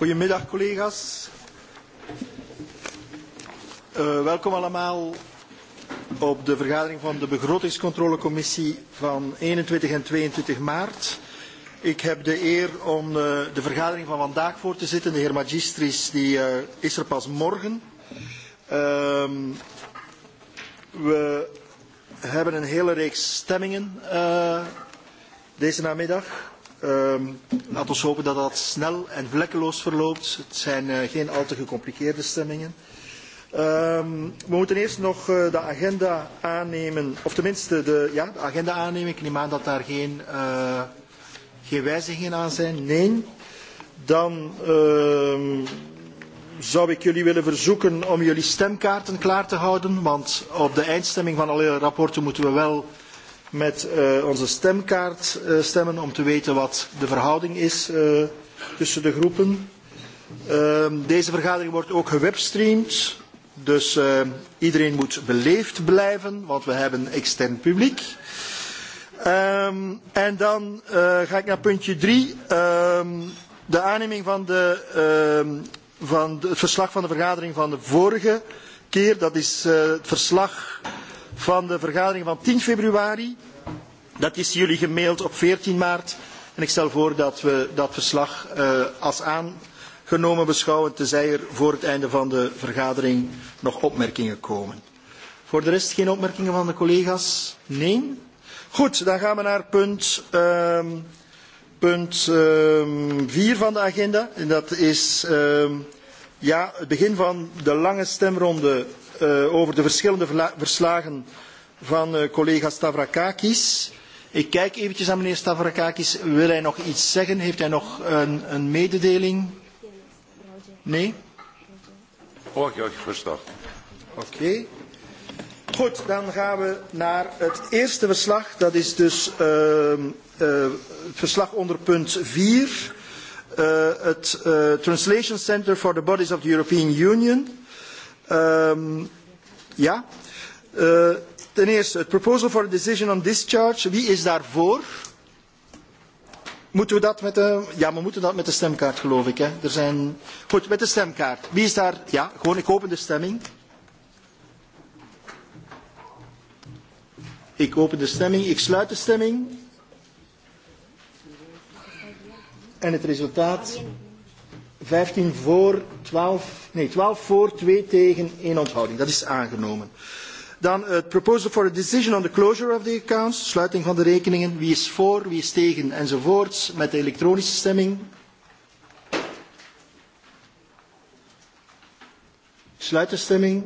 Goedemiddag collega's. Uh, welkom allemaal op de vergadering van de begrotingscontrolecommissie van 21 en 22 maart. Ik heb de eer om uh, de vergadering van vandaag voor te zitten. De heer Magistris die, uh, is er pas morgen. Uh, we hebben een hele reeks stemmingen uh, deze namiddag. Um, Laten we hopen dat dat snel en vlekkeloos verloopt. Het zijn uh, geen al te gecompliceerde stemmingen. Um, we moeten eerst nog uh, de agenda aannemen, of tenminste de, ja, de agenda aannemen. Ik neem aan dat daar geen, uh, geen wijzigingen aan zijn. Nee. Dan um, zou ik jullie willen verzoeken om jullie stemkaarten klaar te houden. Want op de eindstemming van alle rapporten moeten we wel met uh, onze stemkaart uh, stemmen om te weten wat de verhouding is uh, tussen de groepen. Uh, deze vergadering wordt ook gewebstreamd, dus uh, iedereen moet beleefd blijven, want we hebben extern publiek. Um, en dan uh, ga ik naar puntje 3. Um, ehm, de aanneming van, de, um, van de, het verslag van de vergadering van de vorige keer. Dat is uh, het verslag van de vergadering van 10 februari. Dat is jullie gemaild op 14 maart. En ik stel voor dat we dat verslag uh, als aangenomen beschouwen, tenzij er voor het einde van de vergadering nog opmerkingen komen. Voor de rest geen opmerkingen van de collega's? Nee? Goed, dan gaan we naar punt, um, punt um, vier van de agenda. En dat is um, ja, het begin van de lange stemronde uh, over de verschillende verslagen van uh, collega Stavrakakis. Uh, Ik kijk eventjes aan meneer Stavrakakis. Wil hij nog iets zeggen? Heeft hij nog een, een mededeling? Nee? Oh, ja, verstaan. Oké. Okay. Goed, dan gaan we naar het eerste verslag. Dat is dus uh, uh, verslag onder punt 4. Uh, eh, het uh, Translation Center for the Bodies of the European Union. Um, ja. Uh, ten eerste het proposal for a decision on discharge. Wie is daarvoor? Moeten we dat met de ja, we moeten dat met de stemkaart geloof ik hè. Er zijn goed met de stemkaart. Wie is daar? Ja, gewoon ik open de stemming. Ik open de stemming. Ik sluit de stemming. En het resultaat 15 voor 12 nee, 12 voor 2 tegen 1 onthouding. Dat is aangenomen. Dan eh, het proposal for a decision on the closure of the accounts, sluiting van de rekeningen, wie is voor, wie is tegen enzovoorts, met de elektronische stemming. Sluit de stemming.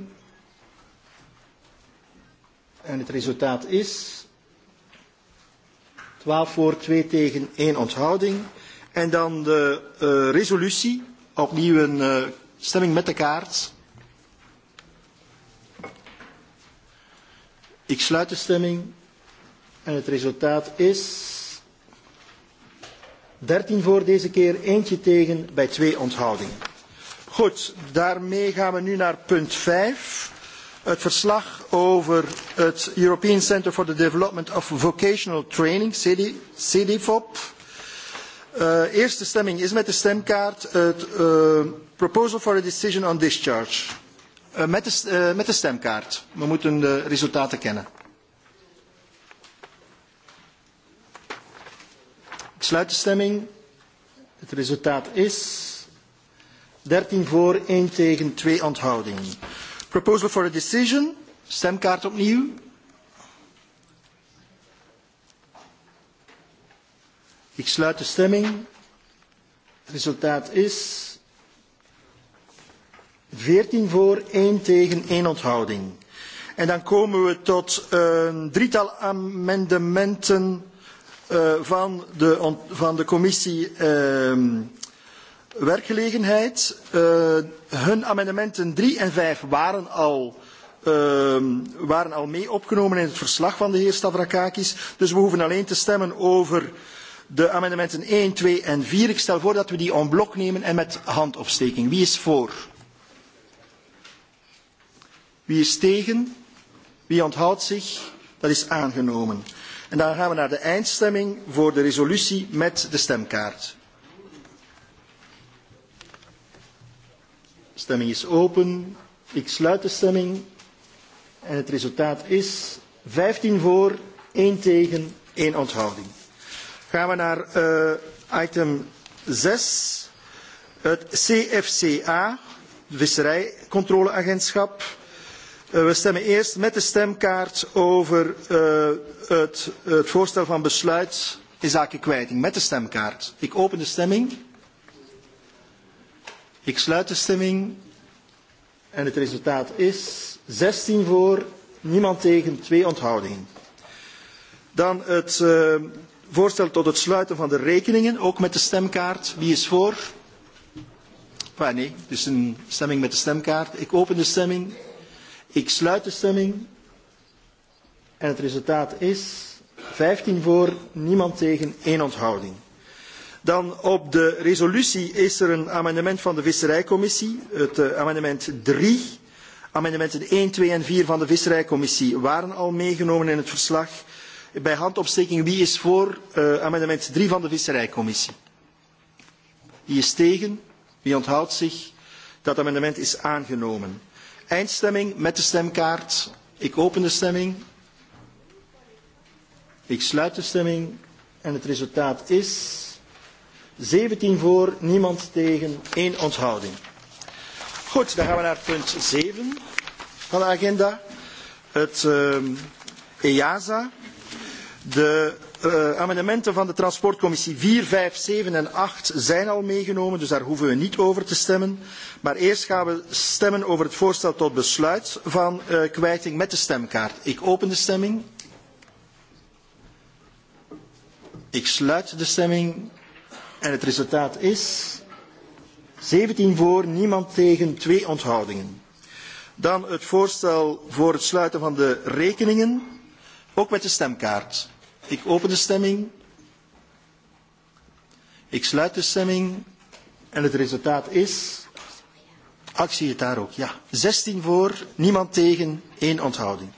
En het resultaat is 12 voor, 2 tegen, 1 onthouding. En dan de uh, resolutie, opnieuw een uh, stemming met de kaart. Ik sluit de stemming en het resultaat is 13 voor deze keer, eentje tegen bij twee onthoudingen. Goed, daarmee gaan we nu naar punt 5. Het verslag over het European Center for the Development of Vocational Training, CDFOP. Uh, eh, eerste stemming is met de stemkaart het uh, proposal for a decision on discharge. Uh, met, de, uh, met de stemkaart. We moeten de resultaten kennen. Ik sluit de stemming. Het resultaat is 13 voor, 1 tegen, 2 onthoudingen. Proposal for a decision. Stemkaart opnieuw. Ik sluit de stemming. Het resultaat is... 14 voor, 1 tegen, 1 onthouding. En dan komen we tot een drietal amendementen eh, van de, van de commissie ehm, werkgelegenheid. Eh, hun amendementen 3 en 5 waren al, ehm, waren al mee opgenomen in het verslag van de heer Stavrakakis. Dus we hoeven alleen te stemmen over de amendementen 1, 2 en 4. Ik stel voor dat we die en blok nemen en met handopsteking. Wie is voor? Wie is tegen? Wie onthoudt zich? Dat is aangenomen. En dan gaan we naar de eindstemming voor de resolutie met de stemkaart. De stemming is open. Ik sluit de stemming. En het resultaat is 15 voor, 1 tegen, 1 onthouding. Gaan we naar uh, item 6. Het CFCA, de Visserijcontroleagentschap. Eh, we stemmen eerst met de stemkaart over uh, het, het voorstel van besluit in zaken kwijting met de stemkaart. Ik open de stemming. Ik sluit de stemming. En het resultaat is 16 voor, niemand tegen, twee onthoudingen. Dan het uh, voorstel tot het sluiten van de rekeningen, ook met de stemkaart. Wie is voor? Enfin, nee, het is een stemming met de stemkaart. Ik open de stemming. Ik sluit de stemming. En het resultaat is 15 voor, niemand tegen, 1 onthouding. Dan op de resolutie is er een amendement van de Visserijcommissie, het eh, amendement 3. Amendementen 1, 2 en 4 van de Visserijcommissie waren al meegenomen in het verslag. Bij handopsteking, wie is voor uh, amendement 3 van de Visserijcommissie? Wie is tegen? Wie onthoudt zich? Dat amendement is aangenomen. Eindstemming met de stemkaart. Ik open de stemming. Ik sluit de stemming. En het resultaat is 17 voor, niemand tegen, 1 onthouding. Goed, dan gaan we naar punt 7 van de agenda. Het uh, EASA. De Eh, amendementen van de transportcommissie vier vijf zeven en acht zijn al meegenomen dus daar hoeven we niet over te stemmen maar eerst gaan we stemmen over het voorstel tot besluit van uh, kwijting met de stemkaart. Ik open de stemming. Ik sluit de stemming en het resultaat is 17 voor, niemand tegen, twee onthoudingen. Dan het voorstel voor het sluiten van de rekeningen, ook met de stemkaart. Ik open de stemming. Ik sluit de stemming. En het resultaat is. Actie ah, het daar ook, ja. 16 voor, niemand tegen, 1 onthouding.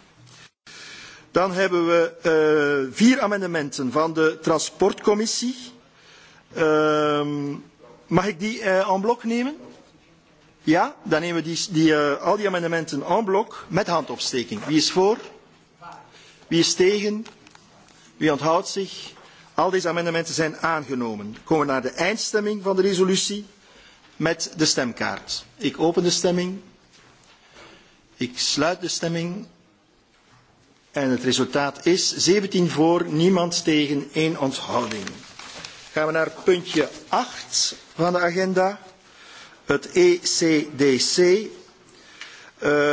Dan hebben we uh, vier amendementen van de transportcommissie. Uh, mag ik die uh, en blok nemen? Ja, dan nemen we die, die, uh, al die amendementen en blok met handopsteking. Wie is voor? Wie is tegen? Wie onthoudt zich? Al deze amendementen zijn aangenomen. We komen naar de eindstemming van de resolutie met de stemkaart. Ik open de stemming. Ik sluit de stemming. En het resultaat is 17 voor, niemand tegen, 1 onthouding. Gaan we naar puntje 8 van de agenda. Het ECDC. Uh,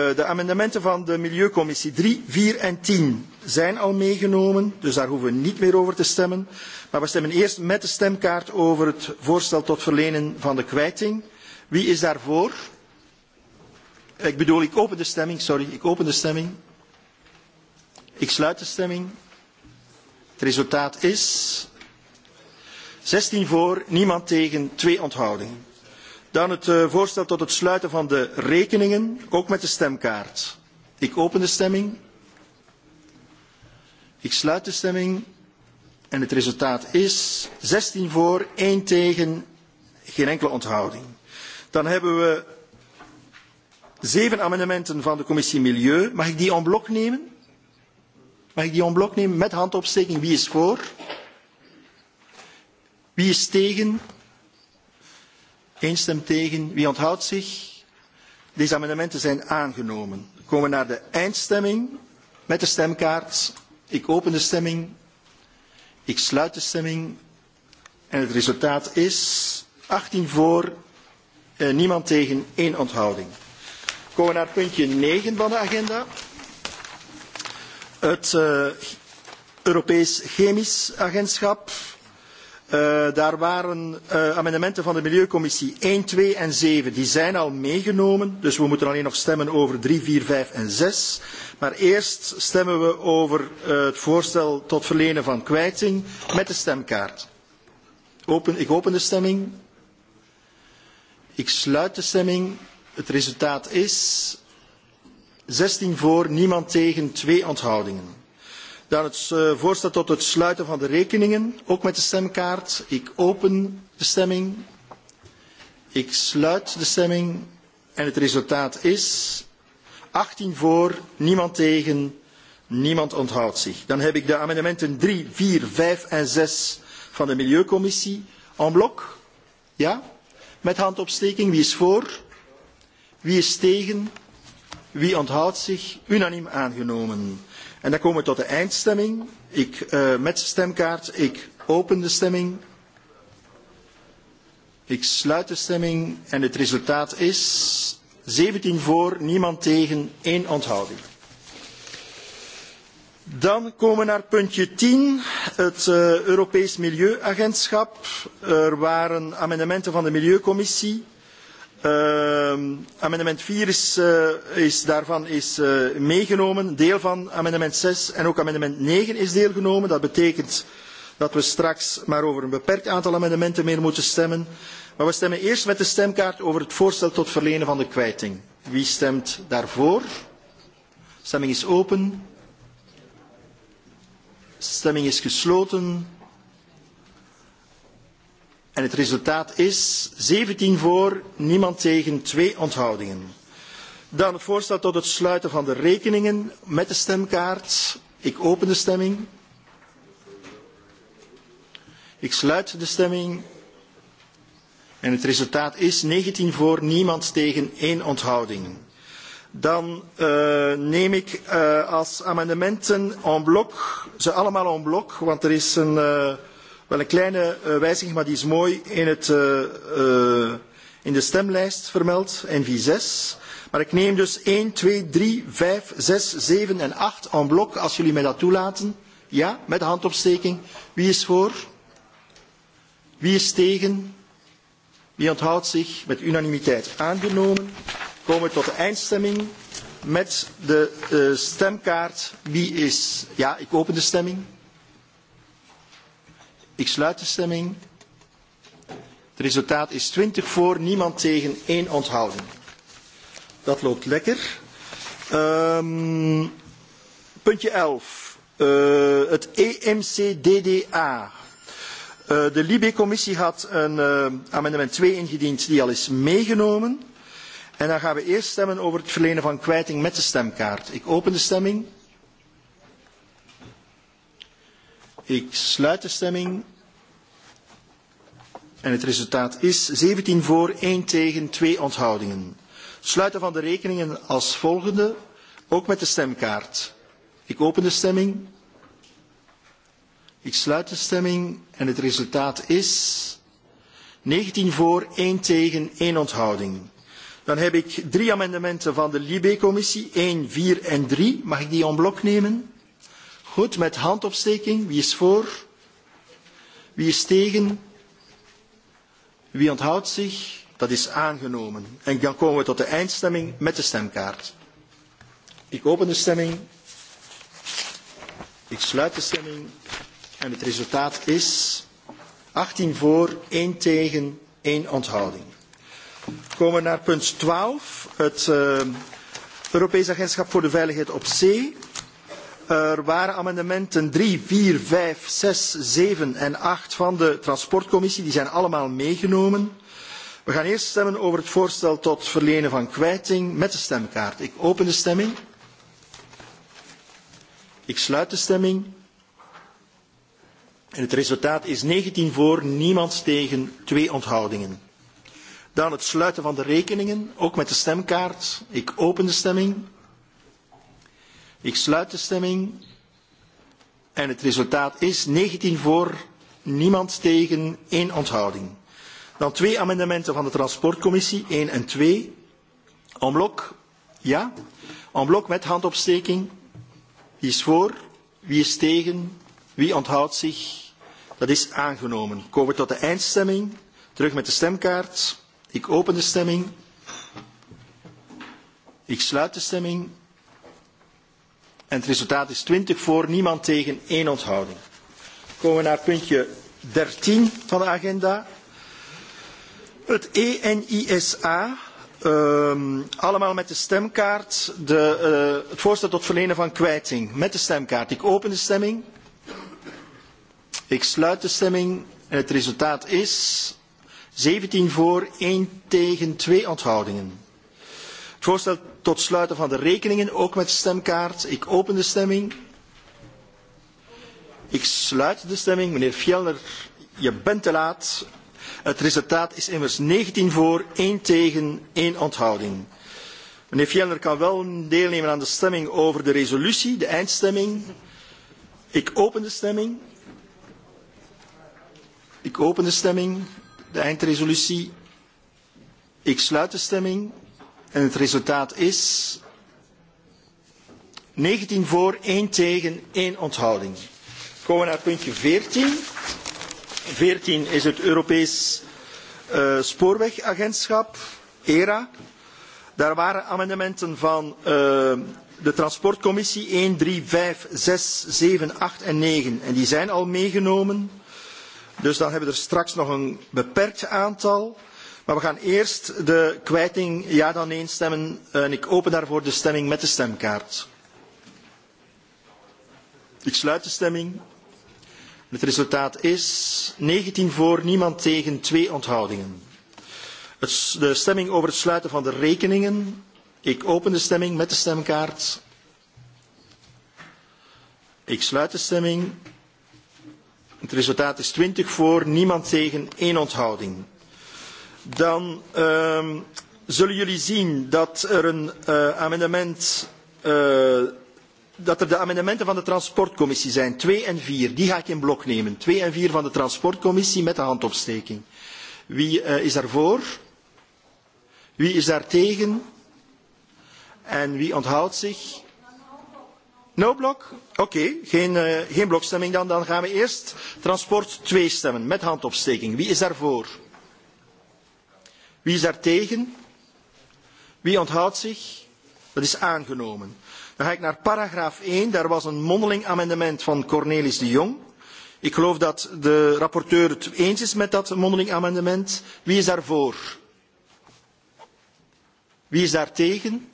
eh, de amendementen van de Milieucommissie 3, 4 en 10 zijn al meegenomen, dus daar hoeven we niet meer over te stemmen. Maar we stemmen eerst met de stemkaart over het voorstel tot verlenen van de kwijting. Wie is daarvoor? Ik bedoel, ik open de stemming, sorry, ik open de stemming. Ik sluit de stemming. Het resultaat is 16 voor, niemand tegen, twee onthoudingen. Dan het eh, voorstel tot het sluiten van de rekeningen, ook met de stemkaart. Ik open de stemming. Ik sluit de stemming en het resultaat is 16 voor, 1 tegen, geen enkele onthouding. Dan hebben we zeven amendementen van de commissie Milieu. Mag ik die en blok nemen? Mag ik die en blok nemen met handopsteking? Wie is voor? Wie is tegen? Eén stem tegen. Wie onthoudt zich? Deze amendementen zijn aangenomen. We komen naar de eindstemming met de stemkaart. Ik open de stemming. Ik sluit de stemming. En het resultaat is 18 voor, eh, niemand tegen, 1 onthouding. We komen naar puntje 9 van de agenda. Het eh, Europees Chemisch Agentschap. Uh, daar waren uh, amendementen van de Milieucommissie 1, 2 en 7, die zijn al meegenomen. Dus we moeten alleen nog stemmen over 3, 4, 5 en 6. Maar eerst stemmen we over uh, het voorstel tot verlenen van kwijting met de stemkaart. Open, ik open de stemming. Ik sluit de stemming. Het resultaat is 16 voor, niemand tegen, 2 onthoudingen dat het eh, voorstel tot het sluiten van de rekeningen, ook met de stemkaart. Ik open de stemming. Ik sluit de stemming. En het resultaat is 18 voor, niemand tegen, niemand onthoudt zich. Dan heb ik de amendementen 3, 4, 5 en 6 van de Milieucommissie en blok. Ja? Met handopsteking. Wie is voor? Wie is tegen? Wie onthoudt zich? Unaniem aangenomen. En dan komen we tot de eindstemming. Ik, uh, met stemkaart, ik open de stemming. Ik sluit de stemming en het resultaat is 17 voor, niemand tegen, 1 onthouding. Dan komen we naar puntje 10, het uh, Europees Milieuagentschap. Er waren amendementen van de Milieucommissie. Uh, amendement 4 is, uh, is daarvan is uh, meegenomen, deel van amendement 6 en ook amendement 9 is deelgenomen. Dat betekent dat we straks maar over een beperkt aantal amendementen meer moeten stemmen. Maar we stemmen eerst met de stemkaart over het voorstel tot verlenen van de kwijting. Wie stemt daarvoor? Stemming is open. Stemming is gesloten. En het resultaat is 17 voor, niemand tegen, 2 onthoudingen. Dan het voorstel tot het sluiten van de rekeningen met de stemkaart. Ik open de stemming. Ik sluit de stemming. En het resultaat is 19 voor, niemand tegen, 1 onthouding. Dan uh, neem ik uh, als amendementen en blok, ze allemaal en blok, want er is een... Uh, Wel een kleine uh, wijziging, maar die is mooi in, het, uh, uh, in de stemlijst vermeld, NV6. Maar ik neem dus 1, 2, 3, 5, 6, 7 en 8 en blok, als jullie mij dat toelaten. Ja, met de handopsteking. Wie is voor? Wie is tegen? Wie onthoudt zich met unanimiteit aangenomen? Komen we tot de eindstemming met de uh, stemkaart. Wie is... Ja, ik open de stemming. Ik sluit de stemming. Het resultaat is 20 voor, niemand tegen, 1 onthouden. Dat loopt lekker. Um, puntje 11. Uh, eh, het EMCDDA. Uh, eh, de Libé-commissie had een uh, amendement 2 ingediend die al is meegenomen. En dan gaan we eerst stemmen over het verlenen van kwijting met de stemkaart. Ik open de stemming. Ik sluit de stemming. En het resultaat is 17 voor, 1 tegen, 2 onthoudingen. Sluiten van de rekeningen als volgende, ook met de stemkaart. Ik open de stemming. Ik sluit de stemming en het resultaat is 19 voor, 1 tegen, 1 onthouding. Dan heb ik drie amendementen van de Libé-commissie, 1, 4 en 3. Mag ik die en blok nemen? Goed, met handopsteking. Wie is voor? Wie is tegen? Wie onthoudt zich? Dat is aangenomen. En dan komen we tot de eindstemming met de stemkaart. Ik open de stemming. Ik sluit de stemming. En het resultaat is 18 voor, 1 tegen, 1 onthouding. We komen naar punt 12. Het uh, Europees Agentschap voor de Veiligheid op Zee. Er waren amendementen 3, 4, 5, 6, 7 en 8 van de transportcommissie. Die zijn allemaal meegenomen. We gaan eerst stemmen over het voorstel tot verlenen van kwijting met de stemkaart. Ik open de stemming. Ik sluit de stemming. En het resultaat is 19 voor, niemand tegen, twee onthoudingen. Dan het sluiten van de rekeningen, ook met de stemkaart. Ik open de stemming. Ik sluit de stemming. En het resultaat is 19 voor, niemand tegen, 1 onthouding. Dan twee amendementen van de transportcommissie, 1 en 2. En blok, ja. En blok met handopsteking. Wie is voor? Wie is tegen? Wie onthoudt zich? Dat is aangenomen. Komen we tot de eindstemming. Terug met de stemkaart. Ik open de stemming. Ik sluit de stemming. En het resultaat is 20 voor, niemand tegen, 1 onthouding. Komen we naar puntje 13 van de agenda. Het ENISA. Um, ehm, allemaal met de stemkaart. De, uh, het voorstel tot verlenen van kwijting met de stemkaart. Ik open de stemming. Ik sluit de stemming. Het resultaat is 17 voor, 1 tegen, 2 onthoudingen. Het voorstel tot sluiten van de rekeningen, ook met stemkaart. Ik open de stemming. Ik sluit de stemming. Meneer Fjellner, je bent te laat. Het resultaat is immers 19 voor, 1 tegen, 1 onthouding. Meneer Fjellner kan wel deelnemen aan de stemming over de resolutie, de eindstemming. Ik open de stemming. Ik open de stemming, de eindresolutie. Ik sluit de stemming. En het resultaat is 19 voor, 1 tegen, 1 onthouding. Dan komen we naar puntje 14. 14 is het Europees uh, Spoorwegagentschap, ERA. Daar waren amendementen van uh, de transportcommissie 1, 3, 5, 6, 7, 8 en 9. En die zijn al meegenomen. Dus dan hebben we er straks nog een beperkt aantal. Maar we gaan eerst de kwijting ja dan nee stemmen en ik open daarvoor de stemming met de stemkaart. Ik sluit de stemming. Het resultaat is 19 voor, niemand tegen, twee onthoudingen. Het, de stemming over het sluiten van de rekeningen. Ik open de stemming met de stemkaart. Ik sluit de stemming. Het resultaat is 20 voor, niemand tegen, één onthouding dan um, zullen jullie zien dat er een uh, amendement uh, dat er de amendementen van de transportcommissie zijn, 2 en 4, die ga ik in blok nemen. 2 en 4 van de transportcommissie met de handopsteking. Wie uh, is daarvoor? Wie is daartegen? En wie onthoudt zich? No blok? Oké, okay, geen, uh, geen blokstemming dan. Dan gaan we eerst transport 2 stemmen met handopsteking. Wie is daarvoor? Wie is daar tegen? Wie onthoudt zich? Dat is aangenomen. Dan ga ik naar paragraaf 1. Daar was een mondeling amendement van Cornelis de Jong. Ik geloof dat de rapporteur het eens is met dat mondeling amendement. Wie is daarvoor? Wie is daar tegen?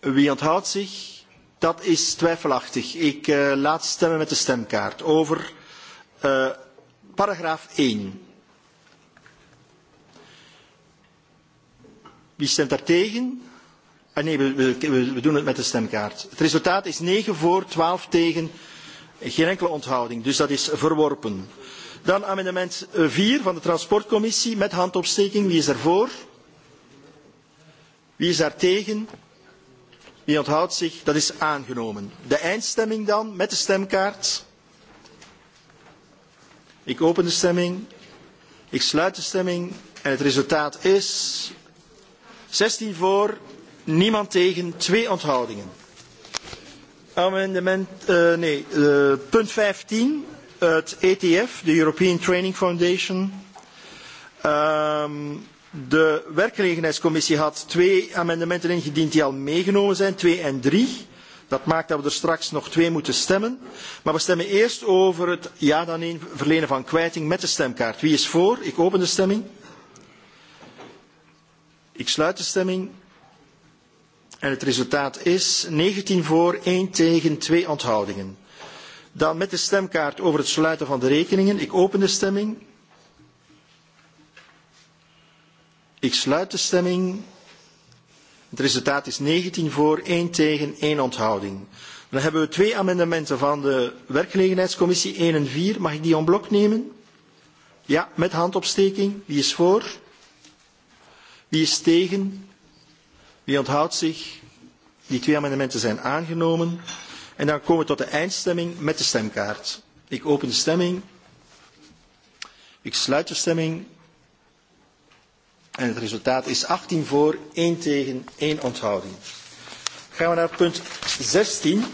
Wie onthoudt zich? Dat is twijfelachtig. Ik uh, laat stemmen met de stemkaart over uh, paragraaf 1. Wie stemt daartegen? Ah, nee, we, we, we doen het met de stemkaart. Het resultaat is 9 voor, 12 tegen, geen enkele onthouding. Dus dat is verworpen. Dan amendement 4 van de transportcommissie met handopsteking. Wie is ervoor? Wie is daartegen? Wie onthoudt zich? Dat is aangenomen. De eindstemming dan met de stemkaart. Ik open de stemming. Ik sluit de stemming. En het resultaat is zestien voor niemand tegen twee onthoudingen. Amendement, uh, nee, uh, punt 15, het ETF, de European Training Foundation. Um, de werkgelegenheidscommissie had twee amendementen ingediend die al meegenomen zijn, twee en drie. Dat maakt dat we er straks nog twee moeten stemmen. Maar we stemmen eerst over het ja dan in verlenen van kwijting met de stemkaart. Wie is voor? Ik open de stemming. Ik sluit de stemming. En het resultaat is 19 voor, 1 tegen, 2 onthoudingen. Dan met de stemkaart over het sluiten van de rekeningen. Ik open de stemming. Ik sluit de stemming. Het resultaat is 19 voor, 1 tegen, 1 onthouding. Dan hebben we twee amendementen van de werkgelegenheidscommissie 1 en 4. Mag ik die onblok nemen? Ja, met handopsteking. Wie is voor? Wie is tegen? Wie onthoudt zich? Die twee amendementen zijn aangenomen. En dan komen we tot de eindstemming met de stemkaart. Ik open de stemming. Ik sluit de stemming. En het resultaat is 18 voor, 1 tegen, 1 onthouding. Gaan we naar punt 16.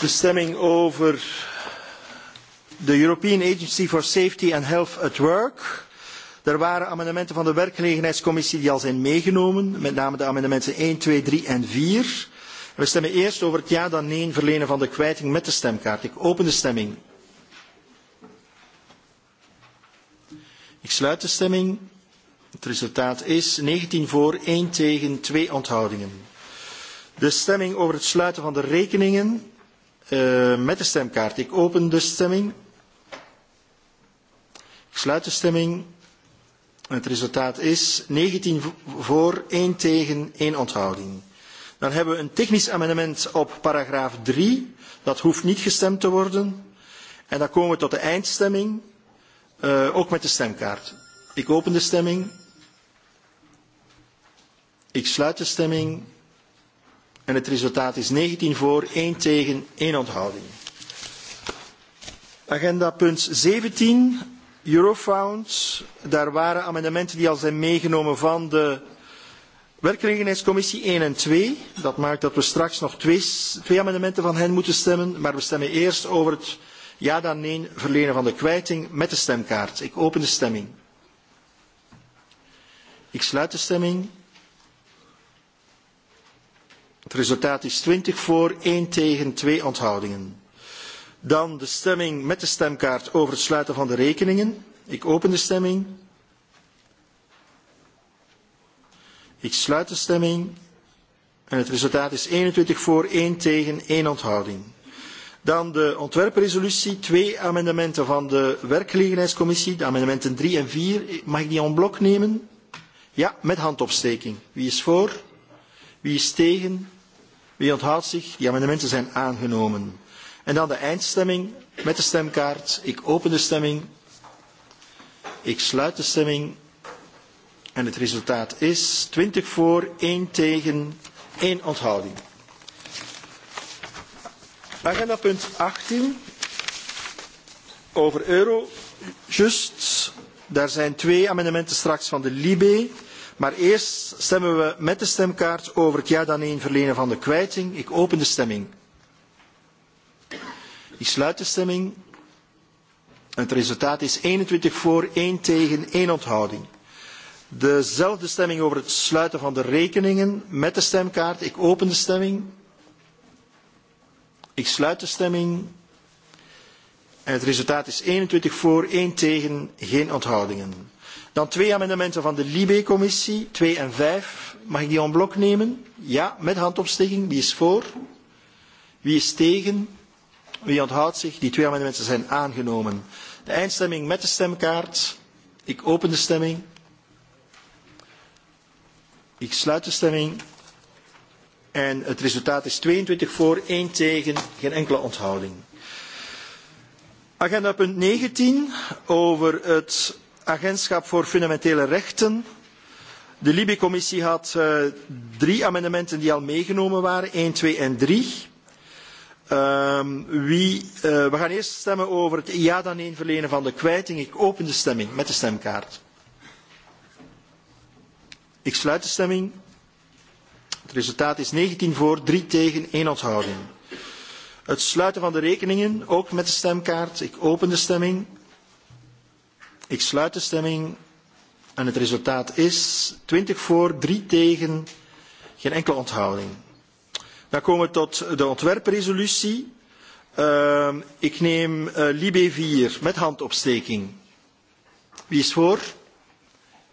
De stemming over de European Agency for Safety and Health at Work. Er waren amendementen van de werkgelegenheidscommissie die al zijn meegenomen, met name de amendementen 1, 2, 3 en 4. We stemmen eerst over het ja dan nee verlenen van de kwijting met de stemkaart. Ik open de stemming. Ik sluit de stemming. Het resultaat is 19 voor, 1 tegen, 2 onthoudingen. De stemming over het sluiten van de rekeningen uh, met de stemkaart. Ik open de stemming. Ik sluit de stemming. Het resultaat is 19 voor, 1 tegen, 1 onthouding. Dan hebben we een technisch amendement op paragraaf 3. Dat hoeft niet gestemd te worden. En dan komen we tot de eindstemming, uh, ook met de stemkaart. Ik open de stemming. Ik sluit de stemming. En het resultaat is 19 voor, 1 tegen, 1 onthouding. Agenda punt 17, eurofounds daar waren amendementen die al zijn meegenomen van de werkgelegenheidscommissie 1 en 2. Dat maakt dat we straks nog twee, twee amendementen van hen moeten stemmen, maar we stemmen eerst over het ja dan nee verlenen van de kwijting met de stemkaart. Ik open de stemming. Ik sluit de stemming. Het resultaat is 20 voor, 1 tegen, 2 onthoudingen. Dan de stemming met de stemkaart over het sluiten van de rekeningen. Ik open de stemming. Ik sluit de stemming. En het resultaat is 21 voor, 1 tegen, 1 onthouding. Dan de ontwerpresolutie, twee amendementen van de werkgelegenheidscommissie, de amendementen 3 en 4. Mag ik die en blok nemen? Ja, met handopsteking. Wie is voor? Wie is tegen? Wie onthoudt zich? Die amendementen zijn aangenomen. En dan de eindstemming met de stemkaart. Ik open de stemming. Ik sluit de stemming. En het resultaat is 20 voor, 1 tegen, 1 onthouding. Agenda punt 18. Over euro. Just, daar zijn twee amendementen straks van de Libé. Maar eerst stemmen we met de stemkaart over het ja dan 1 verlenen van de kwijting. Ik open de stemming. Ik sluit de stemming. Het resultaat is 21 voor, 1 tegen, 1 onthouding. Dezelfde stemming over het sluiten van de rekeningen met de stemkaart. Ik open de stemming. Ik sluit de stemming. Het resultaat is 21 voor, 1 tegen, geen onthoudingen. Dan twee amendementen van de Libé-commissie, 2 en 5. Mag ik die aan blok nemen? Ja, met handopsteking. Wie is voor? Wie is tegen? Wie onthoudt zich? Die twee amendementen zijn aangenomen. De eindstemming met de stemkaart. Ik open de stemming. Ik sluit de stemming. En het resultaat is 22 voor, 1 tegen, geen enkele onthouding. Agenda punt 19 over het agentschap voor fundamentele rechten. De Libië-commissie had uh, drie amendementen die al meegenomen waren, 1, 2 en 3. Uh, wie, uh, we gaan eerst stemmen over het ja dan nee verlenen van de kwijting. Ik open de stemming met de stemkaart. Ik sluit de stemming. Het resultaat is 19 voor, 3 tegen, 1 onthouding. Het sluiten van de rekeningen, ook met de stemkaart. Ik open de stemming. Ik sluit de stemming. En het resultaat is 20 voor, 3 tegen, geen enkele onthouding. Dan komen we tot de ontwerpresolutie. Uh, ik neem uh, eh, Libé 4 met handopsteking. Wie is voor?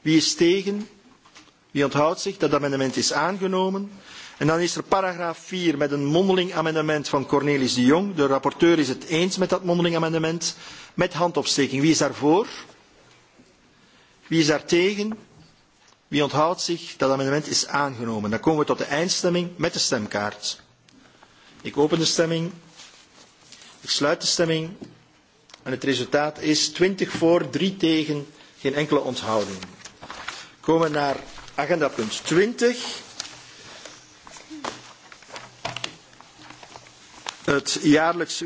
Wie is tegen? Wie onthoudt zich dat amendement is aangenomen? En dan is er paragraaf 4 met een mondeling amendement van Cornelis de Jong. De rapporteur is het eens met dat mondeling amendement. Met handopsteking. Wie is daarvoor? Wie is daar tegen? Wie onthoudt zich? Dat amendement is aangenomen. Dan komen we tot de eindstemming met de stemkaart. Ik open de stemming. Ik sluit de stemming. En het resultaat is 20 voor, 3 tegen, geen enkele onthouding. Komen we naar agenda punt 20. Het jaarlijks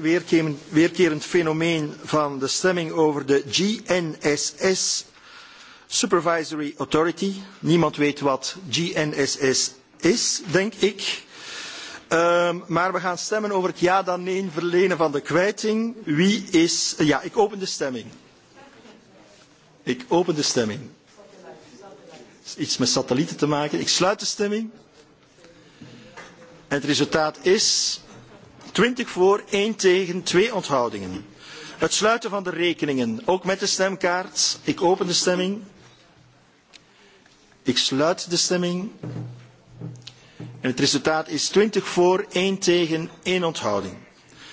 weerkerend fenomeen van de stemming over de GNSS supervisory authority. Niemand weet wat GNSS is, denk ik. Um, maar we gaan stemmen over het ja dan nee verlenen van de kwijting. Wie is... Ja, ik open de stemming. Ik open de stemming. Iets met satellieten te maken. Ik sluit de stemming. En het resultaat is... 20 voor, 1 tegen, 2 onthoudingen. Het sluiten van de rekeningen, ook met de stemkaart. Ik open de stemming. Ik sluit de stemming. En het resultaat is 20 voor, 1 tegen, 1 onthouding.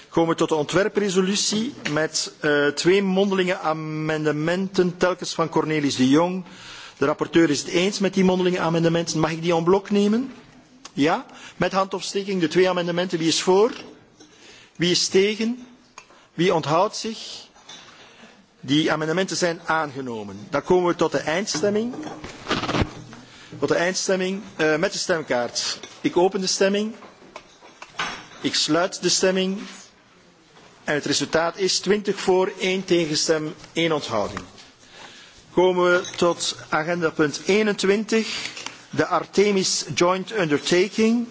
Komen we tot de ontwerpresolutie met uh, twee mondelinge amendementen, telkens van Cornelis de Jong. De rapporteur is het eens met die mondelinge amendementen. Mag ik die en blok nemen? Ja, met handopsteking de twee amendementen. Wie is voor? Wie is tegen? Wie onthoudt zich? Die amendementen zijn aangenomen. Dan komen we tot de eindstemming tot de eindstemming uh, met de stemkaart. Ik open de stemming. Ik sluit de stemming. En het resultaat is 20 voor, 1 tegenstem, 1 onthouding. Komen we tot agenda punt 21. De Artemis Joint Undertaking.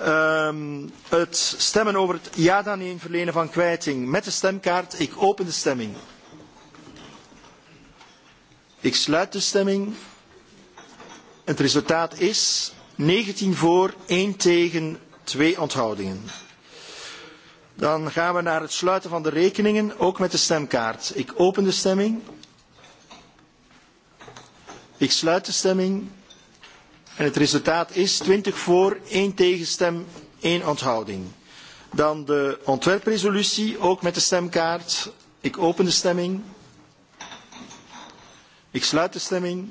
Um, het stemmen over het ja dan in verlenen van kwijting met de stemkaart. Ik open de stemming. Ik sluit de stemming. Het resultaat is 19 voor, 1 tegen, 2 onthoudingen. Dan gaan we naar het sluiten van de rekeningen, ook met de stemkaart. Ik open de stemming. Ik sluit de stemming. En het resultaat is 20 voor, 1 tegenstem, 1 onthouding. Dan de ontwerpresolutie, ook met de stemkaart. Ik open de stemming. Ik sluit de stemming.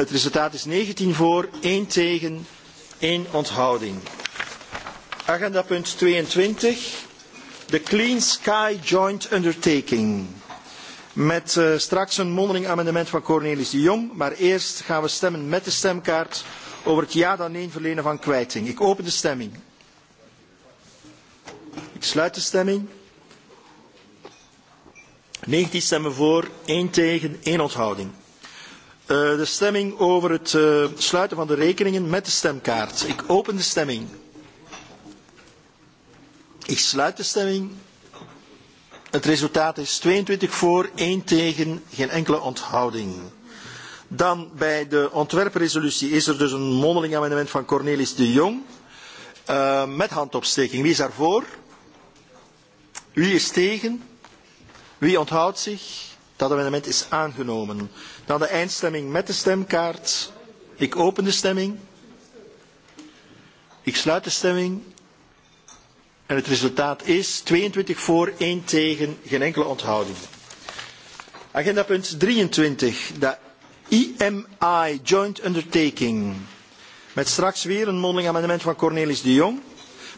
Het resultaat is 19 voor, 1 tegen, 1 onthouding. Agenda punt 22. De Clean Sky Joint Undertaking. Met uh, straks een mondeling amendement van Cornelis de Jong. Maar eerst gaan we stemmen met de stemkaart over het ja dan nee verlenen van kwijting. Ik open de stemming. Ik sluit de stemming. 19 stemmen voor, 1 tegen, 1 onthouding. Eh, de stemming over het uh, sluiten van de rekeningen met de stemkaart. Ik open de stemming. Ik sluit de stemming. Het resultaat is 22 voor, 1 tegen, geen enkele onthouding. Dan bij de ontwerpresolutie is er dus een mondeling amendement van Cornelis de Jong. Uh, met handopsteking. Wie is daarvoor? Wie is tegen? Wie onthoudt zich? Dat amendement is aangenomen. Dan de eindstemming met de stemkaart. Ik open de stemming. Ik sluit de stemming. En het resultaat is 22 voor, 1 tegen, geen enkele onthouding. Agenda punt 23. De EMI Joint Undertaking. Met straks weer een mondeling amendement van Cornelis de Jong.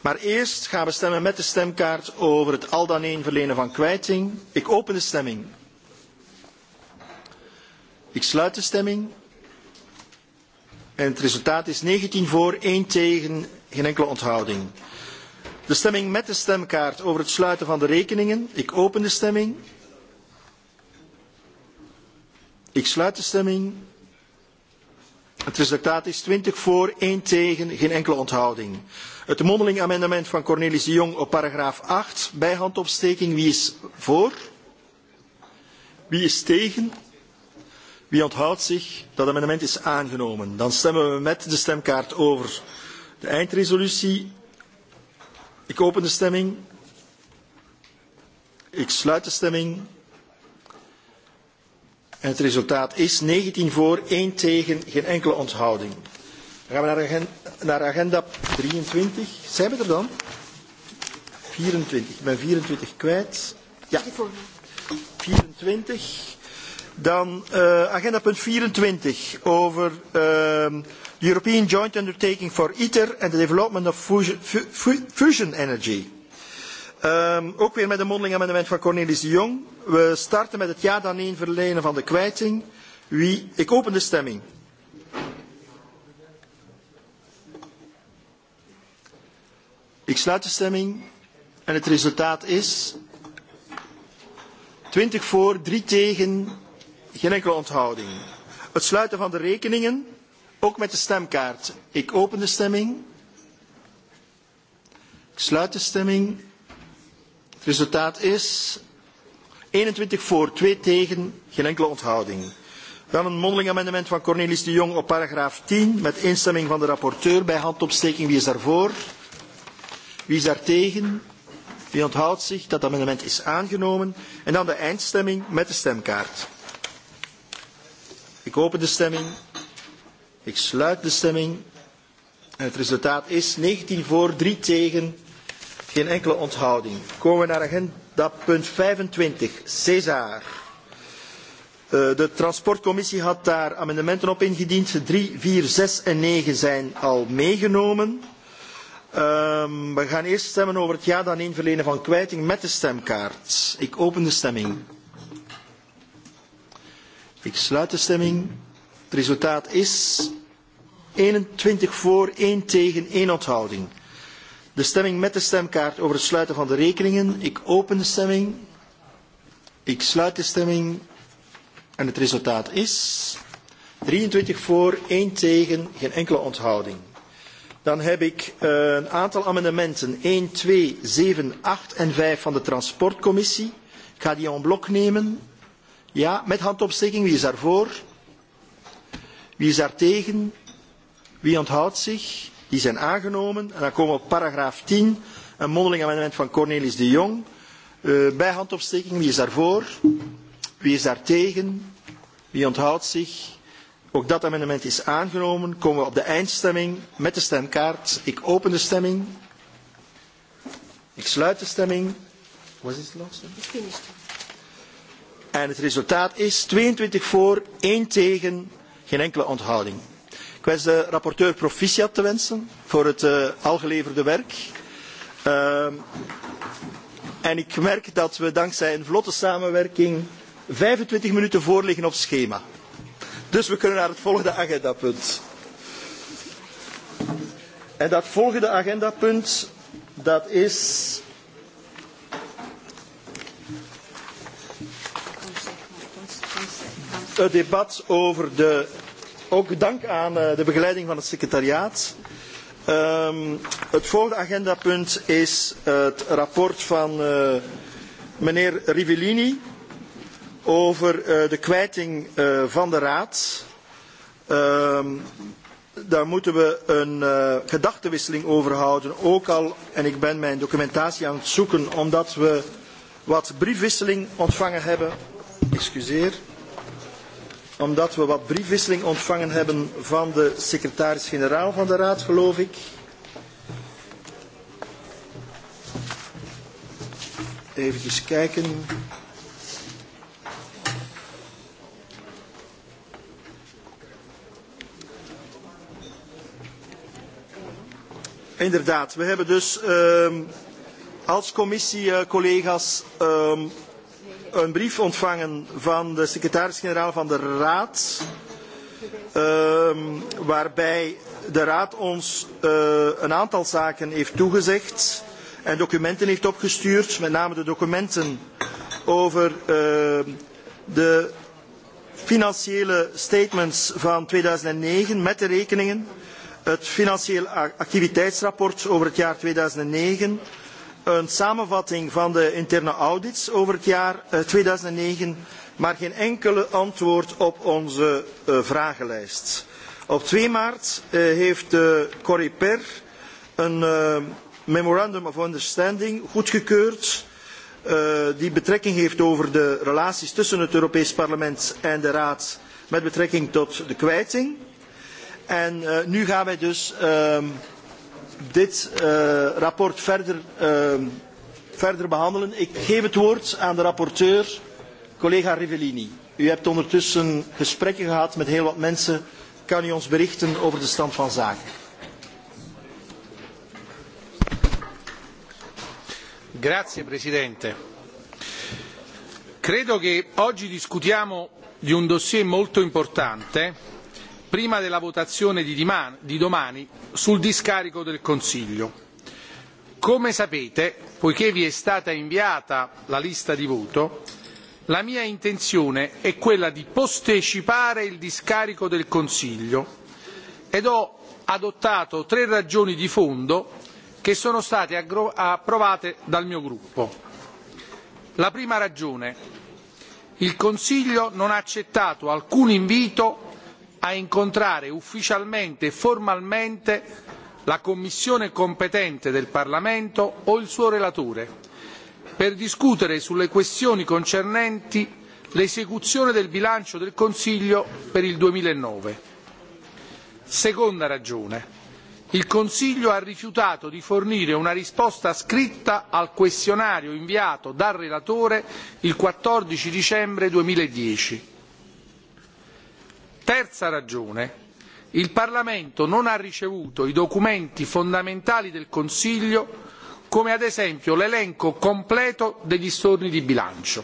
Maar eerst gaan we stemmen met de stemkaart over het al dan een verlenen van kwijting. Ik open de stemming. Ik sluit de stemming. En het resultaat is 19 voor, 1 tegen, geen enkele onthouding. De stemming met de stemkaart over het sluiten van de rekeningen. Ik open de stemming. Ik sluit de stemming. Het resultaat is 20 voor, 1 tegen, geen enkele onthouding. Het mondeling amendement van Cornelis de Jong op paragraaf 8. Bij handopsteking, wie is voor? Wie is tegen? Wie onthoudt zich? Dat amendement is aangenomen. Dan stemmen we met de stemkaart over de eindresolutie. Ik open de stemming. Ik sluit de stemming. En het resultaat is 19 voor, 1 tegen, geen enkele onthouding. Dan gaan we naar agenda, naar agenda 23. Zijn we er dan? 24. Ik ben 24 kwijt. Ja. 24. Dan uh, agenda punt 24 over uh, European Joint Undertaking for ITER and the Development of Fusion, fusion Energy. Um, ook weer met een mondeling amendement van Cornelis de Jong. We starten met het ja dan nee verlenen van de kwijting. Wie, ik open de stemming. Ik sluit de stemming en het resultaat is 20 voor, 3 tegen, Geen enkele onthouding. Het sluiten van de rekeningen, ook met de stemkaart. Ik open de stemming. Ik sluit de stemming. Het resultaat is 21 voor, 2 tegen, geen enkele onthouding. Dan een mondeling amendement van Cornelis de Jong op paragraaf 10 met instemming van de rapporteur bij handopsteking. Wie is daarvoor? Wie is daar tegen? Wie onthoudt zich? Dat amendement is aangenomen. En dan de eindstemming met de stemkaart. Ik open de stemming. Ik sluit de stemming. Het resultaat is 19 voor, 3 tegen. Geen enkele onthouding. Komen we naar agenda punt 25. César. Eh, de transportcommissie had daar amendementen op ingediend. 3, 4, 6 en 9 zijn al meegenomen. Um, we gaan eerst stemmen over het ja dan inverlenen van kwijting met de stemkaart. Ik open de stemming. Ja. Ik sluit de stemming. Het resultaat is 21 voor, 1 tegen, 1 onthouding. De stemming met de stemkaart over het sluiten van de rekeningen. Ik open de stemming. Ik sluit de stemming. En het resultaat is 23 voor, 1 tegen, geen enkele onthouding. Dan heb ik eh, een aantal amendementen 1, 2, 7, 8 en 5 van de transportcommissie. Ik ga die en blok nemen. Ja, met handopsteking. Wie is daarvoor? Wie is daartegen? Wie onthoudt zich? Die zijn aangenomen. En dan komen we op paragraaf 10, een mondeling amendement van Cornelis de Jong. Uh, bij handopsteking, wie is daarvoor? Wie is daartegen? Wie onthoudt zich? Ook dat amendement is aangenomen. Komen we op de eindstemming met de stemkaart. Ik open de stemming. Ik sluit de stemming. Was dit de laatste? De finish stemming en het resultaat is tweeëntwintig voor één tegen geen enkele onthouding. ik wens de rapporteur proficiat te wensen voor het uh, algeleverde werk uh, en ik merk dat we dankzij een vlotte samenwerking 25 minuten voorliggen op schema. Dus we kunnen naar het volgende agendapunt. En dat volgende agendapunt, dat is... het debat over de... Ook dank aan eh, de begeleiding van het secretariaat. Um, het volgende agendapunt is het rapport van uh, meneer Rivellini over uh, de kwijting uh, van de raad. Um, daar moeten we een uh, gedachtenwisseling over houden. Ook al, en ik ben mijn documentatie aan het zoeken, omdat we wat briefwisseling ontvangen hebben. Excuseer omdat we wat briefwisseling ontvangen hebben van de secretaris-generaal van de Raad, geloof ik. Even kijken. Inderdaad, we hebben dus um, als commissie, uh, collega's, um, een brief ontvangen van de secretaris-generaal van de Raad, uh, waarbij de Raad ons uh, een aantal zaken heeft toegezegd en documenten heeft opgestuurd, met name de documenten over uh, de financiële statements van 2009 met de rekeningen, het financieel activiteitsrapport over het jaar 2009, een samenvatting van de interne audits over het jaar eh, tweeduizendnegen maar geen enkele antwoord op onze eh, vragenlijst. op twee maart eh, heeft de coreper een memorandum of understanding goedgekeurd die betrekking heeft over de relaties tussen het europees parlement en de raad met betrekking tot de kwijting. en nu gaan wij dus ehm, dit uh, rapport verder, uh, verder behandelen. Ik geef het woord aan de rapporteur, collega Rivellini. U hebt ondertussen gesprekken gehad met heel wat mensen. Kan u ons berichten over de stand van zaken? Grazie Presidente. Credo che oggi discutiamo di un dossier molto importante prima della votazione di domani sul discarico del consiglio. come sapete poiché vi è stata inviata la lista di voto la mia intenzione è quella di postecipare il discarico del consiglio ed ho adottato tre ragioni di fondo che sono state approvate dal mio gruppo. la prima ragione il consiglio non ha accettato alcun invito a incontrare ufficialmente e formalmente la commissione competente del parlamento o il suo relatore per discutere sulle questioni concernenti l'esecuzione del bilancio del consiglio per il. duemilanove seconda ragione il consiglio ha rifiutato di fornire una risposta scritta al questionario inviato dal relatore il quattordici dicembre duemiladieci terza ragione il parlamento non ha ricevuto i documenti fondamentali del consiglio come ad esempio l'elenco completo degli storni di bilancio.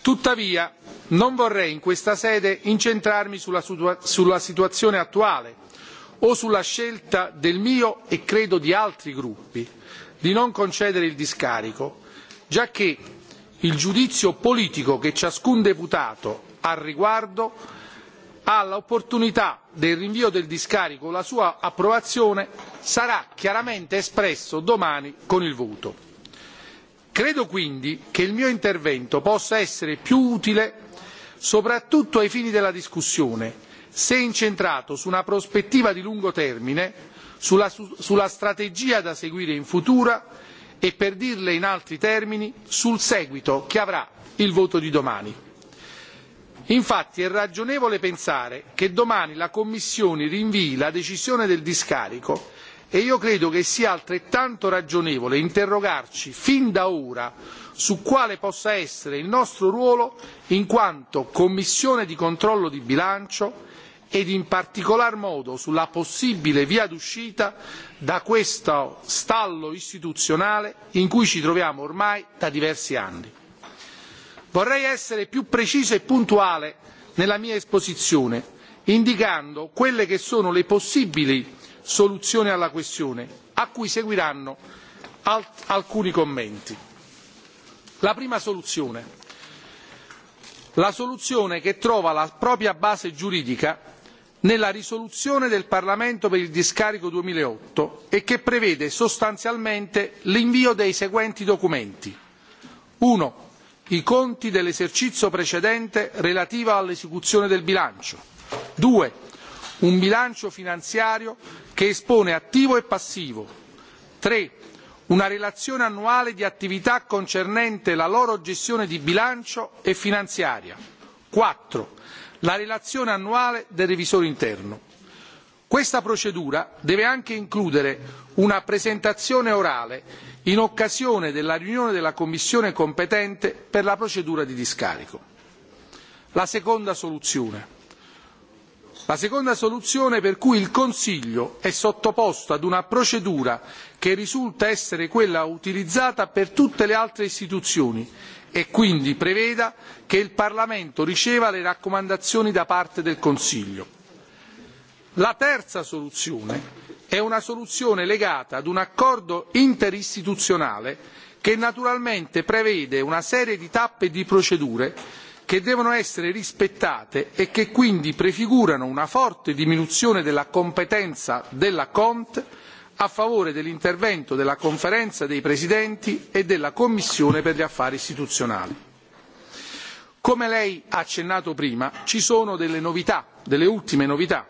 tuttavia non vorrei in questa sede incentrarmi sulla situazione attuale o sulla scelta del mio e credo di altri gruppi di non concedere il discarico giacché il giudizio politico che ciascun deputato al riguardo all'opportunità del rinvio del discarico la sua approvazione sarà chiaramente espresso domani con il voto. credo quindi che il mio intervento possa essere più utile soprattutto ai fini della discussione se incentrato su una prospettiva di lungo termine sulla strategia da seguire in futuro e per dirla in altri termini sul seguito che avrà il voto di domani infatti è ragionevole pensare che domani la commissione rinvii la decisione del discarico e io credo che sia altrettanto ragionevole interrogarci fin da ora su quale possa essere il nostro ruolo in quanto commissione di controllo di bilancio ed in particolar modo sulla possibile via d'uscita da questo stallo istituzionale in cui ci troviamo ormai da diversi anni vorrei essere più preciso e puntuale nella mia esposizione indicando quelle che sono le possibili soluzioni alla questione a cui seguiranno alcuni commenti. la prima soluzione la soluzione che trova la propria base giuridica nella risoluzione del parlamento per il discarico duemilaotto e che prevede sostanzialmente l'invio dei seguenti documenti uno i conti dell'esercizio precedente relativa all'esecuzione del bilancio due un bilancio finanziario che espone attivo e passivo tre una relazione annuale di attività concernente la loro gestione di bilancio e finanziaria quattro la relazione annuale del revisore interno questa procedura deve anche includere una presentazione orale in occasione della riunione della commissione competente per la procedura di discarico. la seconda soluzione per cui il consiglio è sottoposto ad una procedura che risulta essere quella utilizzata per tutte le altre istituzioni e quindi preveda che il parlamento riceva le raccomandazioni da parte del consiglio. La terza soluzione è una soluzione legata ad un accordo interistituzionale che naturalmente prevede una serie di tappe di procedure che devono essere rispettate e che quindi prefigurano una forte diminuzione della competenza della cont a favore dell'intervento della conferenza dei presidenti e della commissione per gli affari istituzionali. come lei ha accennato prima ci sono delle novità delle ultime novità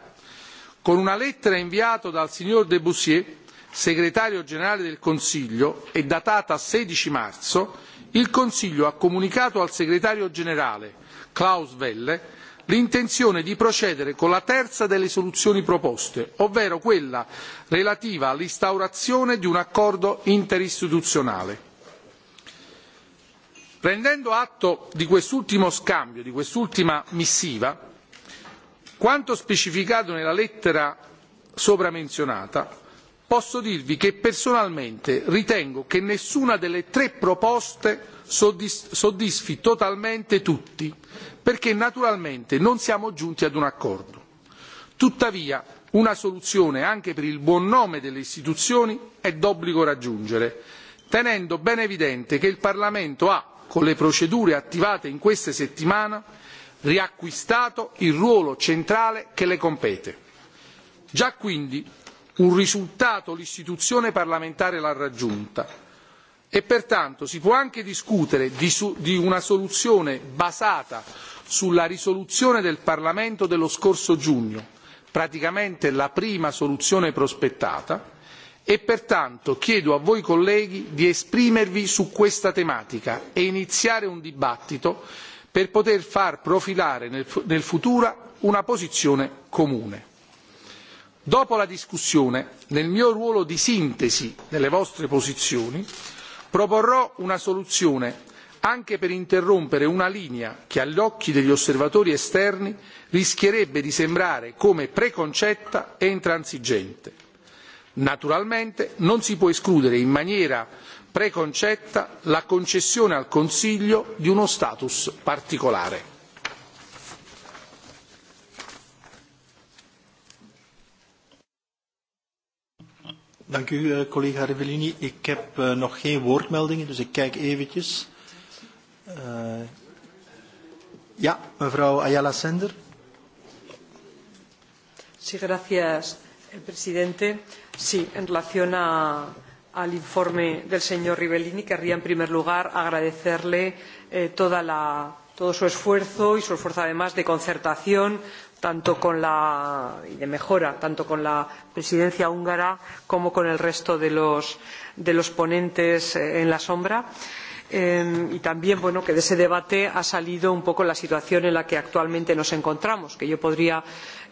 con una lettera inviata dal signor debussy segretario generale del consiglio e datata sedici marzo il consiglio ha comunicato al segretario generale klaus welle l'intenzione di procedere con la terza delle soluzioni proposte ovvero quella relativa all'instaurazione di un accordo interistituzionale. prendendo atto di quest'ultimo scambio di quest'ultima missiva quanto specificato nella lettera sopra menzionata posso dirvi che personalmente ritengo che nessuna delle tre proposte soddisfi totalmente tutti perché naturalmente non siamo giunti ad un accordo. tuttavia una soluzione anche per il buon nome delle istituzioni è d'obbligo raggiungere tenendo ben evidente che il parlamento ha con le procedure attivate in queste settimane riacquistato il ruolo centrale che le compete. Già quindi un risultato l'istituzione parlamentare l'ha raggiunta e pertanto si può anche discutere di, su, di una soluzione basata sulla risoluzione del Parlamento dello scorso giugno, praticamente la prima soluzione prospettata, e pertanto chiedo a voi colleghi di esprimervi su questa tematica e iniziare un dibattito per poter far profilare nel futuro una posizione comune. dopo la discussione nel mio ruolo di sintesi delle vostre posizioni proporrò una soluzione anche per interrompere una linea che agli occhi degli osservatori esterni rischierebbe di sembrare come preconcetta e intransigente naturalmente non si può escludere in maniera preconcetta la concessione al consiglio di uno status particolare. Dank u, eh, collega Rivellini. Ik heb uh, nog geen woordmeldingen, dus ik kijk eventjes. Uh, ja, mevrouw Ayala Sender. Sí, gracias, presidente. Sí, en relación a, al informe del señor Rivellini, querría en primer lugar agradecerle eh, toda la, todo su esfuerzo y su esfuerzo además de concertación tanto con la, y de mejora, tanto con la presidencia húngara como con el resto de los, de los ponentes eh, en la sombra. Eh, y también bueno, que de ese debate ha salido un poco la situación en la que actualmente nos encontramos, que yo podría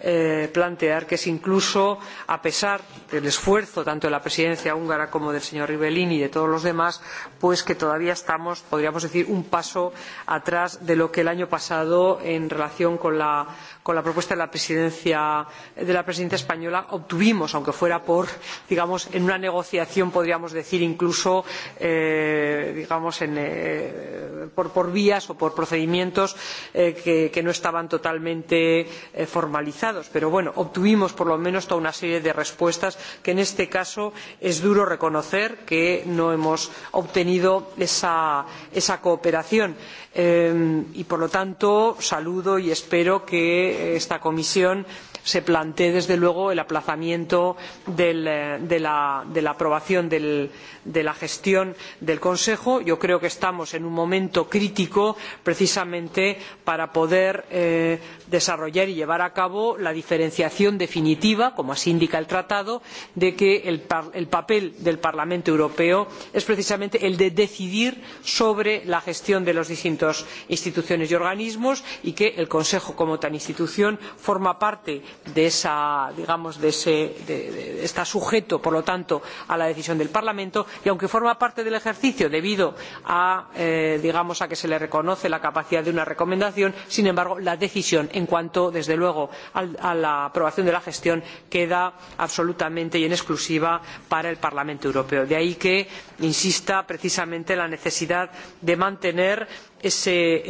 Eh, plantear que es incluso a pesar del esfuerzo tanto de la presidencia húngara como del señor rivellini y de todos los demás pues que todavía estamos podríamos decir un paso atrás de lo que el año pasado en relación con la con la propuesta de la, presidencia, de la presidencia española obtuvimos, aunque fuera por, digamos, en una negociación, podríamos decir, incluso, eh, digamos, en, eh, por, por vías o por procedimientos eh, que, que no estaban totalmente eh, formalizados realizados pero bueno obtuvimos por lo menos toda una serie de respuestas que en este caso es duro reconocer que no hemos obtenido esa cooperación eh, y por lo tanto saludo y espero que esta comisión se plantee desde luego el aplazamiento eh, de la aprobación de la gestión del consejo. yo creo que estamos en un momento crítico precisamente para poder eh, desarrollar y llevar a cabo la diferenciación definitiva como así indica el tratado de que el papel del parlamento europeo es precisamente el de decidir sobre la gestión de las distintas instituciones y organismos y que el consejo como tal institución forma parte de ese digamos de ese de, de, de, está sujeto por lo tanto a la decisión del parlamento y aunque forma parte del ejercicio debido a eh, digamos a que se le reconoce la capacidad de una recomendación sin embargo la decisión en cuanto desde luego a la aprobación de la gestión queda absolutamente y en exclusiva para el parlamento europeo. de ahí que insista precisamente en la necesidad de mantener la ese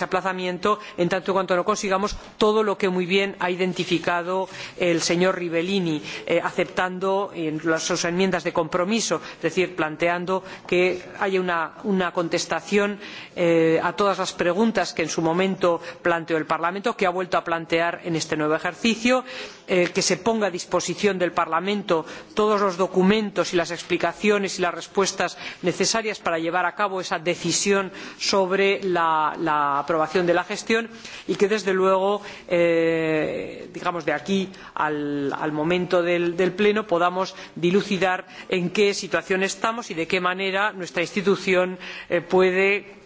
aplazamiento en tanto y cuanto no consigamos todo lo que muy bien ha identificado el señor rivellini eh, aceptando sus enmiendas de compromiso es decir planteando que haya una contestación eh, a todas las preguntas que en su momento planteó el parlamento que ha vuelto a plantear en este nuevo ejercicio eh, que se pongan a disposición del parlamento todos los documentos y las explicaciones y las respuestas necesarias para llevar a cabo esa decisión sobre sobre la, la aprobación de la gestión y que, desde luego, eh, digamos, de aquí al, al momento del, del Pleno podamos dilucidar en qué situación estamos y de qué manera nuestra institución eh, puede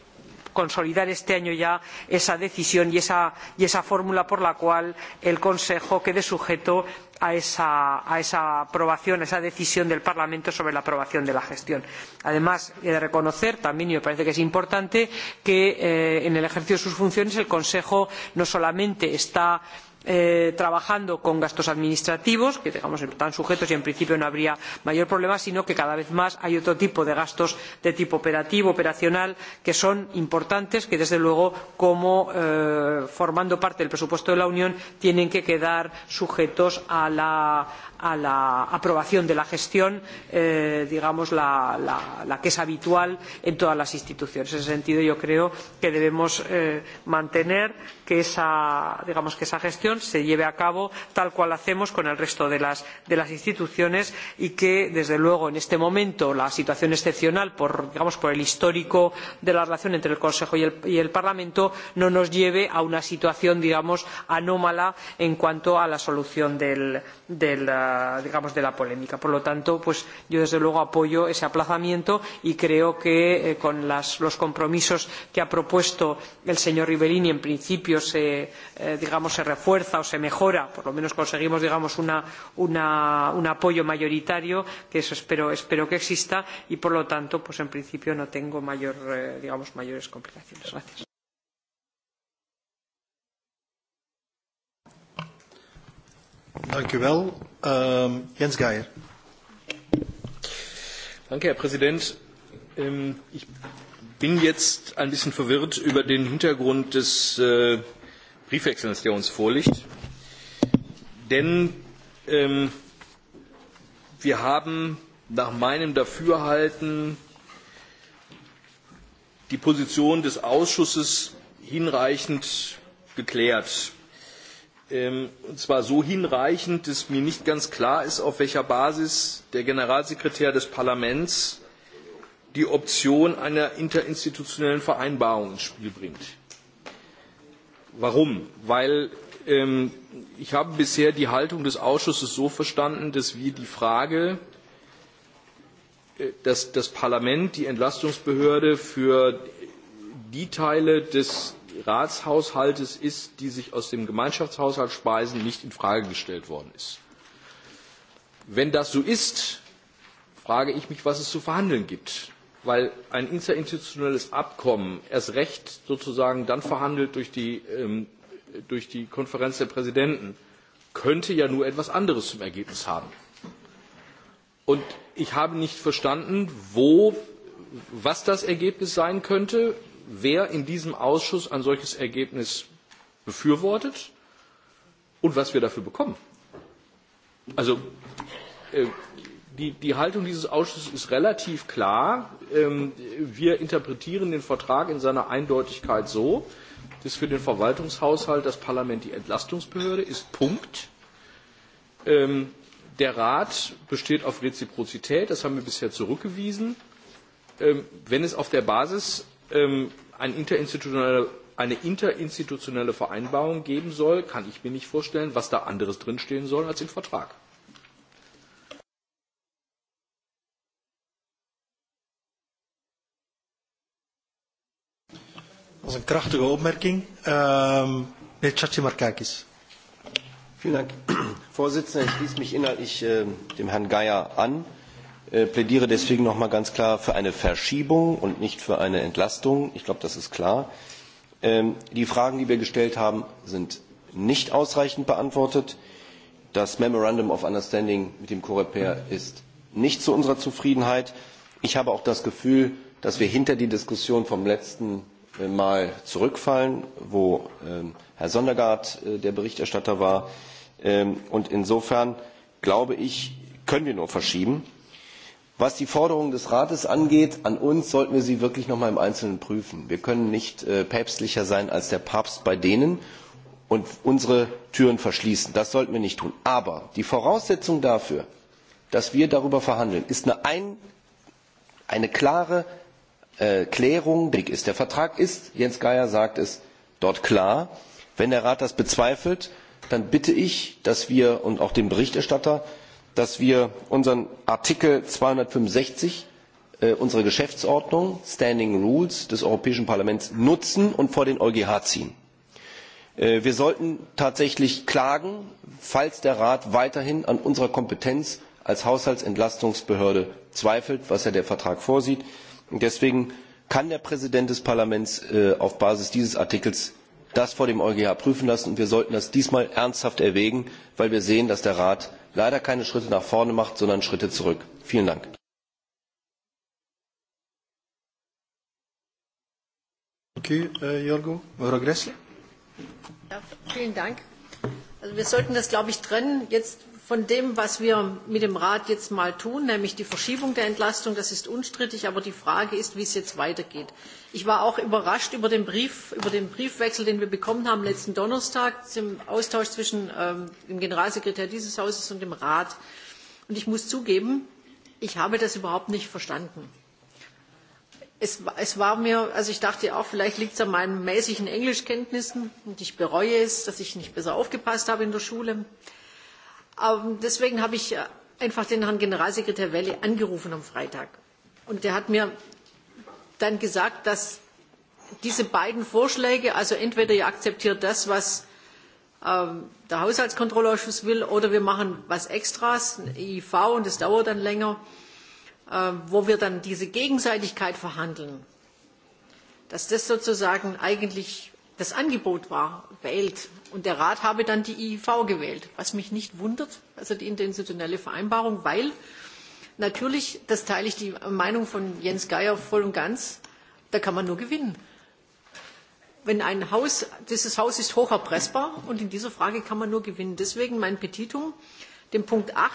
consolidar este año ya esa decisión y esa fórmula por la cual el consejo quede sujeto a esa aprobación a esa decisión del parlamento sobre la aprobación de la gestión. además he de reconocer también y me parece que es importante que eh, en el ejercicio de sus funciones el consejo no solamente está Eh, trabajando con gastos administrativos que digamos están sujetos y en principio no habría mayor problema sino que cada vez más hay otro tipo de gastos de tipo operativo operacional que son importantes que desde luego como eh, formando parte del presupuesto de la unión tienen que quedar sujetos a la, a la aprobación de la gestión, eh, digamos, la, la, la que es habitual en todas las instituciones. En ese sentido, yo creo que debemos eh, mantener que esa, digamos, que esa gestión se lleve a cabo tal cual hacemos con el resto de las, de las instituciones y que, desde luego, en este momento, la situación excepcional por, digamos, por el histórico de la relación entre el Consejo y el, y el Parlamento no nos lleve a una situación digamos, anómala en cuanto a la solución del, del digamos de la polémica. Por lo tanto, pues yo desde luego apoyo ese aplazamiento y creo que eh, con las, los compromisos que ha propuesto el señor Rivellini en principio se eh, digamos se refuerza o se mejora, por lo menos conseguimos digamos una, una, un apoyo mayoritario que eso espero espero que exista y por lo tanto pues en principio no tengo mayor eh, digamos mayores complicaciones. Gracias. Dank u wel. Uh, Jens Geijer. Dank u, heer president. Ähm, ik ben jetzt een beetje verwirrt over den Hintergrund des äh, Briefwechsels, der ons vorliegt. Denn ähm, wir haben nach meinem Dafürhalten die Position des Ausschusses hinreichend geklärt. Ähm, und zwar so hinreichend, dass mir nicht ganz klar ist, auf welcher Basis der Generalsekretär des Parlaments die Option einer interinstitutionellen Vereinbarung ins Spiel bringt. Warum? Weil ähm, ich habe bisher die Haltung des Ausschusses so verstanden, dass wir die Frage, äh, dass das Parlament die Entlastungsbehörde für die Teile des Ratshaushaltes ist, die sich aus dem Gemeinschaftshaushalt speisen, nicht infrage gestellt worden ist. Wenn das so ist, frage ich mich, was es zu verhandeln gibt. Weil ein interinstitutionelles Abkommen erst recht sozusagen dann verhandelt durch die, ähm, durch die Konferenz der Präsidenten, könnte ja nur etwas anderes zum Ergebnis haben. Und ich habe nicht verstanden, wo, was das Ergebnis sein könnte, wer in diesem Ausschuss ein solches Ergebnis befürwortet und was wir dafür bekommen. Also äh, die, die Haltung dieses Ausschusses ist relativ klar. Ähm, wir interpretieren den Vertrag in seiner Eindeutigkeit so, dass für den Verwaltungshaushalt das Parlament die Entlastungsbehörde ist. Punkt. Ähm, der Rat besteht auf Reziprozität. Das haben wir bisher zurückgewiesen. Ähm, wenn es auf der Basis ähm, ein interinstitutionelle, eine interinstitutionelle Vereinbarung geben soll, kann ich mir nicht vorstellen, was da anderes drinstehen soll als im Vertrag. Das ist eine kräftige Obmerkung. Ähm, Vielen Dank, Vorsitzender. Ich schließe mich inhaltlich äh, dem Herrn Geier an. Äh, plädiere deswegen noch einmal ganz klar für eine verschiebung und nicht für eine entlastung. ich glaube das ist klar. Ähm, die fragen die wir gestellt haben sind nicht ausreichend beantwortet. das memorandum of understanding mit dem coreper ist nicht zu unserer zufriedenheit. ich habe auch das gefühl dass wir hinter die diskussion vom letzten äh, mal zurückfallen wo ähm, herr sondergaard äh, der berichterstatter war. Ähm, und insofern glaube ich können wir nur verschieben. Was die Forderungen des Rates angeht, an uns sollten wir sie wirklich noch mal im Einzelnen prüfen. Wir können nicht äh, päpstlicher sein als der Papst bei denen und unsere Türen verschließen. Das sollten wir nicht tun. Aber die Voraussetzung dafür, dass wir darüber verhandeln, ist eine, ein, eine klare äh, Klärung. Der Vertrag ist, Jens Geier sagt es dort klar, wenn der Rat das bezweifelt, dann bitte ich, dass wir und auch den Berichterstatter, dass wir unseren Artikel 265 äh, unsere Geschäftsordnung, Standing Rules des Europäischen Parlaments nutzen und vor den EuGH ziehen. Äh, wir sollten tatsächlich klagen, falls der Rat weiterhin an unserer Kompetenz als Haushaltsentlastungsbehörde zweifelt, was ja der Vertrag vorsieht. Und deswegen kann der Präsident des Parlaments äh, auf Basis dieses Artikels das vor dem EuGH prüfen lassen. Und wir sollten das diesmal ernsthaft erwägen, weil wir sehen, dass der Rat leider keine schritte nach vorne macht sondern schritte zurück. vielen dank! Okay, äh, Jörg, Regresse. Ja, vielen Dank. Also wir sollten das, glaube ich, trennen. Jetzt von dem, was wir mit dem Rat jetzt mal tun, nämlich die Verschiebung der Entlastung, das ist unstrittig, aber die Frage ist, wie es jetzt weitergeht. Ich war auch überrascht über den, Brief, über den Briefwechsel, den wir bekommen haben letzten Donnerstag, zum Austausch zwischen ähm, dem Generalsekretär dieses Hauses und dem Rat. Und ich muss zugeben, ich habe das überhaupt nicht verstanden. Es, es war mir, also ich dachte auch, vielleicht liegt es an meinen mäßigen Englischkenntnissen und ich bereue es, dass ich nicht besser aufgepasst habe in der Schule. Ähm, deswegen habe ich äh, einfach den Herrn Generalsekretär Welle angerufen am Freitag. Und der hat mir dann gesagt, dass diese beiden Vorschläge, also entweder ihr akzeptiert das, was ähm, der Haushaltskontrollausschuss will, oder wir machen was Extras, IV, und das dauert dann länger, äh, wo wir dann diese Gegenseitigkeit verhandeln, dass das sozusagen eigentlich das Angebot war, wählt, und der Rat habe dann die IIV gewählt, was mich nicht wundert, also die interinstitutionelle Vereinbarung, weil natürlich, das teile ich die Meinung von Jens Geier voll und ganz, da kann man nur gewinnen. Wenn ein Haus, dieses Haus ist hoch erpressbar und in dieser Frage kann man nur gewinnen. Deswegen mein Petitum, den Punkt 8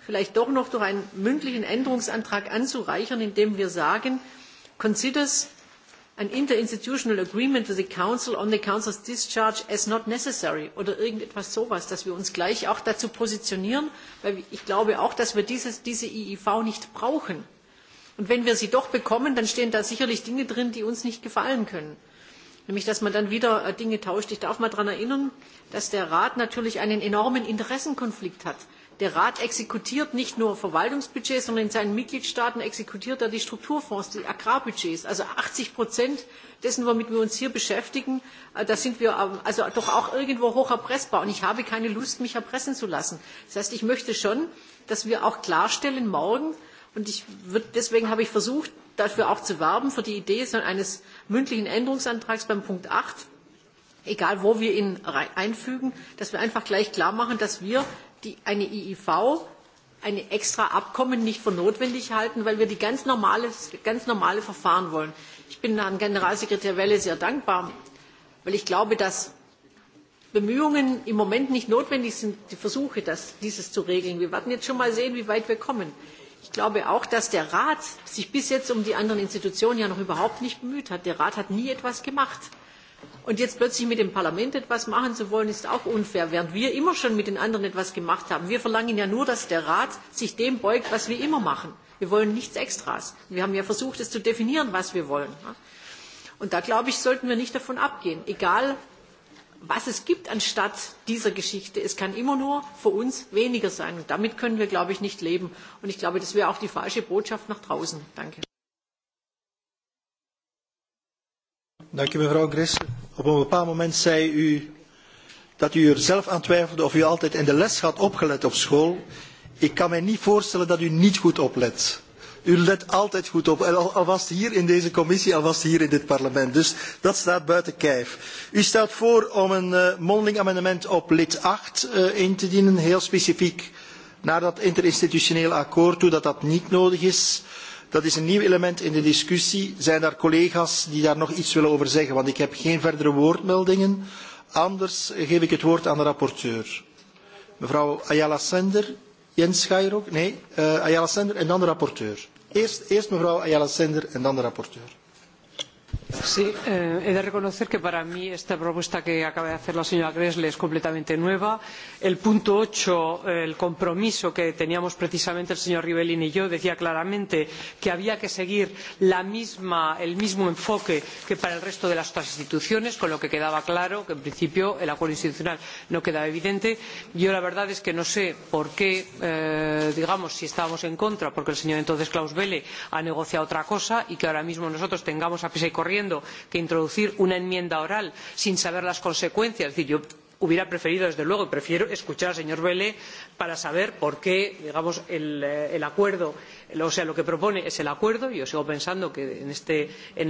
vielleicht doch noch durch einen mündlichen Änderungsantrag anzureichern, indem wir sagen, considers an interinstitutional agreement with the council on the council's discharge as not necessary oder irgendetwas sowas, dass wir uns gleich auch dazu positionieren, weil ich glaube auch, dass wir dieses, diese IIV nicht brauchen. Und wenn wir sie doch bekommen, dann stehen da sicherlich Dinge drin, die uns nicht gefallen können. Nämlich, dass man dann wieder äh, Dinge tauscht. Ich darf mal daran erinnern, dass der Rat natürlich einen enormen Interessenkonflikt hat der Rat exekutiert nicht nur Verwaltungsbudgets, sondern in seinen Mitgliedstaaten exekutiert er die Strukturfonds, die Agrarbudgets. Also 80 Prozent dessen, womit wir uns hier beschäftigen, äh, da sind wir ähm, also doch auch irgendwo hoch erpressbar. Und ich habe keine Lust, mich erpressen zu lassen. Das heißt, ich möchte schon, dass wir auch klarstellen morgen, und ich würd, deswegen habe ich versucht, dafür auch zu werben, für die Idee eines mündlichen Änderungsantrags beim Punkt 8, egal wo wir ihn einfügen, dass wir einfach gleich klar machen, dass wir die eine IIV, ein extra Abkommen nicht für notwendig halten, weil wir die ganz normale, ganz normale Verfahren wollen. Ich bin Herrn Generalsekretär Welle sehr dankbar, weil ich glaube, dass Bemühungen im Moment nicht notwendig sind, die Versuche, das, dieses zu regeln. Wir werden jetzt schon mal sehen, wie weit wir kommen. Ich glaube auch, dass der Rat sich bis jetzt um die anderen Institutionen ja noch überhaupt nicht bemüht hat. Der Rat hat nie etwas gemacht. Und jetzt plötzlich mit dem Parlament etwas machen zu wollen, ist auch unfair, während wir immer schon mit den anderen etwas gemacht haben. Wir verlangen ja nur, dass der Rat sich dem beugt, was wir immer machen. Wir wollen nichts Extras. Wir haben ja versucht, es zu definieren, was wir wollen. Ja. Und da, glaube ich, sollten wir nicht davon abgehen. Egal, was es gibt anstatt dieser Geschichte, es kann immer nur für uns weniger sein. Und damit können wir, glaube ich, nicht leben. Und ich glaube, das wäre auch die falsche Botschaft nach draußen. Danke. Dank u mevrouw Grissen. Op een bepaald moment zei u dat u er zelf aan twijfelde of u altijd in de les had opgelet op school. Ik kan mij niet voorstellen dat u niet goed oplet. U let altijd goed op, alvast hier in deze commissie, alvast hier in dit parlement. Dus dat staat buiten kijf. U stelt voor om een eh, mondeling amendement op lid 8 eh, in te dienen, heel specifiek naar dat interinstitutioneel akkoord toe, dat dat niet nodig is. Uh, Dat is een nieuw element in de discussie. Zijn daar collega's die daar nog iets willen over zeggen? Want ik heb geen verdere woordmeldingen. Anders geef ik het woord aan de rapporteur. Mevrouw Ayala Sender, Jens Schaier ook. Nee, uh, Ayala Sender en dan de rapporteur. Eerst, eerst mevrouw Ayala Sender en dan de rapporteur. Sí, eh, he de reconocer que para mí esta propuesta que acaba de hacer la señora Gressle es completamente nueva. El punto 8, el compromiso que teníamos precisamente el señor Rivellini y yo, decía claramente que había que seguir la misma, el mismo enfoque que para el resto de las otras instituciones, con lo que quedaba claro que en principio el acuerdo institucional no quedaba evidente. Yo la verdad es que no sé por qué, eh, digamos, si estábamos en contra, porque el señor entonces Klaus Belle ha negociado otra cosa y que ahora mismo nosotros tengamos a pisa y corriendo habiendo que introducir una enmienda oral sin saber las consecuencias yo hubiera preferido desde luego y prefiero escuchar al señor welle para saber por qué eh, el acuerdo o sea lo que propone es el acuerdo yo sigo pensando que en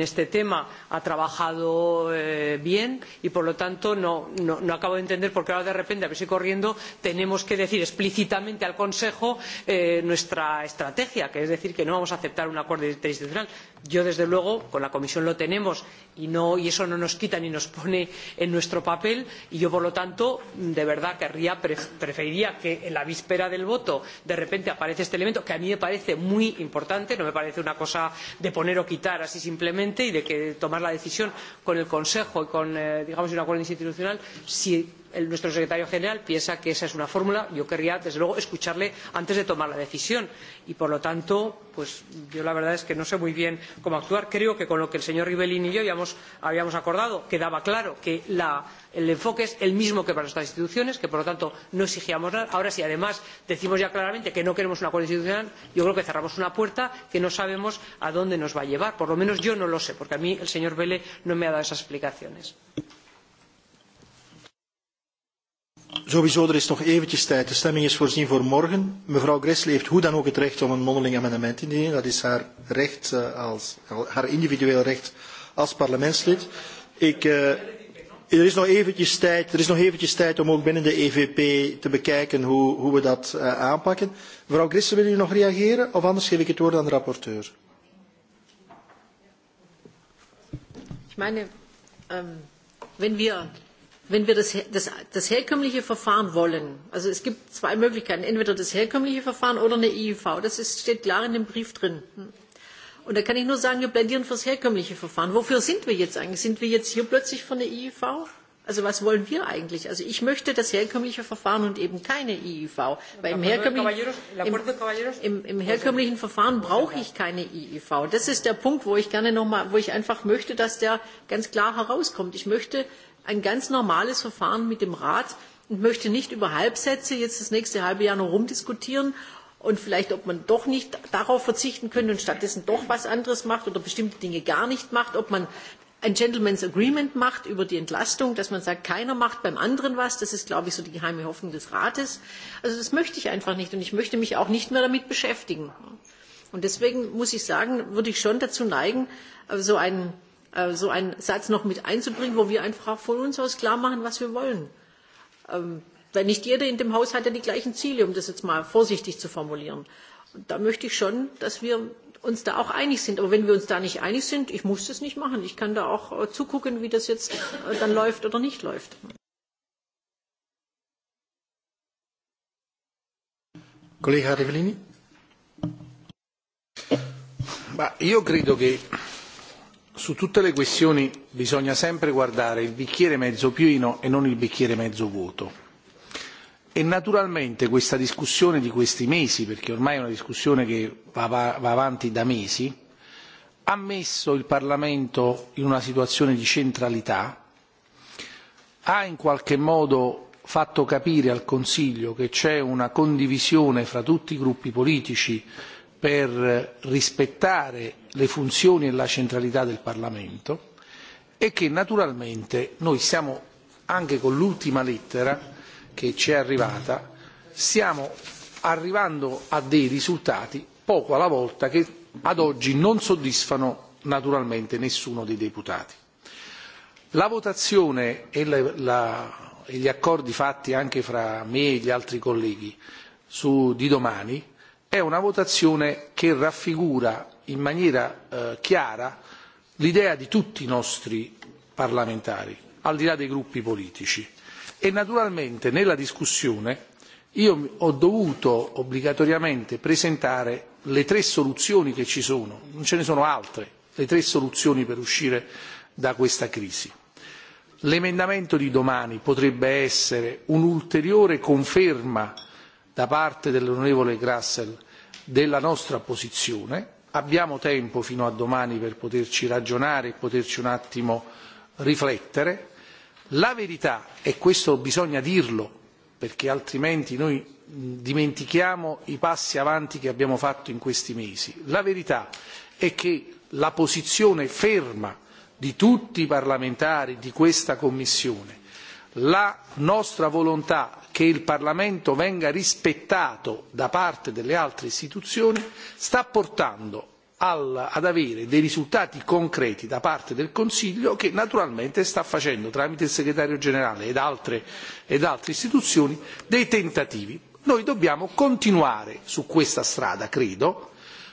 este tema ha trabajado eh, bien y por lo tanto no, no, no acabo de entender por qué ahora de repente a prisa y corriendo tenemos que decir explícitamente al consejo eh, nuestra estrategia que es decir que no vamos a aceptar un acuerdo interinstitucional yo desde luego con la comisión lo tenemos no, y eso no nos quita ni nos pone en nuestro papel y yo por lo tanto de verdad querría preferiría que en la víspera de la votación de repente apareciera este elemento que a mí me parece muy importante no me parece una cosa de poner o quitar así simplemente y de tomar la decisión con el consejo y con eh, un acuerdo interinstitucional si nuestro secretario general piensa que esa es una fórmula yo querría desde luego escucharle antes de tomar la decisión y por lo tanto la verdad es que no sé muy bien cómo actuar. creo que lo que el señor rivellini y yo habíamos acordado quedaba claro que el enfoque es el mismo que para nuestras instituciones que por lo tanto no exigíamos nada. ahora si además decimos ya claramente que no queremos un acuerdo institucional yo creo que cerramos una puerta que no sabemos a dónde nos va a llevar por lo menos yo no lo sé porque a mí el señor welle no me ha dado esas explicaciones. Sowieso, er is nog eventjes tijd. De stemming is voorzien voor morgen. Mevrouw Gressel heeft hoe dan ook het recht om een mondeling amendement in te dienen. Dat is haar recht, eh, als, haar individueel recht als parlementslid. Ik, uh, er, is nog eventjes tijd, er is nog eventjes tijd om ook binnen de EVP te bekijken hoe, hoe we dat uh, aanpakken. Mevrouw Gressel, wil u nog reageren? Of anders geef ik het woord aan de rapporteur. Ik bedoel, als we... Wenn wir das, das, das herkömmliche Verfahren wollen, also es gibt zwei Möglichkeiten, entweder das herkömmliche Verfahren oder eine EIV, das ist, steht klar in dem Brief drin. Und da kann ich nur sagen, wir plädieren für das herkömmliche Verfahren. Wofür sind wir jetzt eigentlich? Sind wir jetzt hier plötzlich von der EIV? Also was wollen wir eigentlich? Also ich möchte das herkömmliche Verfahren und eben keine EIV. Weil im herkömmlichen, im, im, im herkömmlichen Verfahren brauche ich keine EIV. Das ist der Punkt, wo ich gerne nochmal, wo ich einfach möchte, dass der ganz klar herauskommt. Ich möchte ein ganz normales Verfahren mit dem Rat und möchte nicht über Halbsätze jetzt das nächste halbe Jahr noch rumdiskutieren und vielleicht, ob man doch nicht darauf verzichten könnte und stattdessen doch was anderes macht oder bestimmte Dinge gar nicht macht, ob man ein Gentleman's Agreement macht über die Entlastung, dass man sagt, keiner macht beim anderen was. Das ist, glaube ich, so die geheime Hoffnung des Rates. Also das möchte ich einfach nicht und ich möchte mich auch nicht mehr damit beschäftigen. Und deswegen muss ich sagen, würde ich schon dazu neigen, so einen Äh, so einen Satz noch mit einzubringen, wo wir einfach auch von uns aus klar machen, was wir wollen. Ähm, weil nicht jeder in dem Haus hat ja die gleichen Ziele, um das jetzt mal vorsichtig zu formulieren. Und da möchte ich schon, dass wir uns da auch einig sind. Aber wenn wir uns da nicht einig sind, ich muss das nicht machen. Ich kann da auch äh, zugucken, wie das jetzt äh, dann läuft oder nicht läuft. Kollege Rivellini. Ma io credo che su tutte le questioni bisogna sempre guardare il bicchiere mezzo pieno e non il bicchiere mezzo vuoto e naturalmente questa discussione di questi mesi perché ormai è una discussione che va, va, va avanti da mesi ha messo il Parlamento in una situazione di centralità, ha in qualche modo fatto capire al Consiglio che c'è una condivisione fra tutti i gruppi politici per rispettare le funzioni e la centralità del parlamento e che naturalmente noi siamo anche con l'ultima lettera che ci è arrivata stiamo arrivando a dei risultati poco alla volta che ad oggi non soddisfano naturalmente nessuno dei deputati. La votazione e, la, la, e gli accordi fatti anche fra me e gli altri colleghi su, di domani è una votazione che raffigura in maniera eh, chiara l'idea di tutti i nostri parlamentari al di là dei gruppi politici e naturalmente nella discussione io ho dovuto obbligatoriamente presentare le tre soluzioni che ci sono non ce ne sono altre le tre soluzioni per uscire da questa crisi. l'emendamento di domani potrebbe essere un'ulteriore conferma da parte dell'onorevole Grassel della nostra posizione. Abbiamo tempo fino a domani per poterci ragionare e poterci un attimo riflettere. La verità, e questo bisogna dirlo perché altrimenti noi dimentichiamo i passi avanti che abbiamo fatto in questi mesi, la verità è che la posizione ferma di tutti i parlamentari di questa Commissione, la nostra volontà che il parlamento venga rispettato da parte delle altre istituzioni sta portando ad avere dei risultati concreti da parte del consiglio che naturalmente sta facendo tramite il segretario generale ed altre, ed altre istituzioni dei tentativi. noi dobbiamo continuare su questa strada credo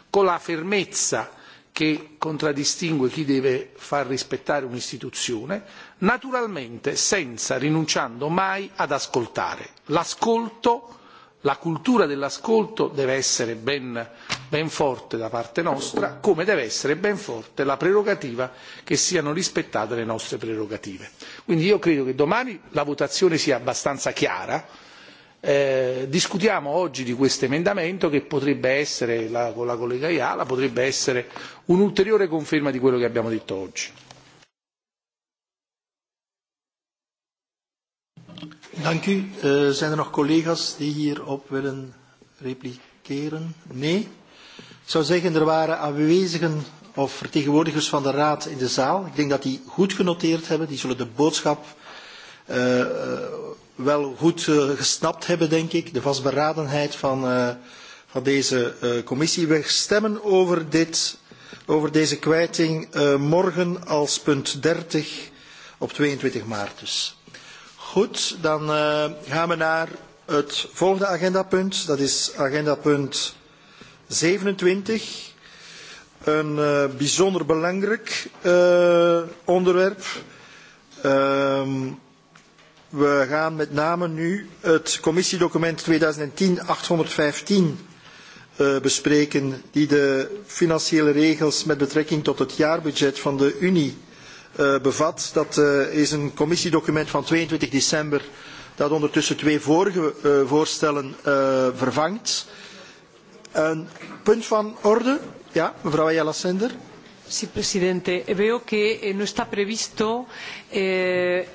con la fermezza che contraddistingue chi deve far rispettare un'istituzione naturalmente senza rinunciando mai ad ascoltare l'ascolto la cultura dell'ascolto deve essere ben, ben forte da parte nostra come deve essere ben forte la prerogativa che siano rispettate le nostre prerogative quindi io credo che domani la votazione sia abbastanza chiara Eh, discutiamo oggi di questo emendamento che potrebbe essere con la collega ayala potrebbe essere un'ulteriore conferma di quello che abbiamo detto oggi. Dank u, uh, zijn er nog collega's die hierop willen repliceren? Nee. Ik zou zeggen, er waren aanwezigen of vertegenwoordigers van de Raad in de zaal. Ik denk dat die goed genoteerd hebben. Die zullen de boodschap uh, wel goed uh, gesnapt hebben, denk ik, de vastberadenheid van, uh, van deze uh, commissie. We stemmen over, dit, over deze kwijting uh, morgen als punt 30 op 22 maart dus. Goed, dan uh, gaan we naar het volgende agendapunt. Dat is agendapunt 27. Een uh, bijzonder belangrijk uh, onderwerp. Uh, we gaan met name nu het commissiedocument 2010-815 uh, eh, bespreken, die de financiële regels met betrekking tot het jaarbudget van de Unie uh, bevat. Dat uh, is een commissiedocument van 22 december dat ondertussen twee vorige uh, voorstellen uh, vervangt. Een punt van orde? Ja, mevrouw Ayala Sender. Sí, presidente. Veo que no está previsto eh,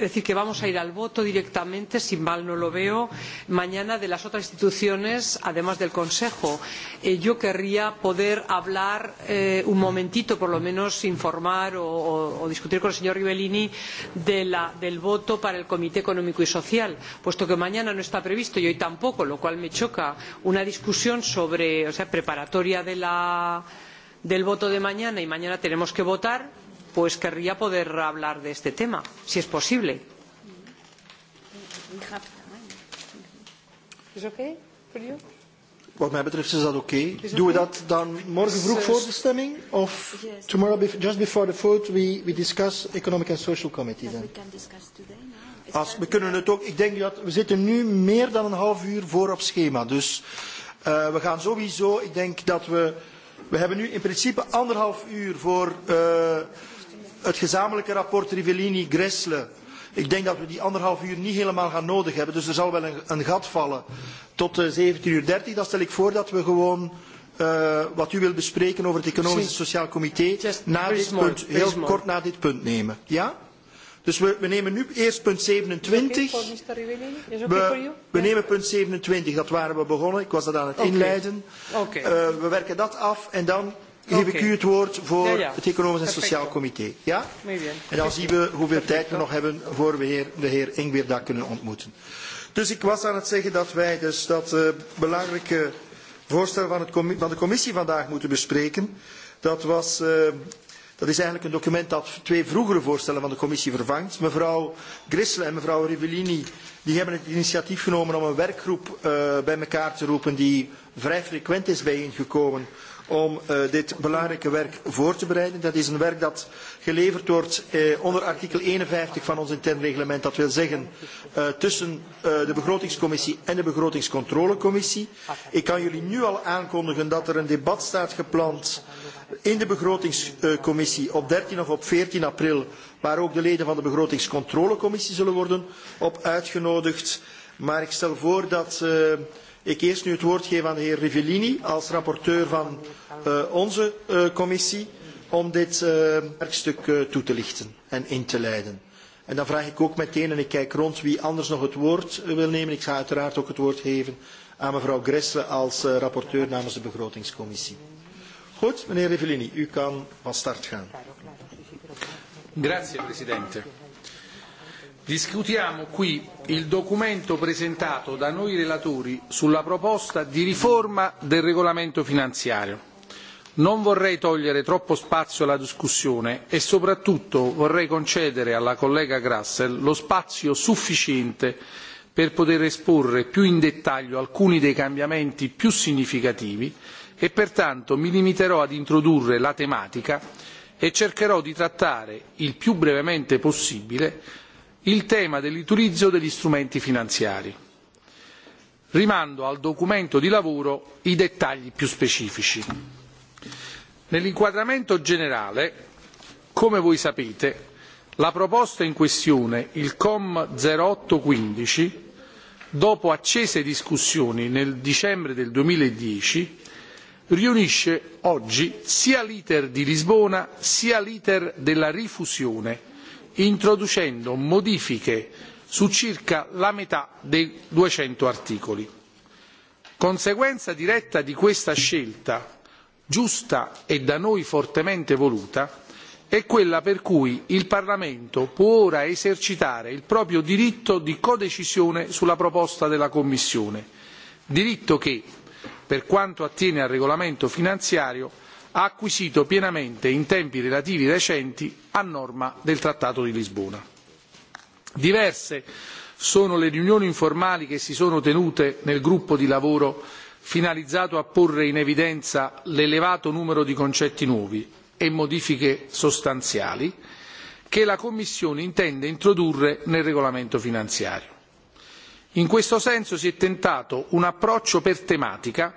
decir que vamos a ir al voto directamente si mal no lo veo mañana de las otras instituciones además del consejo. Eh, yo querría poder hablar eh, un momentito por lo menos informar o discutir con el señor rivellini del voto para la comisión de asuntos económicos y sociales puesto que mañana no está previsto y hoy tampoco lo cual me choca una discusión sobre o sea preparatoria de la, del voto de mañana y mañana tenemos que votar pues querría poder hablar de este tema, si es posible. Wat mij betreft is dat oké. Okay. Doen we dat dan morgen vroeg voor de stemming? Of tomorrow, just before the vote, we, we discuss Economic and Social Committee then? Als, we kunnen het ook. Ik denk dat we zitten nu meer dan een half uur voor op schema. Dus uh, we gaan sowieso, ik denk dat we... We hebben nu in principe anderhalf uur voor... Uh, het gezamenlijke rapport Rivellini-Gressle. Ik denk dat we die anderhalf uur niet helemaal gaan nodig hebben, dus er zal wel een, een gat vallen. Tot uh, eh, 17.30 uur, 30, dan stel ik voor dat we gewoon uh, wat u wil bespreken over het Economisch en Sociaal Comité, na dit punt, heel kort na dit punt nemen. Ja? Dus we, we nemen nu eerst punt 27. Okay, we, we ja. nemen punt 27, dat waren we begonnen. Ik was dat aan het okay. inleiden. Okay. Uh, eh, we werken dat af en dan okay. geef ik u het woord voor ja, ja. het Economisch en Perfecto. Sociaal Comité. Ja? En dan zien we hoeveel Perfecto. tijd we nog hebben voor we heer, de heer Ingweer daar kunnen ontmoeten. Dus ik was aan het zeggen dat wij dus dat uh, belangrijke voorstel van, het van de commissie vandaag moeten bespreken. Dat, was, uh, dat is eigenlijk een document dat twee vroegere voorstellen van de commissie vervangt. Mevrouw Grissel en mevrouw Rivellini die hebben het initiatief genomen om een werkgroep uh, bij elkaar te roepen die vrij frequent is bijeengekomen om uh, dit belangrijke werk voor te bereiden. Dat is een werk dat geleverd wordt uh, onder artikel 51 van ons intern reglement. Dat wil zeggen uh, tussen uh, de begrotingscommissie en de begrotingscontrolecommissie. Ik kan jullie nu al aankondigen dat er een debat staat gepland in de begrotingscommissie op 13 of op 14 april. Waar ook de leden van de begrotingscontrolecommissie zullen worden op uitgenodigd. Maar ik stel voor dat... Uh, Ik eerst nu het woord geef aan de heer Rivellini als rapporteur van uh, onze uh, commissie om dit uh, werkstuk uh, toe te lichten en in te leiden. En dan vraag ik ook meteen, en ik kijk rond wie anders nog het woord wil nemen. Ik ga uiteraard ook het woord geven aan mevrouw Gressle als uh, rapporteur namens de begrotingscommissie. Goed, meneer Rivellini, u kan van start gaan. Grazie, presidente. Discutiamo qui il documento presentato da noi relatori sulla proposta di riforma del regolamento finanziario. Non vorrei togliere troppo spazio alla discussione e soprattutto vorrei concedere alla collega Grassel lo spazio sufficiente per poter esporre più in dettaglio alcuni dei cambiamenti più significativi e pertanto mi limiterò ad introdurre la tematica e cercherò di trattare il più brevemente possibile il tema dell'utilizzo degli strumenti finanziari. rimando al documento di lavoro i dettagli più specifici. nell'inquadramento generale come voi sapete la proposta in questione il com zero otto dopo accese discussioni nel dicembre del duemiladieci riunisce oggi sia l'iter di lisbona sia l'iter della rifusione introducendo modifiche su circa la metà dei duecento articoli. conseguenza diretta di questa scelta giusta e da noi fortemente voluta è quella per cui il parlamento può ora esercitare il proprio diritto di codecisione sulla proposta della commissione diritto che per quanto attiene al regolamento finanziario ha acquisito pienamente in tempi relativi recenti a norma del trattato di lisbona. diverse sono le riunioni informali che si sono tenute nel gruppo di lavoro finalizzato a porre in evidenza l'elevato numero di concetti nuovi e modifiche sostanziali che la commissione intende introdurre nel regolamento finanziario. in questo senso si è tentato un approccio per tematica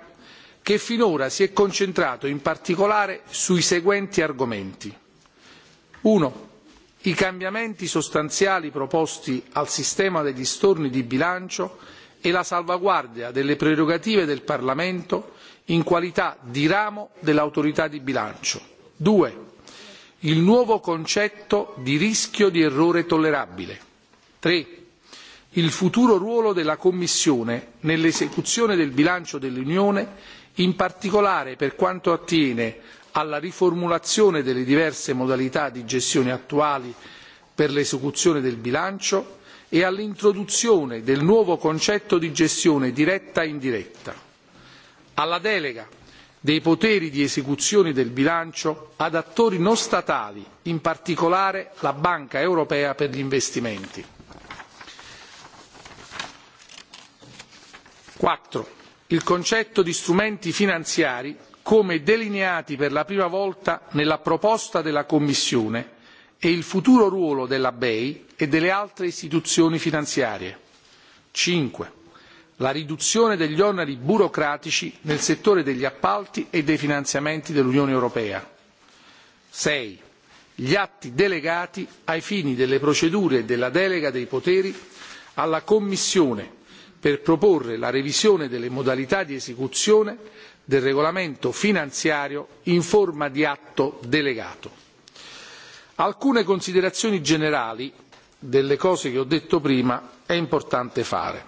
che finora si è concentrato in particolare sui seguenti argomenti uno i cambiamenti sostanziali proposti al sistema degli storni di bilancio e la salvaguardia delle prerogative del parlamento in qualità di ramo dell'autorità di bilancio due il nuovo concetto di rischio di errore tollerabile tre il futuro ruolo della commissione nell'esecuzione del bilancio dell'unione in particolare per quanto attiene alla riformulazione delle diverse modalità di gestione attuali per l'esecuzione del bilancio e all'introduzione del nuovo concetto di gestione diretta e indiretta alla delega dei poteri di esecuzione del bilancio ad attori non statali in particolare la banca europea per gli investimenti. quattro il concetto di strumenti finanziari come delineati per la prima volta nella proposta della commissione e il futuro ruolo della bei e delle altre istituzioni finanziarie; cinque la riduzione degli oneri burocratici nel settore degli appalti e dei finanziamenti dell'unione europea; sei gli atti delegati ai fini delle procedure e della delega dei poteri alla commissione per proporre la revisione delle modalità di esecuzione del regolamento finanziario in forma di atto delegato. alcune considerazioni generali delle cose che ho detto prima è importante fare.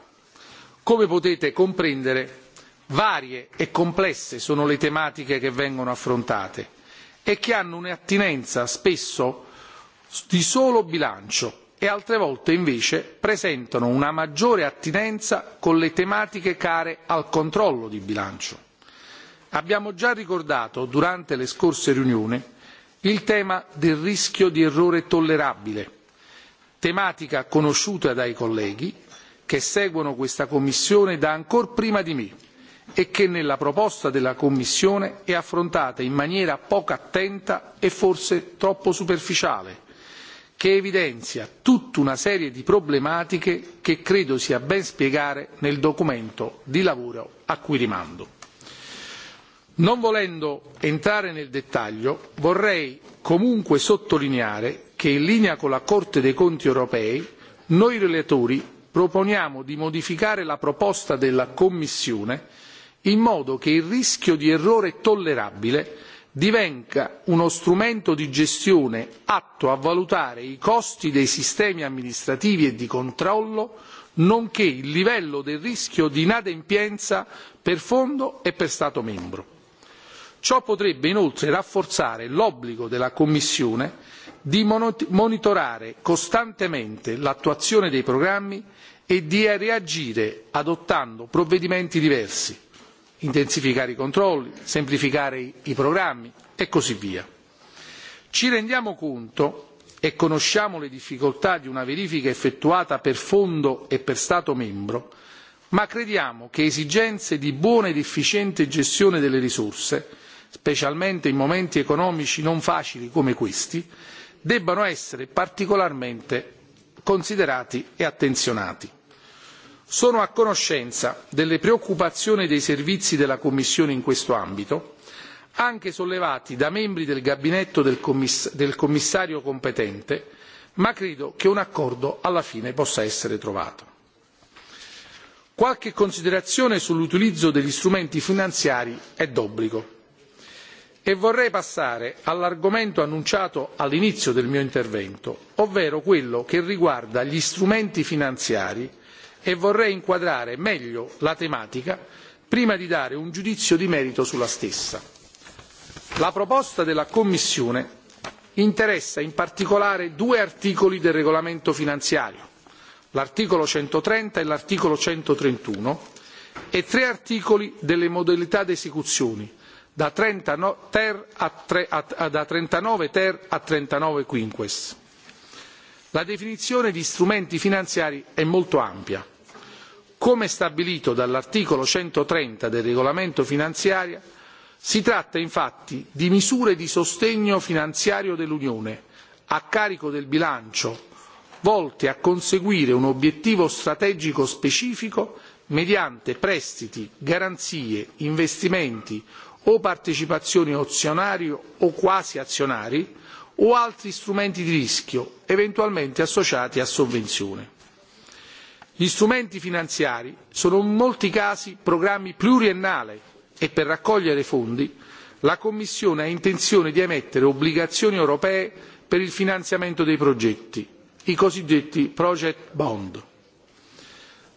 come potete comprendere varie e complesse sono le tematiche che vengono affrontate e che hanno un'attinenza spesso di solo bilancio e altre volte invece presentano una maggiore attinenza con le tematiche care al controllo di bilancio. abbiamo già ricordato durante le scorse riunioni il tema del rischio di errore tollerabile tematica conosciuta dai colleghi che seguono questa commissione da ancor prima di me e che nella proposta della commissione è affrontata in maniera poco attenta e forse troppo superficiale che evidenzia tutta una serie di problematiche che credo sia ben spiegare nel documento di lavoro a cui rimando. non volendo entrare nel dettaglio vorrei comunque sottolineare che in linea con la corte dei conti europei noi relatori proponiamo di modificare la proposta della commissione in modo che il rischio di errore tollerabile divenga uno strumento di gestione atto a valutare i costi dei sistemi amministrativi e di controllo nonché il livello del rischio di inadempienza per fondo e per stato membro. ciò potrebbe inoltre rafforzare l'obbligo della commissione di monitorare costantemente l'attuazione dei programmi e di reagire adottando provvedimenti diversi intensificare i controlli semplificare i programmi e così via. ci rendiamo conto e conosciamo le difficoltà di una verifica effettuata per fondo e per stato membro ma crediamo che esigenze di buona ed efficiente gestione delle risorse specialmente in momenti economici non facili come questi debbano essere particolarmente considerati e attenzionati sono a conoscenza delle preoccupazioni dei servizi della commissione in questo ambito anche sollevate da membri del gabinetto del commissario competente ma credo che un accordo alla fine possa essere trovato. qualche considerazione sull'utilizzo degli strumenti finanziari è d'obbligo e vorrei passare all'argomento annunciato all'inizio del mio intervento ovvero quello che riguarda gli strumenti finanziari e vorrei inquadrare meglio la tematica prima di dare un giudizio di merito sulla stessa. la proposta della commissione interessa in particolare due articoli del regolamento finanziario l'articolo centotrenta e l'articolo centotrentuno e tre articoli delle modalità di esecuzione no, da trentanove ter a trentanove quinquies. la definizione di strumenti finanziari è molto ampia come stabilito dall'articolo centotrenta del regolamento finanziario si tratta infatti di misure di sostegno finanziario dell'unione a carico del bilancio volte a conseguire un obiettivo strategico specifico mediante prestiti garanzie investimenti o partecipazioni azionari o quasi azionari o altri strumenti di rischio eventualmente associati a sovvenzioni gli strumenti finanziari sono in molti casi programmi pluriennali e per raccogliere fondi la commissione ha intenzione di emettere obbligazioni europee per il finanziamento dei progetti i cosiddetti project bond.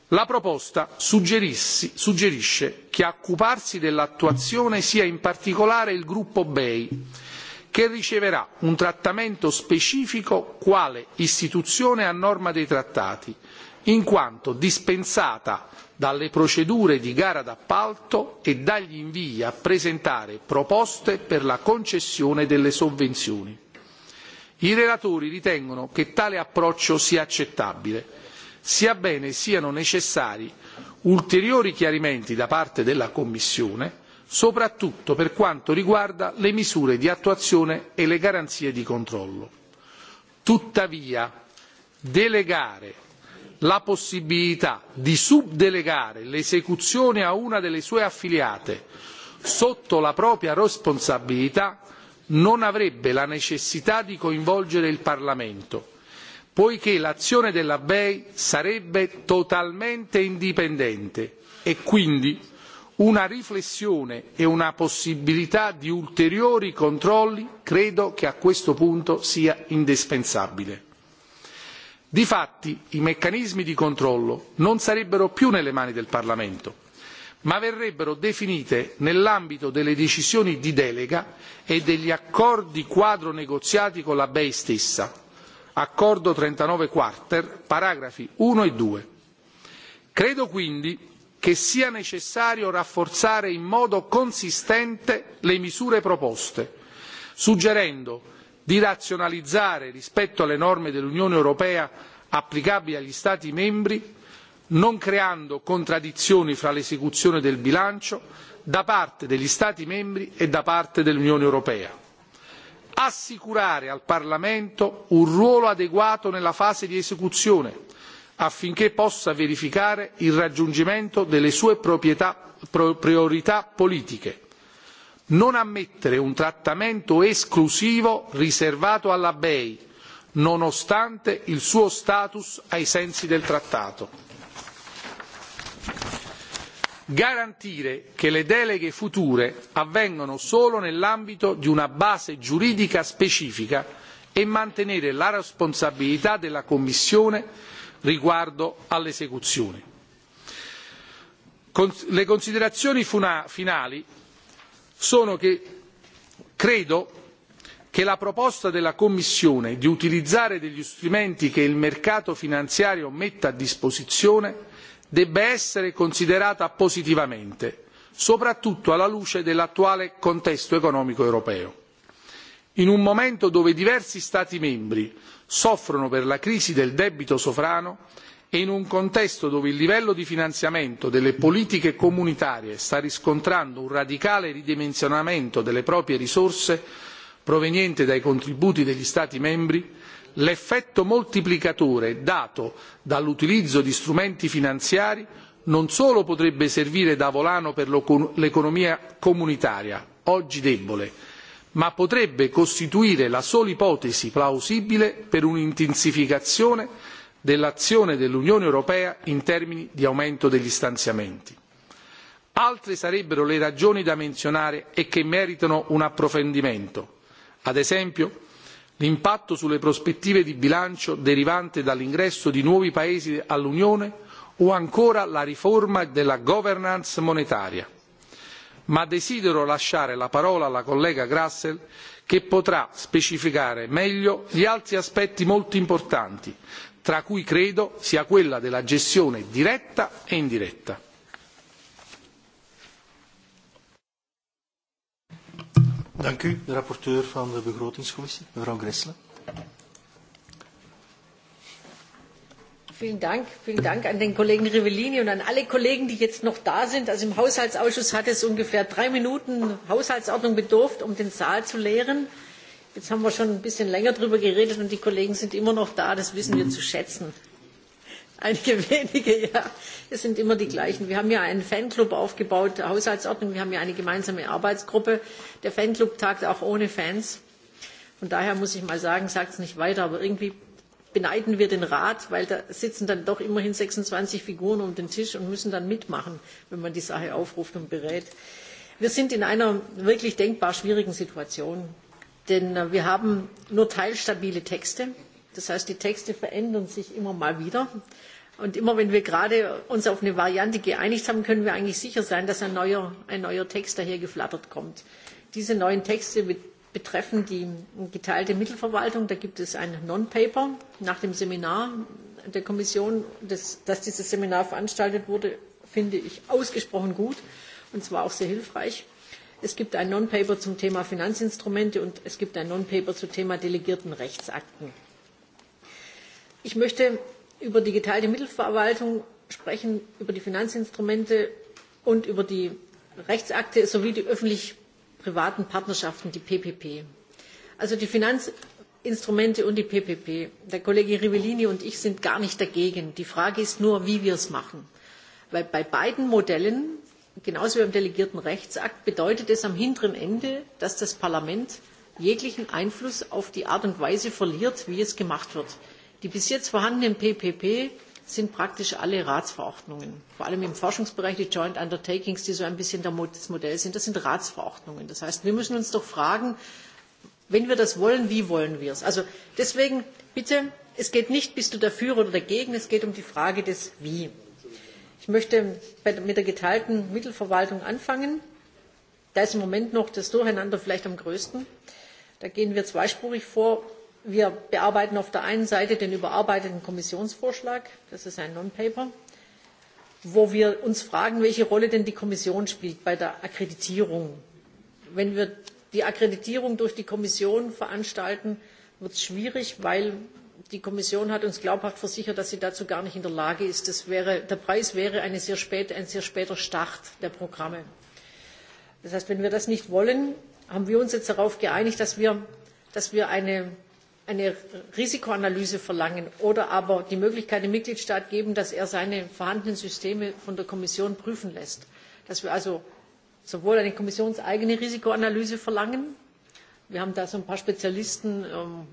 la proposta suggerisce che a occuparsi dell'attuazione sia in particolare il gruppo bei che riceverà un trattamento specifico quale istituzione a norma dei trattati in quanto dispensata dalle procedure di gara d'appalto e dagli invii a presentare proposte per la concessione delle sovvenzioni. i relatori ritengono che tale approccio sia accettabile sebbene siano necessari ulteriori chiarimenti da parte della commissione soprattutto per quanto riguarda le misure di attuazione e le garanzie di controllo. tuttavia delegare la possibilità di subdelegare l'esecuzione a una delle sue affiliate sotto la propria responsabilità non avrebbe la necessità di coinvolgere il parlamento poiché l'azione della bei sarebbe totalmente indipendente e quindi una riflessione e una possibilità di ulteriori controlli credo che a questo punto sia indispensabile difatti i meccanismi di controllo non sarebbero più nelle mani del parlamento ma verrebbero definite nell'ambito delle decisioni di delega e degli accordi quadro negoziati con la bei stessa accordo trentanove quater paragrafi uno e. due credo quindi che sia necessario rafforzare in modo consistente le misure proposte suggerendo di razionalizzare rispetto alle norme dell'unione europea applicabili agli stati membri non creando contraddizioni fra l'esecuzione del bilancio da parte degli stati membri e da parte dell'unione europea assicurare al parlamento un ruolo adeguato nella fase di esecuzione affinché possa verificare il raggiungimento delle sue priorità politiche non ammettere un trattamento esclusivo riservato alla bei nonostante il suo status ai sensi del trattato garantire che le deleghe future avvengano solo nell'ambito di una base giuridica specifica e mantenere la responsabilità della commissione riguardo all'esecuzione. le considerazioni finali sono che credo che la proposta della commissione di utilizzare degli strumenti che il mercato finanziario mette a disposizione debba essere considerata positivamente soprattutto alla luce dell'attuale contesto economico europeo. in un momento dove diversi stati membri soffrono per la crisi del debito sovrano e in un contesto dove il livello di finanziamento delle politiche comunitarie sta riscontrando un radicale ridimensionamento delle proprie risorse provenienti dai contributi degli stati membri l'effetto moltiplicatore dato dall'utilizzo di strumenti finanziari non solo potrebbe servire da volano per l'economia comunitaria oggi debole ma potrebbe costituire la sola ipotesi plausibile per un'intensificazione dell'azione dell'unione europea in termini di aumento degli stanziamenti. altre sarebbero le ragioni da menzionare e che meritano un approfondimento ad esempio l'impatto sulle prospettive di bilancio derivante dall'ingresso di nuovi paesi all'unione o ancora la riforma della governance monetaria. ma desidero lasciare la parola alla collega grle che potrà specificare meglio gli altri aspetti molto importanti tra cui credo sia quella della gestione diretta e indiretta. Vielen Dank, vielen Dank an den Kollegen Rivellini und an alle Kollegen, die jetzt noch da sind. Also im Haushaltsausschuss hat es ungefähr drei Minuten Haushaltsordnung bedurft, um den Saal zu leeren. Jetzt haben wir schon ein bisschen länger darüber geredet und die Kollegen sind immer noch da. Das wissen wir mhm. zu schätzen. Einige wenige, ja. Es sind immer die gleichen. Wir haben ja einen Fanclub aufgebaut, Haushaltsordnung. Wir haben ja eine gemeinsame Arbeitsgruppe. Der Fanclub tagt auch ohne Fans. Von daher muss ich mal sagen, sagt es nicht weiter. Aber irgendwie beneiden wir den Rat, weil da sitzen dann doch immerhin 26 Figuren um den Tisch und müssen dann mitmachen, wenn man die Sache aufruft und berät. Wir sind in einer wirklich denkbar schwierigen Situation denn äh, wir haben nur teilstabile texte das heißt die texte verändern sich immer mal wieder und immer wenn wir uns gerade auf eine variante geeinigt haben können wir eigentlich sicher sein dass ein neuer, ein neuer text daher geflattert kommt. diese neuen texte betreffen die geteilte mittelverwaltung da gibt es ein non paper nach dem seminar der kommission das, dass dieses seminar veranstaltet wurde finde ich ausgesprochen gut und zwar auch sehr hilfreich. Es gibt ein Non-Paper zum Thema Finanzinstrumente und es gibt ein Non-Paper zum Thema delegierten Rechtsakten. Ich möchte über die geteilte Mittelverwaltung sprechen, über die Finanzinstrumente und über die Rechtsakte sowie die öffentlich-privaten Partnerschaften, die PPP. Also die Finanzinstrumente und die PPP. Der Kollege Rivellini und ich sind gar nicht dagegen. Die Frage ist nur, wie wir es machen. Weil bei beiden Modellen genauso wie beim Delegierten Rechtsakt, bedeutet es am hinteren Ende, dass das Parlament jeglichen Einfluss auf die Art und Weise verliert, wie es gemacht wird. Die bis jetzt vorhandenen PPP sind praktisch alle Ratsverordnungen. Vor allem im Forschungsbereich, die Joint Undertakings, die so ein bisschen das Modell sind, das sind Ratsverordnungen. Das heißt, wir müssen uns doch fragen, wenn wir das wollen, wie wollen wir es? Also deswegen bitte, es geht nicht, bist du dafür oder dagegen, es geht um die Frage des Wie. Ich möchte mit der geteilten Mittelverwaltung anfangen. Da ist im Moment noch das Durcheinander vielleicht am größten. Da gehen wir zweispurig vor. Wir bearbeiten auf der einen Seite den überarbeiteten Kommissionsvorschlag. Das ist ein Non-Paper, wo wir uns fragen, welche Rolle denn die Kommission spielt bei der Akkreditierung. Wenn wir die Akkreditierung durch die Kommission veranstalten, wird es schwierig, weil die Kommission hat uns glaubhaft versichert, dass sie dazu gar nicht in der Lage ist. Das wäre, der Preis wäre eine sehr spät, ein sehr später Start der Programme. Das heißt, wenn wir das nicht wollen, haben wir uns jetzt darauf geeinigt, dass wir, dass wir eine, eine Risikoanalyse verlangen oder aber die Möglichkeit dem Mitgliedstaat geben, dass er seine vorhandenen Systeme von der Kommission prüfen lässt. Dass wir also sowohl eine kommissionseigene Risikoanalyse verlangen, wir haben da so ein paar Spezialisten, ähm,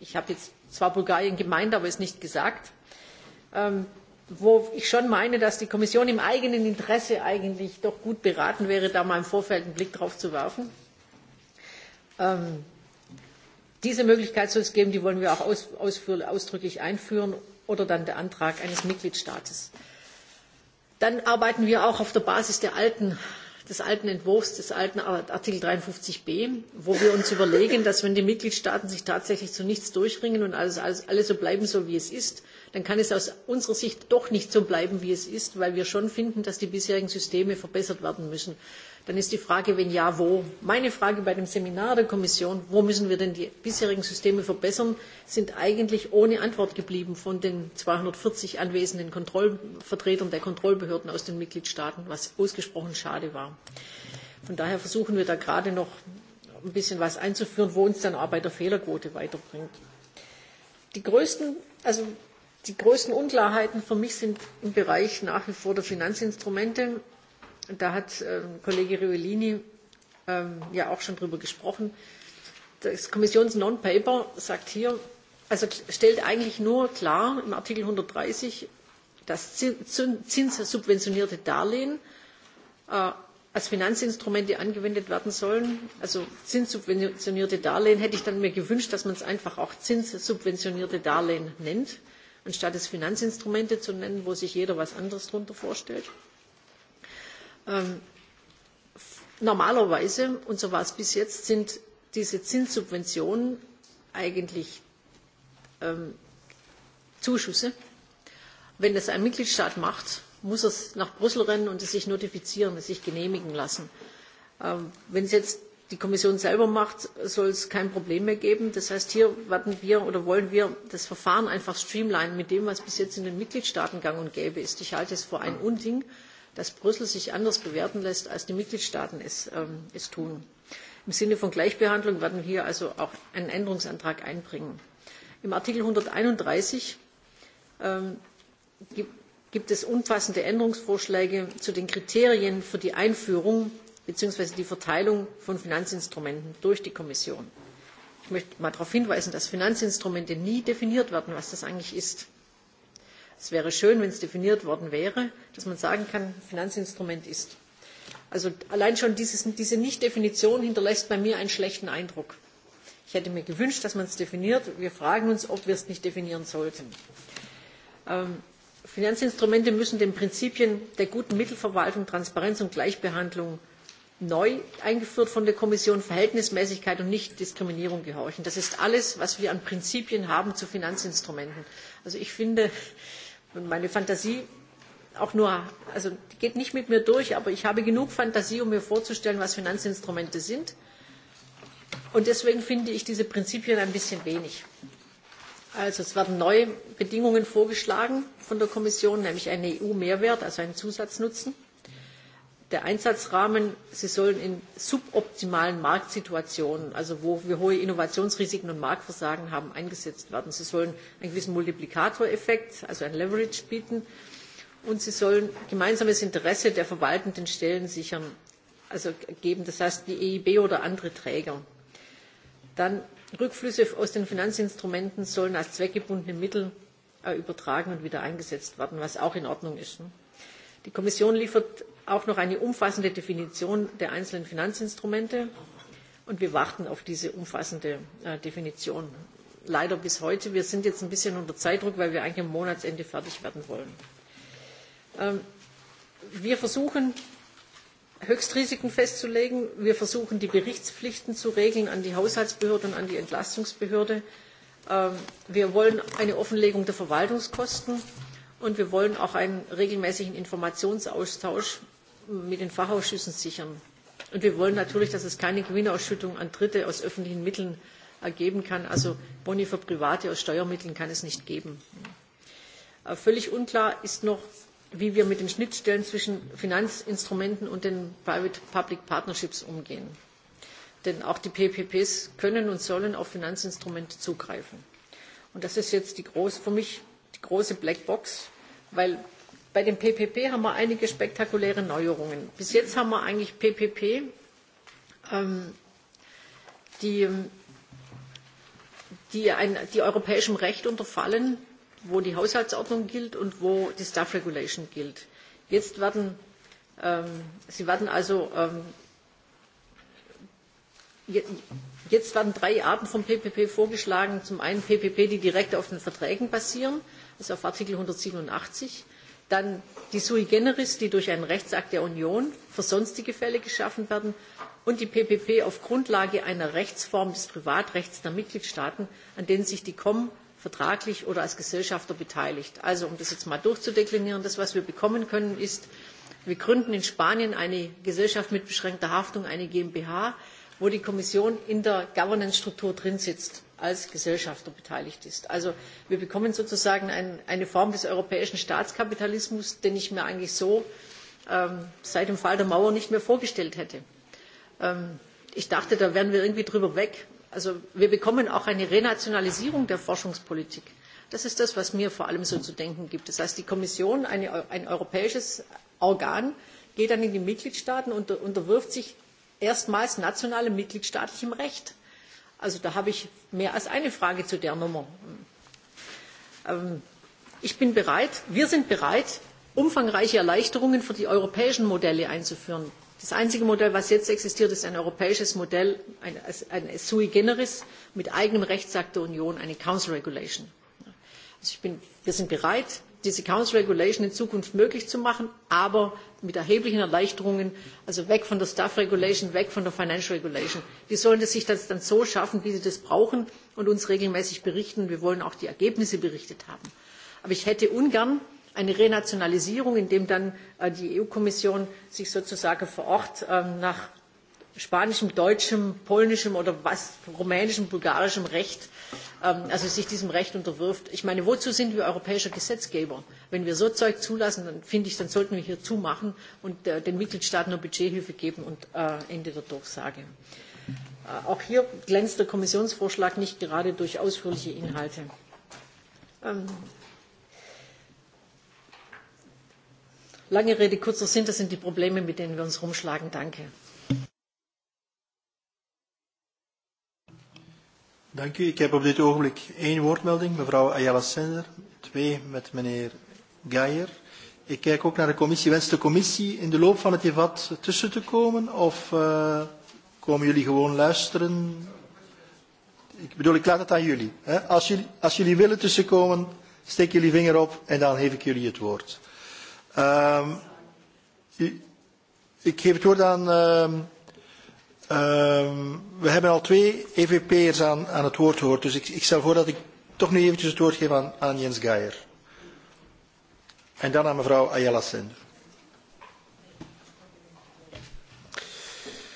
ich habe jetzt zwar Bulgarien gemeint, aber ist nicht gesagt, ähm, wo ich schon meine, dass die Kommission im eigenen Interesse eigentlich doch gut beraten wäre, da mal im Vorfeld einen Blick drauf zu werfen. Ähm, diese Möglichkeit soll es geben, die wollen wir auch ausdrücklich einführen oder dann der Antrag eines Mitgliedstaates. Dann arbeiten wir auch auf der Basis der alten des alten Entwurfs, des alten Artikel 53b, wo wir uns überlegen, dass wenn die Mitgliedstaaten sich tatsächlich zu nichts durchringen und alles, alles, alles so bleiben soll, wie es ist, dann kann es aus unserer Sicht doch nicht so bleiben, wie es ist, weil wir schon finden, dass die bisherigen Systeme verbessert werden müssen. Dann ist die Frage, wenn ja, wo? Meine Frage bei dem Seminar der Kommission, wo müssen wir denn die bisherigen Systeme verbessern, sind eigentlich ohne Antwort geblieben von den 240 anwesenden Kontrollvertretern der Kontrollbehörden aus den Mitgliedstaaten, was ausgesprochen schade war. Von daher versuchen wir da gerade noch ein bisschen was einzuführen, wo uns dann auch bei der Fehlerquote weiterbringt. Die größten, also die größten Unklarheiten für mich sind im Bereich nach wie vor der Finanzinstrumente. Da hat ähm, Kollege Rivellini ähm, ja auch schon drüber gesprochen. Das Kommissions-Non-Paper sagt hier, also stellt eigentlich nur klar im Artikel 130, dass zinssubventionierte Darlehen äh, als Finanzinstrumente angewendet werden sollen. Also zinssubventionierte Darlehen hätte ich dann mir gewünscht, dass man es einfach auch zinssubventionierte Darlehen nennt anstatt es Finanzinstrumente zu nennen, wo sich jeder was anderes darunter vorstellt. Ähm, normalerweise, und so war es bis jetzt, sind diese Zinssubventionen eigentlich ähm, Zuschüsse. Wenn das ein Mitgliedstaat macht, muss es er nach Brüssel rennen und es sich notifizieren, es sich genehmigen lassen. Ähm, wenn es jetzt die Kommission selber macht, soll es kein Problem mehr geben. Das heißt, hier werden wir oder wollen wir das Verfahren einfach streamline mit dem, was bis jetzt in den Mitgliedstaaten gang und gäbe ist. Ich halte es für ein Unding, dass Brüssel sich anders bewerten lässt, als die Mitgliedstaaten es, ähm, es tun. Im Sinne von Gleichbehandlung werden wir hier also auch einen Änderungsantrag einbringen. Im Artikel 131 ähm, gibt, gibt es umfassende Änderungsvorschläge zu den Kriterien für die Einführung beziehungsweise die verteilung von finanzinstrumenten durch die kommission. ich möchte mal darauf hinweisen dass finanzinstrumente nie definiert werden was das eigentlich ist. es wäre schön wenn es definiert worden wäre dass man sagen kann was ein finanzinstrument ist. Also allein schon dieses, diese Nichtdefinition hinterlässt bei mir einen schlechten Eindruck. Ich hätte mir gewünscht, dass man es definiert. Wir fragen uns, ob wir es nicht definieren sollten. Ähm, Finanzinstrumente müssen den Prinzipien der guten Mittelverwaltung, Transparenz und Gleichbehandlung äh, neu eingeführt von der Kommission Verhältnismäßigkeit und Nichtdiskriminierung gehorchen. Das ist alles, was wir an Prinzipien haben zu Finanzinstrumenten. Also ich finde, meine Fantasie auch nur, also geht nicht mit mir durch, aber ich habe genug Fantasie, um mir vorzustellen, was Finanzinstrumente sind. Und deswegen finde ich diese Prinzipien ein bisschen wenig. Also es werden neue Bedingungen vorgeschlagen von der Kommission, nämlich eine EU-Mehrwert, also einen Zusatznutzen der Einsatzrahmen, sie sollen in suboptimalen Marktsituationen, also wo wir hohe Innovationsrisiken und Marktversagen haben, eingesetzt werden. Sie sollen einen gewissen Multiplikatoreffekt, also ein Leverage bieten und sie sollen gemeinsames Interesse der verwaltenden Stellen sichern, also geben, das heißt die EIB oder andere Träger. Dann Rückflüsse aus den Finanzinstrumenten sollen als zweckgebundene Mittel äh, übertragen und wieder eingesetzt werden, was auch in Ordnung ist. Die Kommission liefert auch noch eine umfassende Definition der einzelnen Finanzinstrumente. Und wir warten auf diese umfassende äh, Definition. Leider bis heute. Wir sind jetzt ein bisschen unter Zeitdruck, weil wir eigentlich am Monatsende fertig werden wollen. Ähm, wir versuchen, Höchstrisiken festzulegen. Wir versuchen, die Berichtspflichten zu regeln an die Haushaltsbehörde und an die Entlastungsbehörde. Ähm, wir wollen eine Offenlegung der Verwaltungskosten. Und wir wollen auch einen regelmäßigen Informationsaustausch mit den Fachausschüssen sichern. Und wir wollen natürlich, dass es keine Gewinnausschüttung an Dritte aus öffentlichen Mitteln ergeben äh, kann. Also Boni für Private aus Steuermitteln kann es nicht geben. Äh, völlig unklar ist noch, wie wir mit den Schnittstellen zwischen Finanzinstrumenten und den Private-Public Partnerships umgehen. Denn auch die PPPs können und sollen auf Finanzinstrumente zugreifen. Und das ist jetzt die große, für mich die große Blackbox, weil Bei dem PPP haben wir einige spektakuläre Neuerungen. Bis jetzt haben wir eigentlich PPP, ähm, die, die, ein, die europäischem Recht unterfallen, wo die Haushaltsordnung gilt und wo die Staff Regulation gilt. Jetzt werden ähm, sie werden also ähm, Jetzt werden drei Arten von PPP vorgeschlagen. Zum einen PPP, die direkt auf den Verträgen basieren, also auf Artikel 187. Dann die sui generis, die durch einen Rechtsakt der Union für sonstige Fälle geschaffen werden und die PPP auf Grundlage einer Rechtsform des Privatrechts der Mitgliedstaaten, an denen sich die COM vertraglich oder als Gesellschafter beteiligt. Also um das jetzt mal durchzudeklinieren, das was wir bekommen können ist, wir gründen in Spanien eine Gesellschaft mit beschränkter Haftung, eine GmbH wo die Kommission in der Governance-Struktur drin sitzt, als Gesellschafter beteiligt ist. Also wir bekommen sozusagen ein, eine Form des europäischen Staatskapitalismus, den ich mir eigentlich so ähm, seit dem Fall der Mauer nicht mehr vorgestellt hätte. Ähm, ich dachte, da wären wir irgendwie drüber weg. Also wir bekommen auch eine Renationalisierung der Forschungspolitik. Das ist das, was mir vor allem so zu denken gibt. Das heißt, die Kommission, eine, ein europäisches Organ, geht dann in die Mitgliedstaaten und unter, unterwirft sich erstmals nationalem mitgliedstaatlichem Recht. Also da habe ich mehr als eine Frage zu der Nummer. Ähm, ich bin bereit, wir sind bereit, umfangreiche Erleichterungen für die europäischen Modelle einzuführen. Das einzige Modell, was jetzt existiert, ist ein europäisches Modell, ein, ein sui generis mit eigenem Rechtsakt der Union, eine Council Regulation. Also ich bin, wir sind bereit, diese Council Regulation in Zukunft möglich zu machen, aber mit erheblichen Erleichterungen, also weg von der Staff Regulation, weg von der Financial Regulation. Wir sollen das sich das dann so schaffen, wie sie das brauchen und uns regelmäßig berichten. Wir wollen auch die Ergebnisse berichtet haben. Aber ich hätte ungern eine Renationalisierung, in dem dann äh, die EU-Kommission sich sozusagen vor Ort äh, nach spanischem, deutschem, polnischem oder was rumänischem, bulgarischem Recht, ähm, also sich diesem Recht unterwirft. Ich meine, wozu sind wir europäischer Gesetzgeber? Wenn wir so Zeug zulassen, dann finde ich, dann sollten wir hier zumachen und äh, den Mitgliedstaaten nur Budgethilfe geben und äh, Ende der Durchsage. Äh, auch hier glänzt der Kommissionsvorschlag nicht gerade durch ausführliche Inhalte. Ähm, Lange Rede, kurzer Sinn, das sind die Probleme, mit denen wir uns rumschlagen. Danke. Dank u. Ik heb op dit ogenblik één woordmelding, mevrouw Ayala Sender. Twee met meneer Geijer. Ik kijk ook naar de commissie. Wenst de commissie in de loop van het debat tussen te komen of uh, komen jullie gewoon luisteren? Ik bedoel, ik laat het aan jullie. Hè? Als, jullie als jullie willen tussenkomen, steek jullie vinger op en dan geef ik jullie het woord. Um, ik geef het woord aan uh, Um, we hebben al twee EVP'ers aan, aan het woord gehoord, dus ik, ik stel voor dat ik toch nu eventjes het woord geef aan, aan Jens Geijer. En dan aan mevrouw Ayala Sender.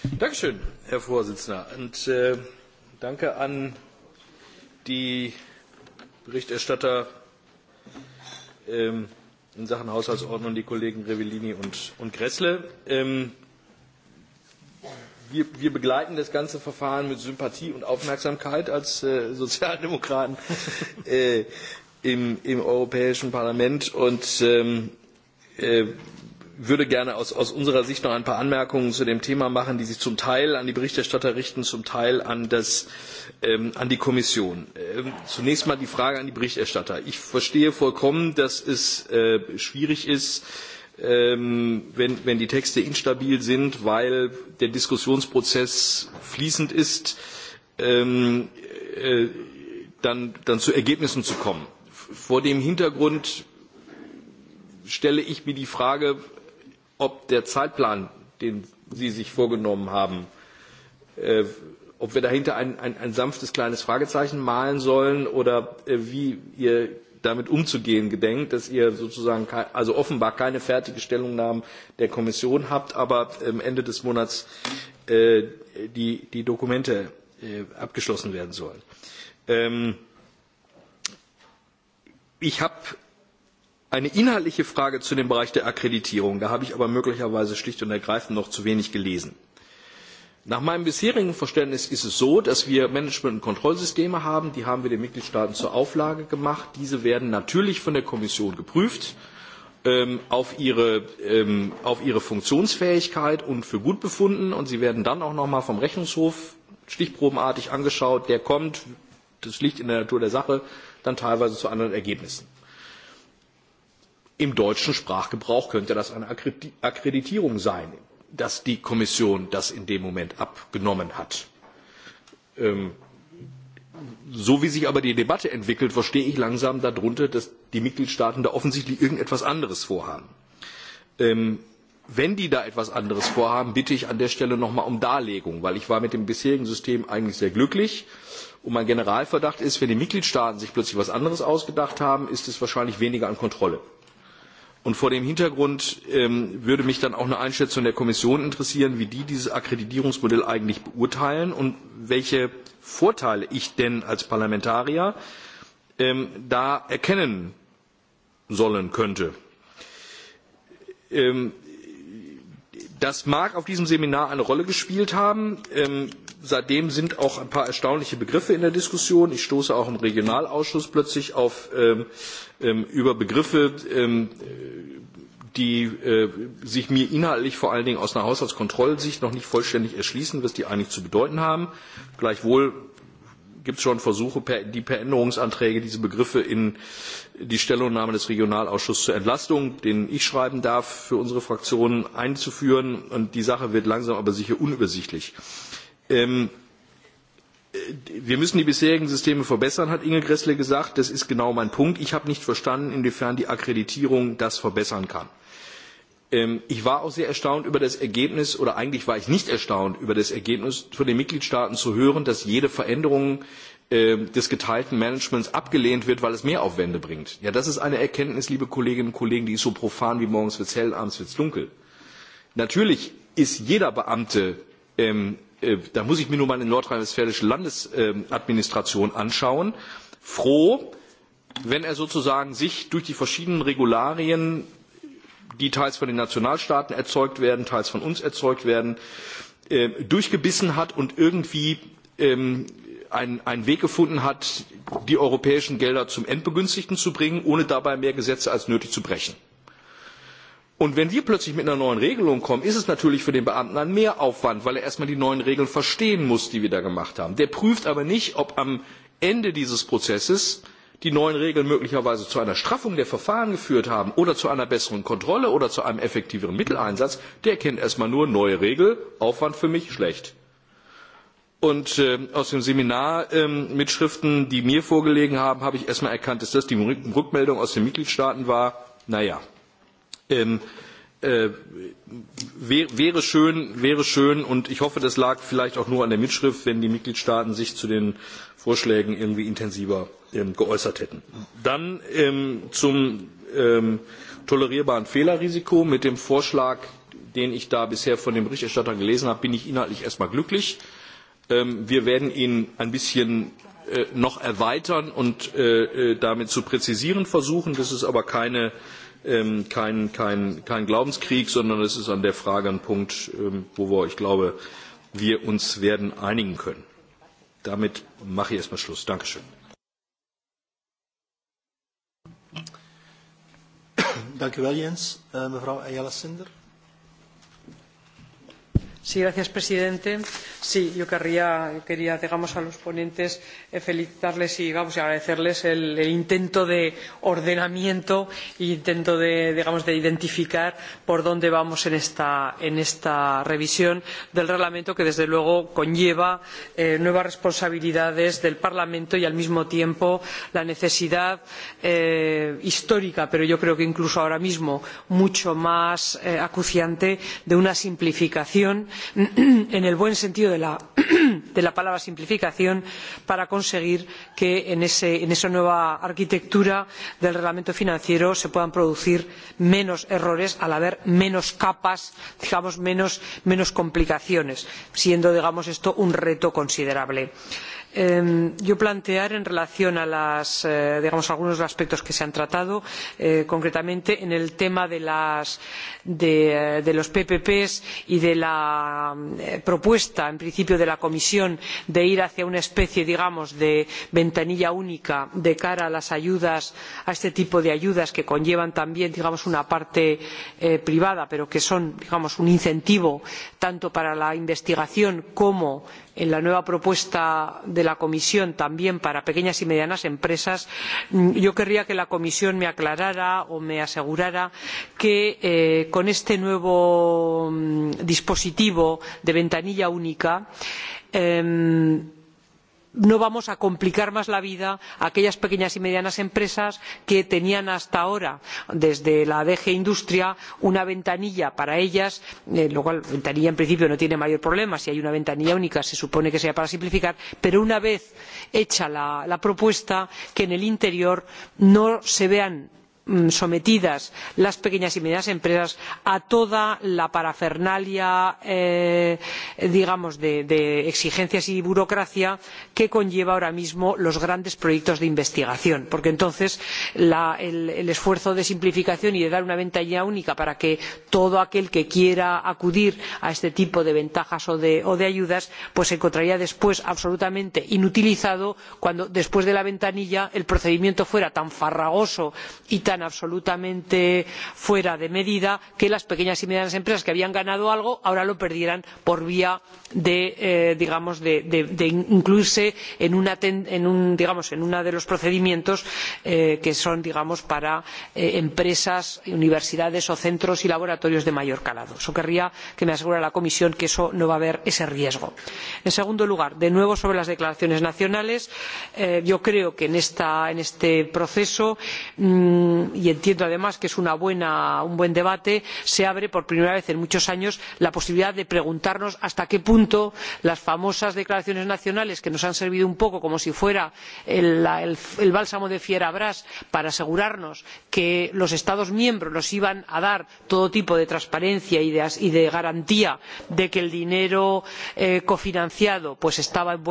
Dankeschön, Herr Vorsitzender. Und äh, danke an die Berichterstatter ähm, in Sachen Haushaltsordnung, die Kollegen Revellini und, und Gressle. Ähm, wir, wir begleiten das ganze Verfahren mit Sympathie und Aufmerksamkeit als äh, Sozialdemokraten äh, im, im Europäischen Parlament und ähm, äh, würde gerne aus, aus unserer Sicht noch ein paar Anmerkungen zu dem Thema machen, die sich zum Teil an die Berichterstatter richten, zum Teil an, das, ähm, an die Kommission. Ähm, zunächst mal die Frage an die Berichterstatter. Ich verstehe vollkommen, dass es äh, schwierig ist, äh, ähm, wenn, wenn die Texte instabil sind, weil der Diskussionsprozess fließend ist, ähm, äh, dann, dann zu Ergebnissen zu kommen. Vor dem Hintergrund stelle ich mir die Frage, ob der Zeitplan, den Sie sich vorgenommen haben, äh, ob wir dahinter ein, ein, ein sanftes kleines Fragezeichen malen sollen oder äh, wie Ihr damit umzugehen gedenkt, dass ihr sozusagen kein, also offenbar keine fertige Stellungnahmen der Kommission habt, aber am Ende des Monats äh, die, die Dokumente äh, abgeschlossen werden sollen. Ähm ich habe eine inhaltliche Frage zu dem Bereich der Akkreditierung. Da habe ich aber möglicherweise schlicht und ergreifend noch zu wenig gelesen. Nach meinem bisherigen Verständnis ist es so, dass wir Management- und Kontrollsysteme haben. Die haben wir den Mitgliedstaaten zur Auflage gemacht. Diese werden natürlich von der Kommission geprüft ähm, auf, ihre, ähm, auf ihre Funktionsfähigkeit und für gut befunden. Und sie werden dann auch nochmal vom Rechnungshof stichprobenartig angeschaut. Der kommt, das liegt in der Natur der Sache, dann teilweise zu anderen Ergebnissen. Im deutschen Sprachgebrauch könnte das eine Akkreditierung sein dass die Kommission das in dem Moment abgenommen hat. Ähm, so wie sich aber die Debatte entwickelt, verstehe ich langsam darunter, dass die Mitgliedstaaten da offensichtlich irgendetwas anderes vorhaben. Ähm, wenn die da etwas anderes vorhaben, bitte ich an der Stelle nochmal um Darlegung, weil ich war mit dem bisherigen System eigentlich sehr glücklich. Und mein Generalverdacht ist, wenn die Mitgliedstaaten sich plötzlich etwas anderes ausgedacht haben, ist es wahrscheinlich weniger an Kontrolle. Und vor dem Hintergrund ähm, würde mich dann auch eine Einschätzung der Kommission interessieren, wie die dieses Akkreditierungsmodell eigentlich beurteilen und welche Vorteile ich denn als Parlamentarier ähm, da erkennen sollen könnte. Ähm, Das mag auf diesem Seminar eine Rolle gespielt haben. Ähm, seitdem sind auch ein paar erstaunliche Begriffe in der Diskussion. Ich stoße auch im Regionalausschuss plötzlich auf ähm, ähm, über Begriffe, ähm, die äh, sich mir inhaltlich vor allen Dingen aus einer Haushaltskontrollsicht noch nicht vollständig erschließen, was die eigentlich zu bedeuten haben. Gleichwohl gibt es schon Versuche, per, die per Änderungsanträge diese Begriffe in die Stellungnahme des Regionalausschusses zur Entlastung, den ich schreiben darf, für unsere Fraktionen einzuführen. Und die Sache wird langsam aber sicher unübersichtlich. Ähm, äh, wir müssen die bisherigen Systeme verbessern, hat Inge Gressle gesagt. Das ist genau mein Punkt. Ich habe nicht verstanden, inwiefern die Akkreditierung das verbessern kann. Ähm, ich war auch sehr erstaunt über das Ergebnis, oder eigentlich war ich nicht erstaunt über das Ergebnis von den Mitgliedstaaten zu hören, dass jede Veränderung ähm, des geteilten Managements abgelehnt wird, weil es Mehraufwände bringt. Ja, das ist eine Erkenntnis, liebe Kolleginnen und Kollegen, die ist so profan wie morgens wird es hell, abends wird es dunkel. Natürlich ist jeder Beamte, ähm, äh, da muss ich mir nur mal eine nordrhein-westfälische Landesadministration ähm, anschauen, froh, wenn er sozusagen sich durch die verschiedenen Regularien die teils von den Nationalstaaten erzeugt werden, teils von uns erzeugt werden, äh, durchgebissen hat und irgendwie ähm, einen Weg gefunden hat, die europäischen Gelder zum Endbegünstigten zu bringen, ohne dabei mehr Gesetze als nötig zu brechen. Und wenn wir plötzlich mit einer neuen Regelung kommen, ist es natürlich für den Beamten ein Mehraufwand, weil er erstmal die neuen Regeln verstehen muss, die wir da gemacht haben. Der prüft aber nicht, ob am Ende dieses Prozesses äh, die neuen Regeln möglicherweise zu einer Straffung der Verfahren geführt haben oder zu einer besseren Kontrolle oder zu einem effektiveren Mitteleinsatz, der kennt erstmal nur neue Regel, Aufwand für mich schlecht. Und äh, aus dem Seminar ähm, Mitschriften, die mir vorgelegen haben, habe ich erstmal erkannt, dass das die Rückmeldung aus den Mitgliedstaaten war. Naja, ähm, äh, wär, wäre schön, wäre schön und ich hoffe, das lag vielleicht auch nur an der Mitschrift, wenn die Mitgliedstaaten sich zu den äh, vorschlägen irgendwie intensiver ähm, geäußert hätten. Dann ähm, zum ähm, tolerierbaren Fehlerrisiko. Mit dem Vorschlag, den ich da bisher von dem Berichterstatter gelesen habe, bin ich inhaltlich erstmal glücklich. Ähm, wir werden ihn ein bisschen äh, noch erweitern und äh, äh damit zu präzisieren versuchen. Das ist aber keine, ähm, kein, kein, kein Glaubenskrieg, sondern es ist an der Frage ein Punkt, ähm, wo wir, ich glaube, wir uns werden einigen können. Damit mache ich erstmal Schluss. Dankeschön. Danke, Herr Jens. Äh, eh, Frau Ayala Sinder señor presidente yo quería felicitar a los ponentes eh, y agradecerles el intento de ordenamiento e intento de identificar por dónde vamos en esta revisión del reglamento que desde luego conlleva eh, nuevas responsabilidades del parlamento y al mismo tiempo la necesidad eh, histórica pero yo creo que incluso ahora mismo mucho más acuciante de una simplificación en el buen sentido de la palabra simplificación para conseguir que en esa nueva arquitectura del reglamento financiero se puedan producir menos errores al haber menos capas digamos menos complicaciones siendo esto un reto considerable. también yo plantear en relación con eh, algunos de los aspectos que se han tratado eh, concretamente en el tema de eh, los ppp y de la propuesta en principio de la comisión de ir hacia una especie digamos de ventanilla única de cara a las ayudas a este tipo de ayudas que conllevan también digamos una parte privada pero que son digamos un incentivo tanto para la investigación como en la nueva propuesta de la comisión también para pequeñas y medianas empresas mm, yo querría que la comisión me aclarara o me asegurara que eh, con este nuevo mm, dispositivo de ventanilla única no vamos a complicar más la vida a aquellas pequeñas y medianas empresas que tenían hasta ahora desde la dg industria una ventanilla para ellas eh, lo cual ventanilla en principio no tiene mayor problema si hay una ventanilla única se supone que será para simplificar pero una vez hecha la propuesta que en el interior no se vean Mm, sometidas las pequeñas y medianas empresas a toda la parafernalia eh, digamos de exigencias y burocracia que conllevan ahora mismo los grandes proyectos de investigación porque entonces el esfuerzo de simplificación y de dar una ventanilla única para que todo aquel que quiera acudir a este tipo de ventajas o de ayudas pues se encontraría después absolutamente inutilizado cuando después de la ventanilla el procedimiento fuera tan farragoso y parecían absolutamente fuera de medida que las pequeñas y medianas empresas que habían ganado algo ahora lo perdieran por vía de eh, incluirse en uno de los procedimientos eh, que son para eh, empresas universidades o centros y laboratorios de mayor calado. querría que me asegurara la comisión de que no va a haber ese riesgo. en segundo lugar de nuevo sobre las declaraciones nacionales yo creo que en este proceso mm, y entiendo además que es un buen debate se abre por primera vez en muchos años la posibilidad de preguntarnos hasta qué punto las famosas declaraciones nacionales que nos han servido un poco como si fueran el bálsamo de fierabrás para asegurarnos de que los estados miembros nos iban a dar todo tipo de transparencia y de garantía de que el dinero eh, cofinanciado estaba en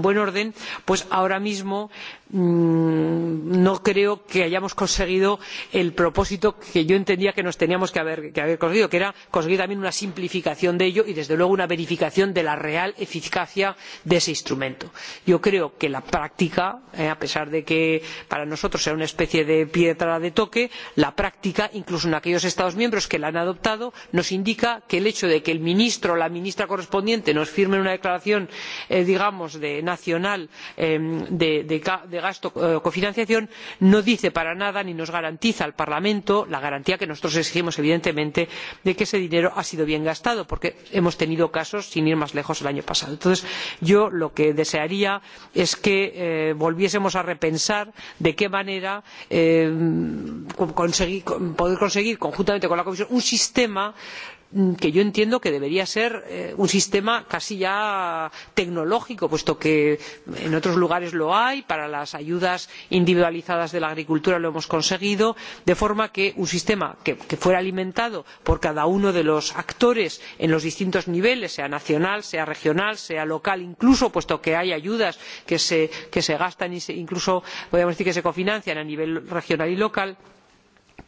buen orden pues ahora mismo Mm, no creo que hayamos conseguido el propósito que yo entendía que nos teníamos que haber marcado que era conseguir también una simplificación de ello y desde luego una verificación de la real eficacia de ese instrumento. yo creo que en la práctica eh, a pesar de que para nosotros era una especie de piedra de toque incluso en aquellos estados miembros que lo han adoptado nos indica que el hecho de que el ministro o la ministra correspondiente nos firmen una declaración eh, digamos nacional de de gasto eh, cofinanciación no dice para nada ni nos garantiza al parlamento la garantía que nosotros exigimos evidentemente de que ese dinero ha sido bien gastado porque hemos tenido casos sin ir más lejos el año pasado. por consiguiente yo lo que desearía es que eh, volviésemos a repensar de qué manera eh, poder conseguir conjuntamente con la comisión un sistema Mm, que yo entiendo que debería ser eh, un sistema casi ya tecnológico, puesto que en otros lugares lo hay, para las ayudas individualizadas de la agricultura lo hemos conseguido, de forma que un sistema que, que fuera alimentado por cada uno de los actores en los distintos niveles, sea nacional, sea regional, sea local, incluso puesto que hay ayudas que se, que se gastan y se, incluso podríamos decir que se cofinancian a nivel regional y local,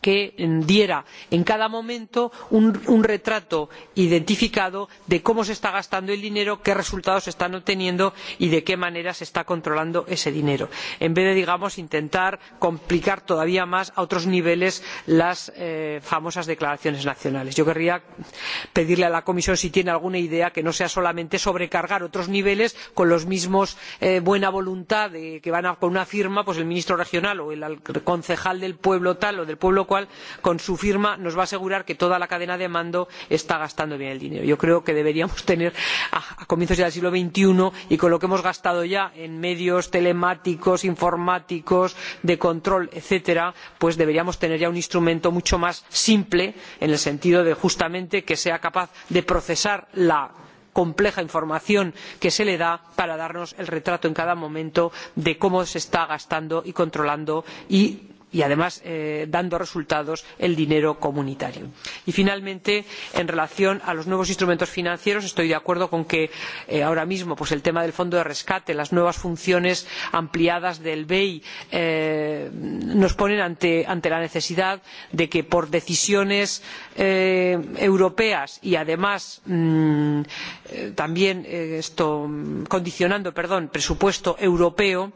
que diera en cada momento un retrato identificado de cómo se está gastando el dinero qué resultados se están obteniendo y de qué manera se está controlando ese dinero en vez de digamos intentar complicar todavía más a otros niveles las eh, famosas declaraciones nacionales. yo querría pedirle a la comisión si tiene alguna idea que no sea solamente sobrecargar otros niveles con los mismos eh, buena voluntad de que van a, con una firma pues el ministro regional o el concejal del pueblo tal o del pueblo lo cual con su firma nos va a asegurar que toda la cadena de mando está gastando bien el dinero. yo creo que deberíamos tener a comienzos del siglo xxi y con lo que hemos gastado ya en medios telemáticos informáticos de control etcétera pues deberíamos tener ya un instrumento mucho más simple en el sentido de justamente que sea capaz de procesar la compleja información que se le da para darnos el retrato en cada momento de cómo se está gastando y controlando y y además eh, dando resultados el dinero comunitario. y finalmente en relación con los nuevos instrumentos financieros estoy de acuerdo con que eh, ahora mismo el tema del fondo de rescate las nuevas funciones ampliadas del bei eh, nos ponen ante la necesidad de que por decisiones europeas y además mm, también esto condicionando perdón, presupuesto europeo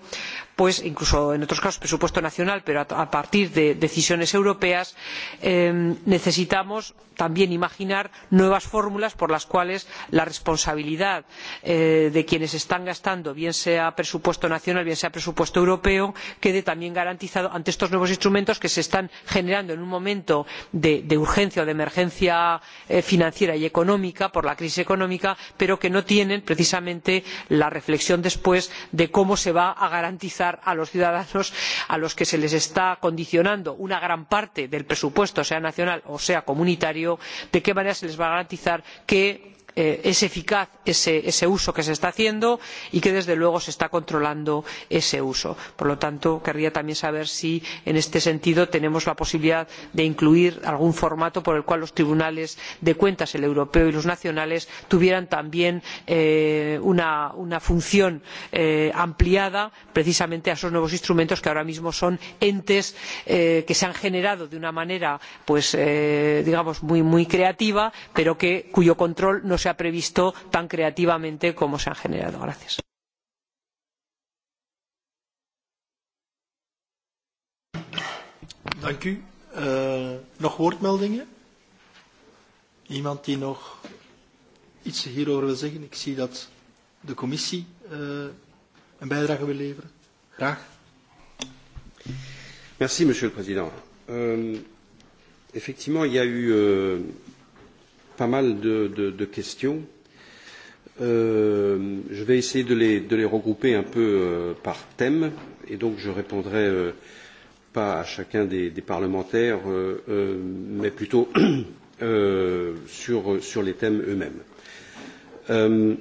después incluso en otros casos presupuesto nacional pero a partir de decisiones europeas necesitamos también imaginar nuevas fórmulas por las cuales la responsabilidad eh, de quienes están gastando bien sea presupuesto nacional bien sea presupuesto europeo quede también garantizada ante estos nuevos instrumentos que se están generando en un momento de urgencia o de emergencia eh, financiera y económica por la crisis económica pero que no tienen precisamente la reflexión después de cómo se va a garantizar ayudar a los ciudadanos a los que se les está condicionando una gran parte del presupuesto sea nacional o sea comunitario de qué manera se les va a garantizar que Eh, es eficaz ese uso que se está haciendo y que desde luego se está controlando ese uso. por lo tanto querría también saber si en este sentido tenemos la posibilidad de incluir algún formato por el cual los tribunales de cuentas el europeo y los nacionales tuvieran también eh, una función eh, ampliada precisamente a esos nuevos instrumentos que ahora mismo son entes que se han generado de una manera digamos muy creativa pero cuyo control no se ha previsto tan creativamente como se han generado. Gracias. Dank u. Uh, nog woordmeldingen? Iemand die nog iets hierover wil zeggen? Ik zie dat de commissie uh, een bijdrage wil leveren. Graag. Merci, monsieur le président. Uh, effectivement, il y a eu uh, pas mal de, de, de questions. Euh, je vais essayer de les, de les regrouper un peu euh, par thème et donc je répondrai euh, pas à chacun des, des parlementaires euh, euh, mais plutôt euh, sur, sur les thèmes eux-mêmes. Euh,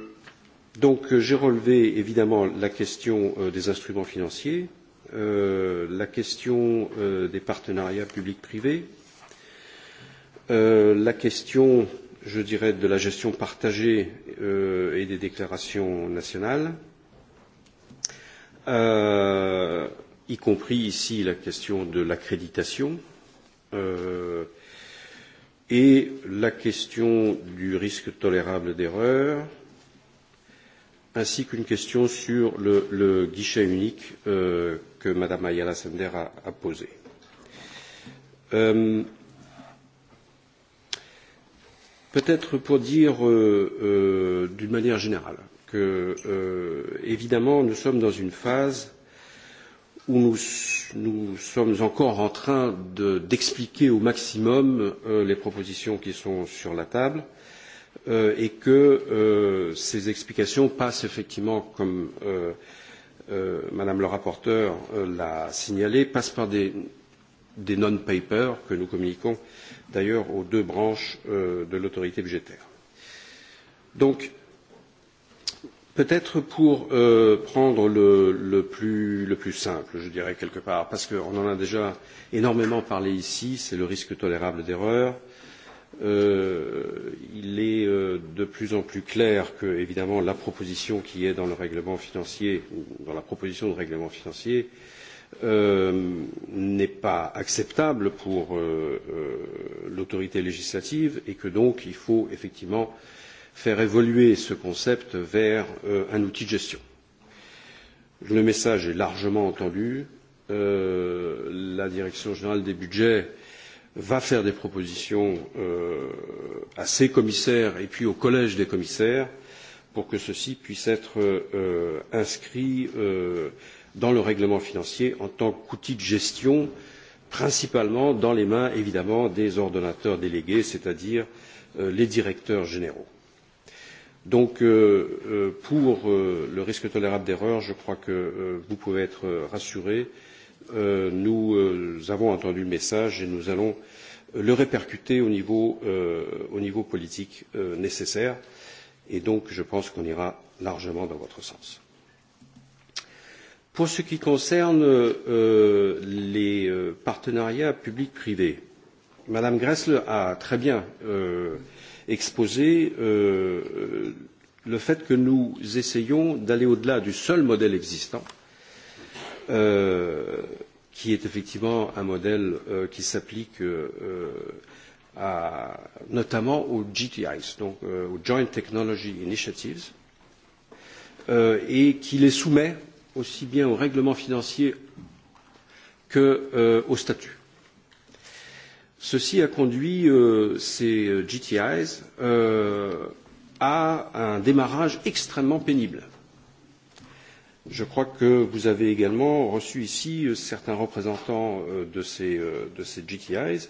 donc j'ai relevé évidemment la question euh, des instruments financiers, euh, la question euh, des partenariats publics-privés, euh, la question euh, je dirais, de la gestion partagée euh, et des déclarations nationales, euh, y compris ici la question de l'accréditation euh, et la question du risque tolérable d'erreur, ainsi qu'une question sur le, le guichet unique euh, que Madame Ayala Sender a, a posé. Euh, Peut-être pour dire euh, euh, d'une manière générale que, euh, évidemment, nous sommes dans une phase où nous, nous sommes encore en train d'expliquer de, au maximum euh, les propositions qui sont sur la table euh, et que euh, ces explications passent effectivement, comme euh, euh, Madame le rapporteur euh, l'a signalé, passent par des, des non-papers que nous communiquons d'ailleurs aux deux branches euh, de l'autorité budgétaire. Donc, peut être pour euh, prendre le, le, plus, le plus simple, je dirais quelque part, parce qu'on en a déjà énormément parlé ici, c'est le risque tolérable d'erreur. Euh, il est euh, de plus en plus clair que, évidemment, la proposition qui est dans le règlement financier ou dans la proposition de règlement financier euh, Euh, n'est pas acceptable pour euh, euh, l'autorité législative et que donc il faut effectivement faire évoluer ce concept vers euh, un outil de gestion. Le message est largement entendu. Euh, la direction générale des budgets va faire des propositions euh, à ses commissaires et puis au collège des commissaires pour que ceci puisse être euh, inscrit euh, dans le règlement financier en tant qu'outil de gestion, principalement dans les mains, évidemment, des ordonnateurs délégués, c'est-à-dire euh, les directeurs généraux. Donc, euh, euh pour euh, le risque tolérable d'erreur, je crois que euh, vous pouvez être euh, rassuré. Euh, nous euh, avons entendu le message et nous allons euh, le répercuter au niveau, euh, au niveau politique euh, nécessaire. Et donc, je pense qu'on ira largement dans votre sens. Pour ce qui concerne euh, les euh, partenariats publics-privés, Madame Gressler a très bien euh, exposé euh, le fait que nous essayons d'aller au-delà du seul modèle existant, euh, qui est effectivement un modèle euh, qui s'applique euh, euh à, notamment aux GTIs, donc euh, aux Joint Technology Initiatives, euh, et qui les soumet aussi bien au règlement financier qu'au euh, statut. Ceci a conduit euh, ces euh, GTIs euh, à un démarrage extrêmement pénible. Je crois que vous avez également reçu ici euh, certains représentants euh, de, ces, euh, de ces GTIs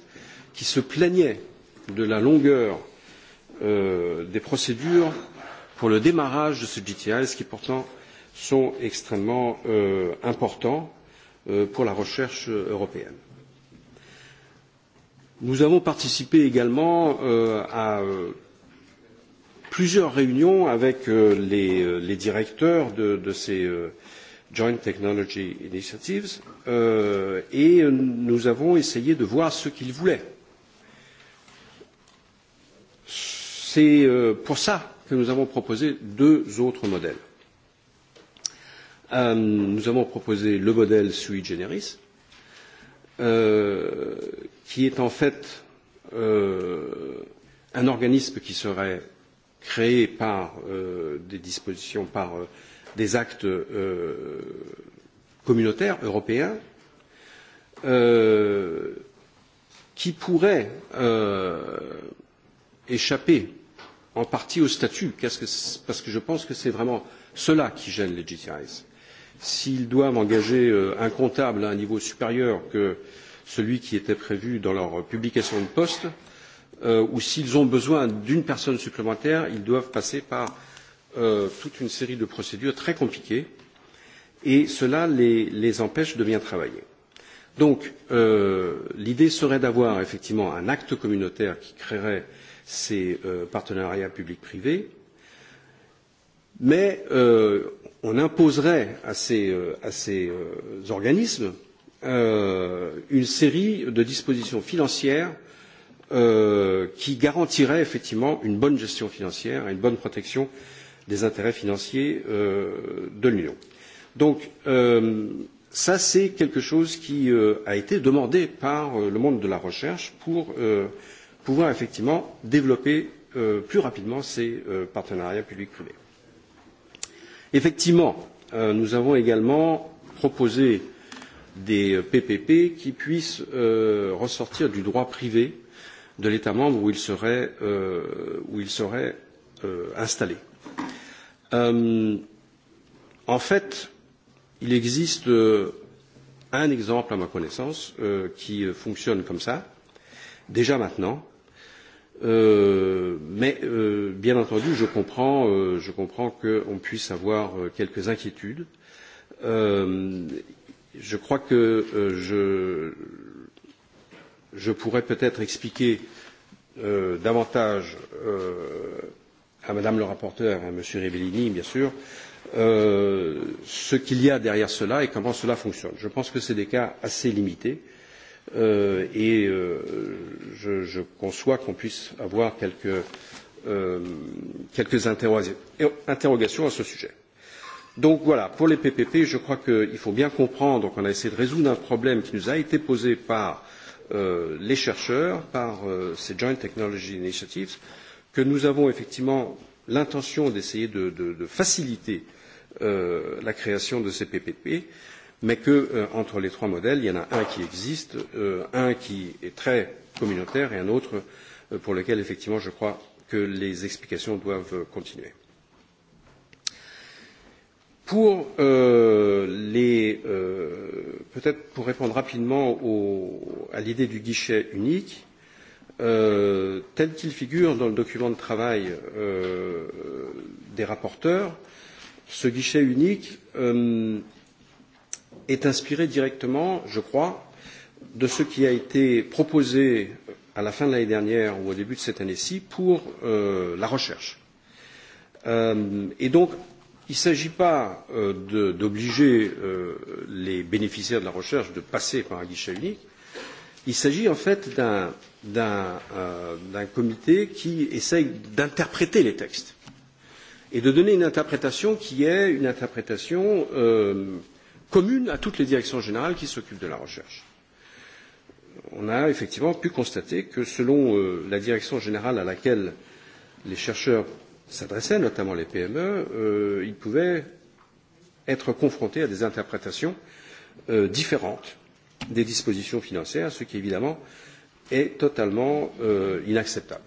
qui se plaignaient de la longueur euh, des procédures pour le démarrage de ces GTIs qui pourtant sont extrêmement euh, importants euh, pour la recherche européenne. Nous avons participé également euh, à euh, plusieurs réunions avec euh, les, euh, les directeurs de, de ces euh, Joint Technology Initiatives euh, et nous avons essayé de voir ce qu'ils voulaient. C'est euh, pour ça que nous avons proposé deux autres modèles. Euh, nous avons proposé le modèle sui generis, euh, qui est en fait euh, un organisme qui serait créé par euh, des dispositions, par euh, des actes euh, communautaires européens, euh, qui pourrait euh, échapper en partie au statut, qu que parce que je pense que c'est vraiment cela qui gêne les GTIs. Euh, s'ils doivent engager euh, un comptable à un niveau supérieur que celui qui était prévu dans leur publication de poste, euh, ou s'ils ont besoin d'une personne supplémentaire, ils doivent passer par euh, toute une série de procédures très compliquées, et cela les, les empêche de bien travailler. Donc, euh, l'idée serait d'avoir effectivement un acte communautaire qui créerait ces euh, partenariats publics-privés, mais euh, on imposerait à ces, euh, à ces euh, organismes euh, une série de dispositions financières euh, qui garantiraient effectivement une bonne gestion financière et une bonne protection des intérêts financiers euh, de l'Union. Donc euh, ça, c'est quelque chose qui euh, a été demandé par euh, le monde de la recherche pour euh, pouvoir effectivement développer euh, plus rapidement ces euh, partenariats publics privés effectivement euh, nous avons également proposé des ppp qui puissent euh, ressortir du droit privé de l'état membre où ils seraient, euh, où ils seraient euh, installés. Euh, en fait il existe euh, un exemple à ma connaissance euh, qui fonctionne comme ça déjà maintenant Euh, mais euh, bien entendu, je comprends, euh, je comprends qu'on puisse avoir euh, quelques inquiétudes. Euh, je crois que euh, je, je pourrais peut-être expliquer euh, davantage euh, à Madame le rapporteur, à Monsieur Rivellini, bien sûr, euh, ce qu'il y a derrière cela et comment cela fonctionne. Je pense que c'est des cas assez limités. Euh, euh, et euh, je, je conçois qu'on puisse avoir quelques, euh, quelques interro interrogations à ce sujet. Donc voilà, pour les PPP, je crois qu'il faut bien comprendre qu'on a essayé de résoudre un problème qui nous a été posé par euh, les chercheurs, par euh, ces Joint Technology Initiatives, que nous avons effectivement l'intention d'essayer de, de, de faciliter euh, la création de ces PPP, euh, mais qu'entre euh, les trois modèles, il y en a un qui existe, euh, un qui est très communautaire et un autre euh, pour lequel, effectivement, je crois que les explications doivent euh, continuer. Pour euh, les euh, peut-être pour répondre rapidement au, à l'idée du guichet unique, euh, tel qu'il figure dans le document de travail euh, des rapporteurs, ce guichet unique euh, est inspiré directement, je crois, de ce qui a été proposé à la fin de l'année dernière ou au début de cette année-ci pour euh, la recherche. Euh, et donc, il ne s'agit pas euh, d'obliger euh, les bénéficiaires de la recherche de passer par un guichet unique. Il s'agit en fait d'un euh, comité qui essaye d'interpréter les textes et de donner une interprétation qui est une interprétation euh, commune à toutes les directions générales qui s'occupent de la recherche. On a effectivement pu constater que selon euh, la direction générale à laquelle les chercheurs s'adressaient, notamment les PME, euh, ils pouvaient être confrontés à des interprétations euh, différentes des dispositions financières, ce qui évidemment est totalement euh, inacceptable.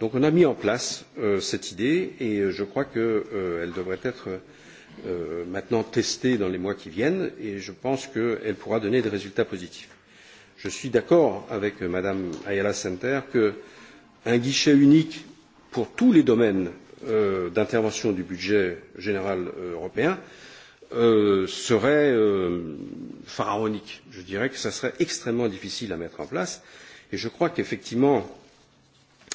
Donc on a mis en place euh, cette idée et euh, je crois qu'elle euh, devrait être euh, Euh, maintenant testée dans les mois qui viennent et je pense qu'elle pourra donner des résultats positifs. Je suis d'accord avec Madame Ayala Center qu'un guichet unique pour tous les domaines euh, d'intervention du budget général euh, européen euh, serait euh, pharaonique. Je dirais que ça serait extrêmement difficile à mettre en place et je crois qu'effectivement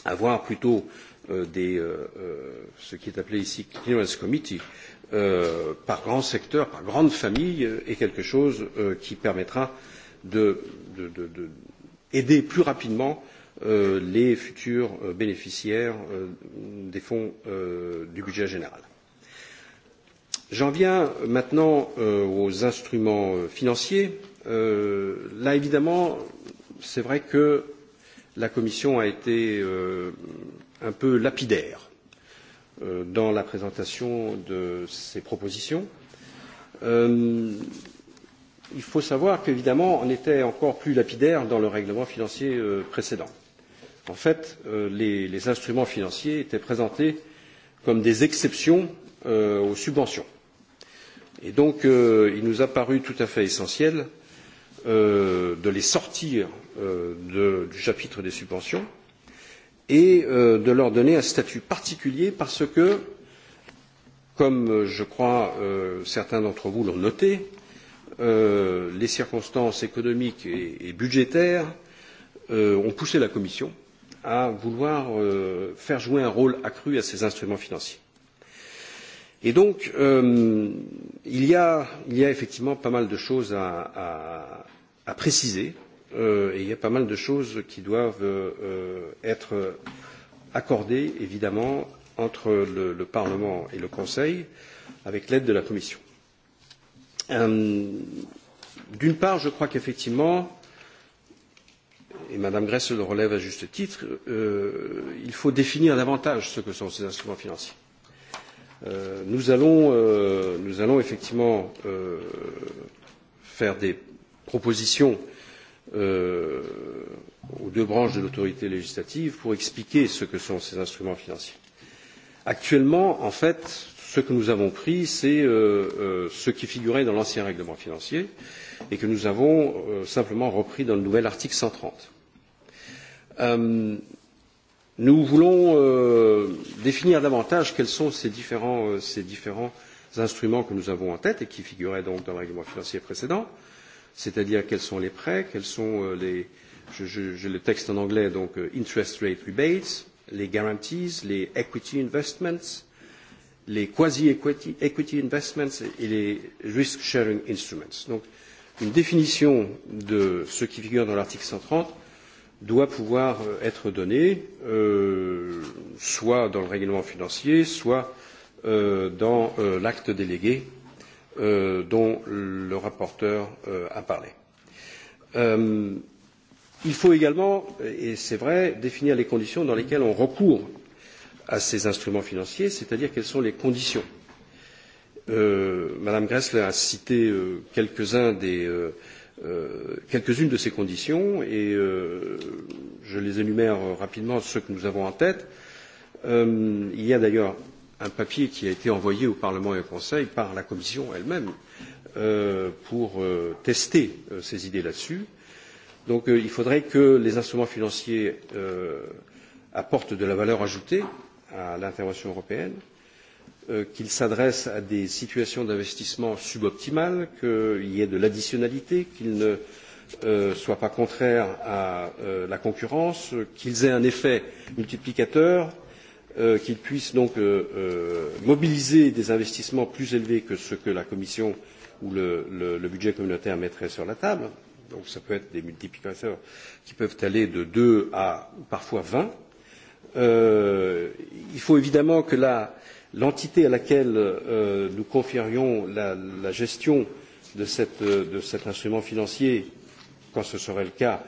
avoir plutôt euh, des, euh, euh, ce qui est appelé ici Clearance Committee euh, par grand secteur, par grande famille euh, est quelque chose euh, qui permettra d'aider de, de, de, de plus rapidement euh, les futurs euh, bénéficiaires euh, des fonds euh, du budget général. J'en viens maintenant euh, aux instruments euh, financiers. Euh, là, évidemment, c'est vrai que la Commission a été euh, un peu lapidaire euh, dans la présentation de ces propositions. Euh, il faut savoir qu'évidemment, on était encore plus lapidaire dans le règlement financier euh, précédent. En fait, euh, les, les instruments financiers étaient présentés comme des exceptions euh, aux subventions. Et donc, euh, il nous a paru tout à fait essentiel euh, de les sortir euh, de, du chapitre des subventions, et euh, de leur donner un statut particulier parce que, comme euh, je crois euh, certains d'entre vous l'ont noté, les circonstances économiques et budgétaires ont poussé la Commission à vouloir faire jouer un rôle accru à ces instruments financiers. Et donc, euh, il, y a, il y a effectivement pas mal de choses à, à, à préciser, euh, euh, et il y a pas mal de choses qui doivent euh, être accordées, évidemment, entre le, le Parlement et le Conseil, avec l'aide de la Commission. Euh, D'une part, je crois qu'effectivement, et Madame Gress le relève à juste titre, euh, il faut définir davantage ce que sont ces instruments financiers. Euh, nous, allons, euh, nous allons effectivement euh, faire des propositions euh, euh, aux deux branches de l'autorité législative pour expliquer ce que sont ces instruments financiers. Actuellement, en fait, ce que nous avons pris, c'est euh, euh, ce qui figurait dans l'ancien règlement financier et que nous avons euh, simplement repris dans le nouvel article 130. Euh, nous voulons euh, définir davantage quels sont ces différents, euh, ces différents instruments que nous avons en tête et qui figuraient donc dans le règlement financier précédent. Euh, c'est-à-dire quels sont les prêts, quels sont euh, les, j'ai le texte en anglais, donc euh, interest rate rebates, les guarantees, les equity investments, les quasi-equity equity investments et les risk sharing instruments. Donc, une définition de ce qui figure dans l'article 130 doit pouvoir euh, être donnée euh, soit dans le règlement financier, soit euh, dans euh, l'acte délégué Euh, dont le rapporteur euh, a parlé. Euh, il faut également, et c'est vrai, définir les conditions dans lesquelles on recourt à ces instruments financiers, c'est-à-dire quelles sont les conditions. Euh, Madame Gressler a cité euh, quelques-unes euh, euh, quelques de ces conditions et euh, je les énumère rapidement ceux que nous avons en tête. Euh, il y a d'ailleurs un papier qui a été envoyé au Parlement et au Conseil par la Commission elle-même euh, pour euh, tester euh, ces idées là-dessus. Donc euh, il faudrait que les instruments financiers euh, apportent de la valeur ajoutée à l'intervention européenne, euh, qu'ils s'adressent à des situations d'investissement suboptimales, qu'il y ait de l'additionnalité, qu'ils ne euh, soient pas contraires à euh, la concurrence, qu'ils aient un effet multiplicateur euh, qu'il puisse donc euh, euh, mobiliser des investissements plus élevés que ce que la Commission ou le, le, le budget communautaire mettrait sur la table. Donc ça peut être des multiplicateurs qui peuvent aller de 2 à parfois 20. Euh, il faut évidemment que l'entité la, à laquelle euh, nous confierions la, la gestion de, cette, de cet instrument financier, quand ce serait le cas,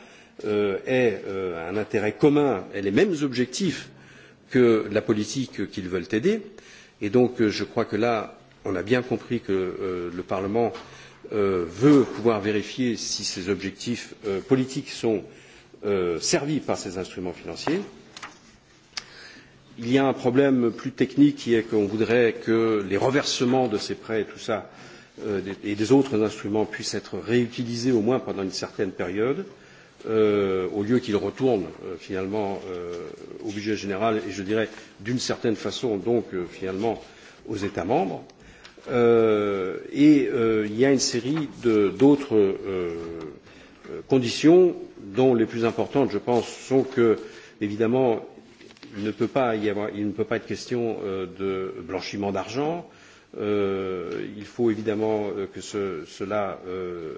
euh, ait euh, un intérêt commun et les mêmes objectifs que la politique qu'ils veulent aider. Et donc, euh, je crois que là, on a bien compris que euh, le Parlement euh, veut pouvoir vérifier si ces objectifs euh, politiques sont euh, servis par ces instruments financiers. Il y a un problème plus technique qui est qu'on voudrait que les reversements de ces prêts et tout ça euh, et des autres instruments puissent être réutilisés au moins pendant une certaine période. Euh, euh, au lieu qu'il retourne euh, finalement euh, au budget général et je dirais d'une certaine façon donc euh, finalement aux États membres. Euh, et euh, il y a une série d'autres euh, euh, conditions dont les plus importantes, je pense, sont que, évidemment, il ne peut pas, y avoir, il ne peut pas être question euh, de blanchiment d'argent. Euh, il faut évidemment euh, que ce, cela euh,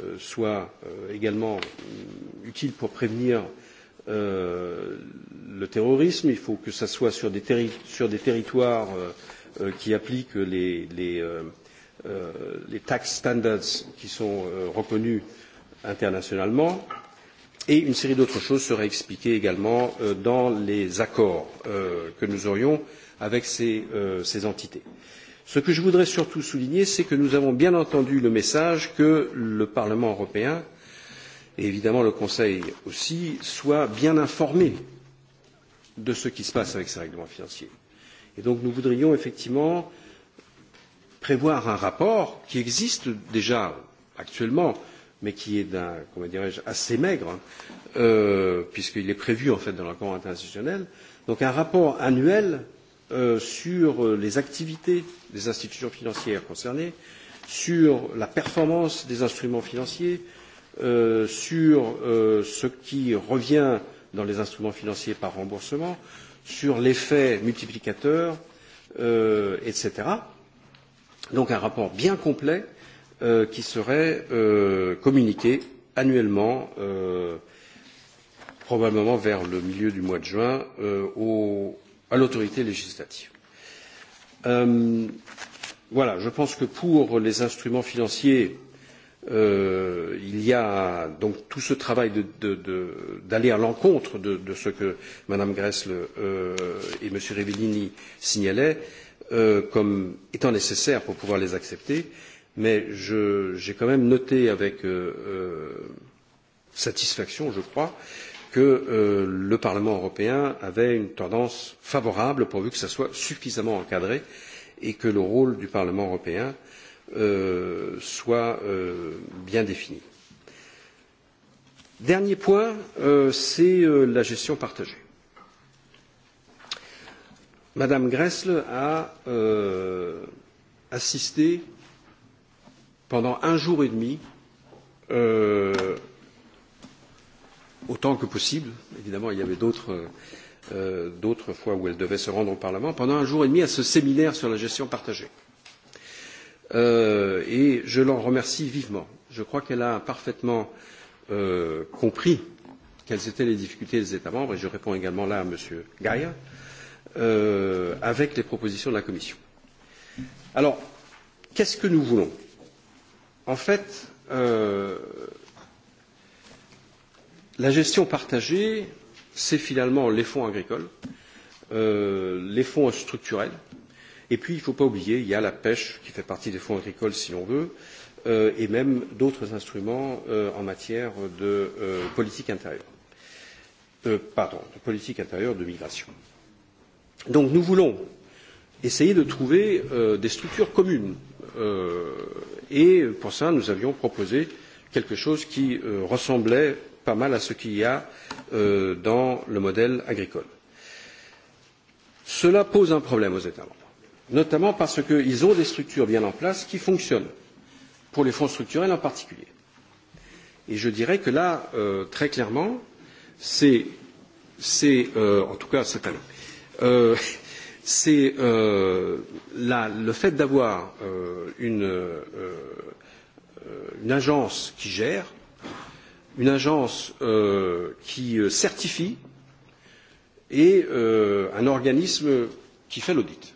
Euh, soit euh, également euh, utile pour prévenir euh, le terrorisme, il faut que ça soit sur des, terri sur des territoires euh, euh, qui appliquent les, les, euh, euh, les tax standards qui sont euh, reconnus internationalement. Et une série d'autres choses seraient expliquées également euh, dans les accords euh, que nous aurions avec ces, euh, ces entités. Euh, Ce que je voudrais surtout souligner, c'est que nous avons bien entendu le message que le Parlement européen et évidemment le Conseil aussi soit bien informé de ce qui se passe avec ces règlements financiers. Et donc nous voudrions effectivement prévoir un rapport qui existe déjà actuellement, mais qui est d'un, comment dirais-je, assez maigre, euh, puisqu'il est prévu en fait dans l'accord international, donc un rapport annuel Euh, sur les activités des institutions financières concernées, sur la performance des instruments financiers, euh, sur euh, ce qui revient dans les instruments financiers par remboursement, sur l'effet multiplicateur, euh, etc. Donc un rapport bien complet euh, qui serait euh, communiqué annuellement, euh, probablement vers le milieu du mois de juin, euh, aux, à l'autorité législative. Euh, voilà, je pense que pour les instruments financiers, euh, il y a donc tout ce travail d'aller de, de, de, à l'encontre de, de ce que Mme Gressle euh, et M. Rivellini signalaient euh, comme étant nécessaire pour pouvoir les accepter, mais j'ai quand même noté avec euh, euh, satisfaction, je crois, euh, que euh, le Parlement européen avait une tendance favorable pourvu que ça soit suffisamment encadré et que le rôle du Parlement européen euh, soit euh, bien défini. Dernier point, euh, c'est euh, la gestion partagée. Madame Gressle a euh, assisté pendant un jour et demi euh, autant que possible. Évidemment, il y avait d'autres euh, fois où elle devait se rendre au Parlement, pendant un jour et demi à ce séminaire sur la gestion partagée. Euh, et je l'en remercie vivement. Je crois qu'elle a parfaitement euh, compris quelles étaient les difficultés des États membres, et je réponds également là à M. Gaïa, euh, avec les propositions de la Commission. Alors, qu'est-ce que nous voulons En fait, euh, la gestion partagée, c'est finalement les fonds agricoles, euh, les fonds structurels, et puis il ne faut pas oublier, il y a la pêche qui fait partie des fonds agricoles si l'on veut, euh, et même d'autres instruments euh, en matière de euh, politique intérieure. Euh, pardon, de politique intérieure de migration. Donc nous voulons essayer de trouver euh, des structures communes. Euh, et pour ça, nous avions proposé quelque chose qui euh, ressemblait pas mal à ce qu'il y a euh, dans le modèle agricole. Cela pose un problème aux États membres, notamment parce qu'ils ont des structures bien en place qui fonctionnent, pour les fonds structurels en particulier. Et je dirais que là, euh, très clairement, c'est, c'est euh, en tout cas, c'est, euh, c'est euh, là, le fait d'avoir euh, une, euh, euh une agence qui gère une agence euh, qui euh, certifie et euh, un organisme qui fait l'audit.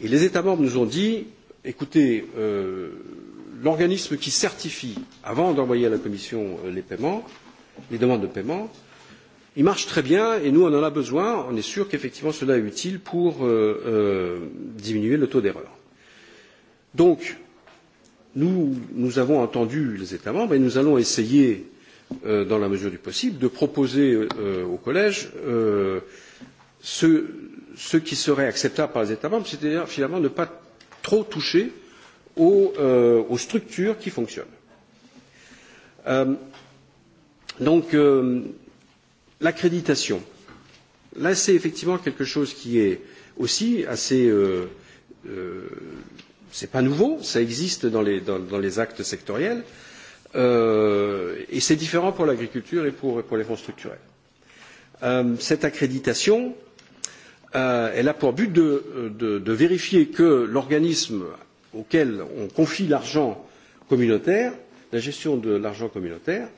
Et les États membres nous ont dit écoutez, euh, l'organisme qui certifie avant d'envoyer à la Commission euh, les paiements, les demandes de paiement, il marche très bien et nous on en a besoin, on est sûr qu'effectivement cela est utile pour euh, euh, diminuer le taux d'erreur. Donc, nous, nous avons entendu les États membres et nous allons essayer, euh, dans la mesure du possible, de proposer euh, au Collège euh, ce, ce qui serait acceptable par les États membres, c'est-à-dire finalement ne pas trop toucher aux, euh, aux structures qui fonctionnent. Euh, donc, euh, l'accréditation. Là, c'est effectivement quelque chose qui est aussi assez. Euh, euh, ce n'est pas nouveau, ça existe dans les, dans, dans les actes sectoriels, euh, et c'est différent pour l'agriculture et pour, pour les fonds structurels. Euh, cette accréditation, euh, elle a pour but de, de, de vérifier que l'organisme auquel on confie l'argent communautaire, la gestion de l'argent communautaire,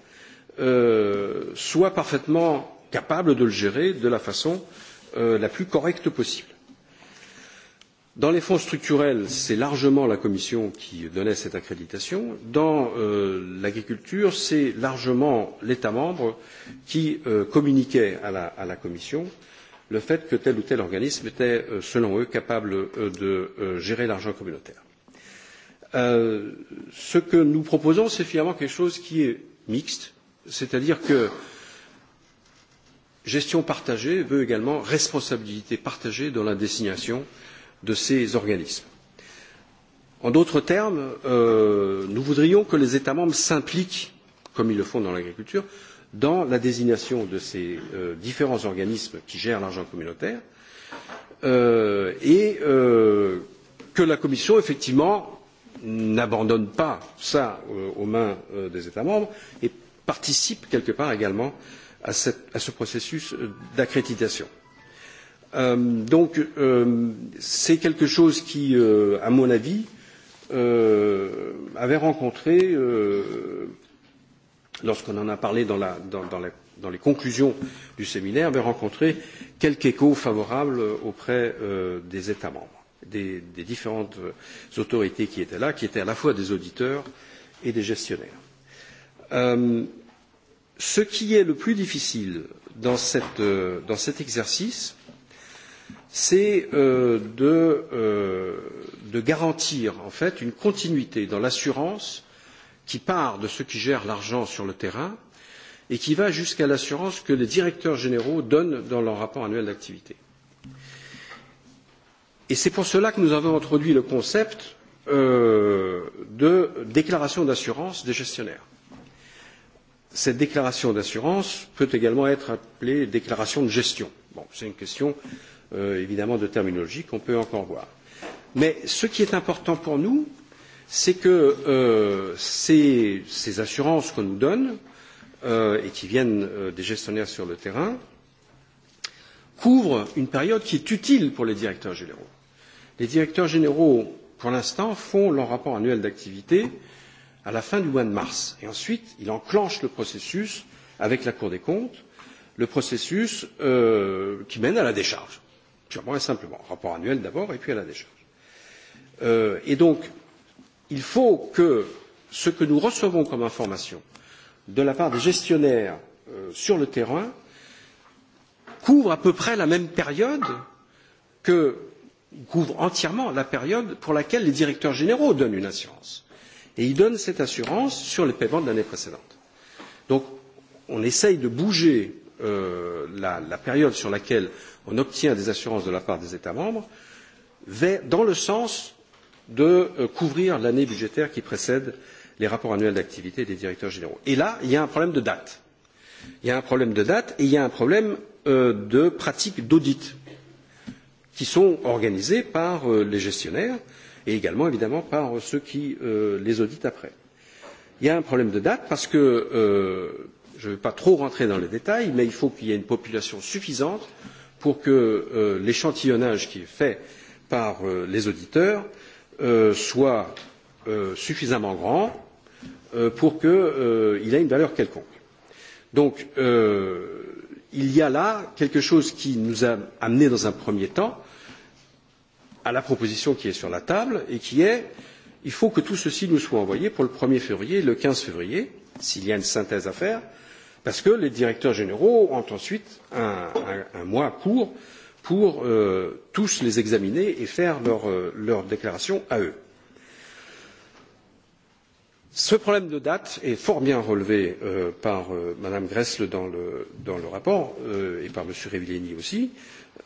euh, soit parfaitement capable de le gérer de la façon euh, la plus correcte possible. Dans les fonds structurels, c'est largement la Commission qui donnait cette accréditation. Dans euh, l'agriculture, c'est largement l'État membre qui euh, communiquait à la, à la Commission le fait que tel ou tel organisme était, euh, selon eux, capable euh, de euh, gérer l'argent communautaire. Euh, ce que nous proposons, c'est finalement quelque chose qui est mixte, c'est-à-dire que gestion partagée veut également responsabilité partagée dans la désignation euh, de ces organismes. En d'autres termes, euh, nous voudrions que les États membres s'impliquent, comme ils le font dans l'agriculture, dans la désignation de ces euh, différents organismes qui gèrent l'argent communautaire euh, et euh, que la Commission, effectivement, n'abandonne pas ça euh, aux mains euh, des États membres et participe quelque part également à, cette, à ce processus euh, d'accréditation. Euh, donc euh, c'est quelque chose qui, euh, à mon avis, euh, avait rencontré, euh, lorsqu'on en a parlé dans, la, dans, dans, la, dans les conclusions du séminaire, avait rencontré quelques échos favorables auprès euh, des États membres, des, des différentes autorités qui étaient là, qui étaient à la fois des auditeurs et des gestionnaires. Euh, ce qui est le plus difficile dans, cette, euh, dans cet exercice, c'est euh, de, euh, de garantir en fait une continuité dans l'assurance qui part de ceux qui gèrent l'argent sur le terrain et qui va jusqu'à l'assurance que les directeurs généraux donnent dans leur rapport annuel d'activité. Et c'est pour cela que nous avons introduit le concept euh, de déclaration d'assurance des gestionnaires. Cette déclaration d'assurance peut également être appelée déclaration de gestion. Bon, c'est une question euh, évidemment de terminologie qu'on peut encore voir. Mais ce qui est important pour nous, c'est que euh, ces, ces assurances qu'on nous donne euh, et qui viennent euh, des gestionnaires sur le terrain couvrent une période qui est utile pour les directeurs généraux. Les directeurs généraux, pour l'instant, font leur rapport annuel d'activité à la fin du mois de mars et ensuite ils enclenchent le processus avec la Cour des comptes, le processus euh, qui mène à la décharge purement et simplement. Rapport annuel d'abord et puis à la décharge. Euh, et donc, il faut que ce que nous recevons comme information de la part des gestionnaires euh, sur le terrain couvre à peu près la même période que couvre entièrement la période pour laquelle les directeurs généraux donnent une assurance. Et ils donnent cette assurance sur les paiements de l'année précédente. Donc, on essaye de bouger euh, euh, la, la période sur laquelle on obtient des assurances de la part des États membres vers, dans le sens de euh, couvrir l'année budgétaire qui précède les rapports annuels d'activité des directeurs généraux. Et là, il y a un problème de date. Il y a un problème de date et il y a un problème euh, de pratique d'audit qui sont organisées par euh, les gestionnaires et également évidemment par euh, ceux qui euh, les auditent après. Il y a un problème de date parce que euh, je ne vais pas trop rentrer dans les détails, mais il faut qu'il y ait une population suffisante pour que euh, l'échantillonnage qui est fait par euh, les auditeurs euh, soit euh, suffisamment grand euh, pour qu'il euh, ait une valeur quelconque. Donc, euh, il y a là quelque chose qui nous a amené dans un premier temps à la proposition qui est sur la table et qui est il faut que tout ceci nous soit envoyé pour le 1er février, le 15 février, s'il y a une synthèse à faire, euh, parce que les directeurs généraux ont ensuite un, un, un mois court pour euh, tous les examiner et faire leur, euh, leur déclaration à eux. Ce problème de date est fort bien relevé euh, par euh, Mme Gressle dans le, dans le rapport euh, et par M. Révillény aussi,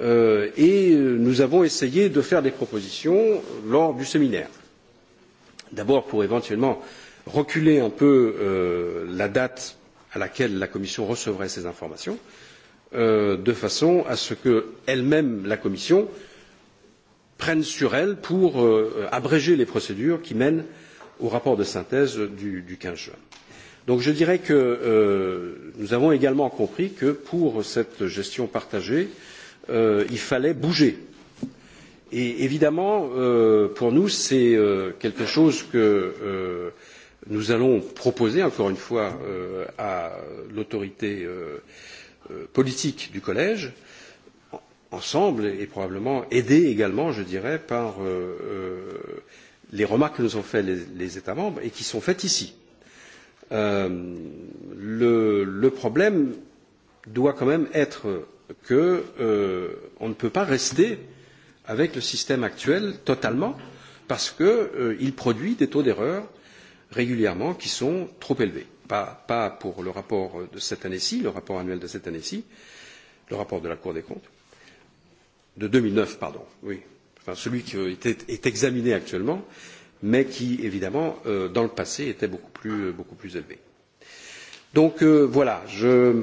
euh, et euh, nous avons essayé de faire des propositions lors du séminaire. D'abord pour éventuellement reculer un peu euh, la date à laquelle la Commission recevrait ces informations, euh, de façon à ce que elle même, la Commission, prenne sur elle pour euh, abréger les procédures qui mènent au rapport de synthèse du, du 15 juin. Donc je dirais que euh, nous avons également compris que pour cette gestion partagée, euh, il fallait bouger. Et évidemment, euh, pour nous, c'est euh, quelque chose que euh, nous allons proposer encore une fois euh, à l'autorité euh, euh politique du collège ensemble et probablement aidés également, je dirais, par euh, euh, les remarques que nous ont faites les, les États membres et qui sont faites ici. Euh, le, le problème doit quand même être que euh, on ne peut pas rester avec le système actuel totalement parce qu'il euh, produit des taux d'erreur euh, régulièrement qui sont trop élevés. Pas, pas pour le rapport de cette année-ci, le rapport annuel de cette année-ci, le rapport de la Cour des comptes, de 2009, pardon, oui, enfin, celui qui était, est examiné actuellement, mais qui, évidemment, euh, dans le passé, était beaucoup plus, euh, beaucoup plus élevé. Donc, euh, voilà, je,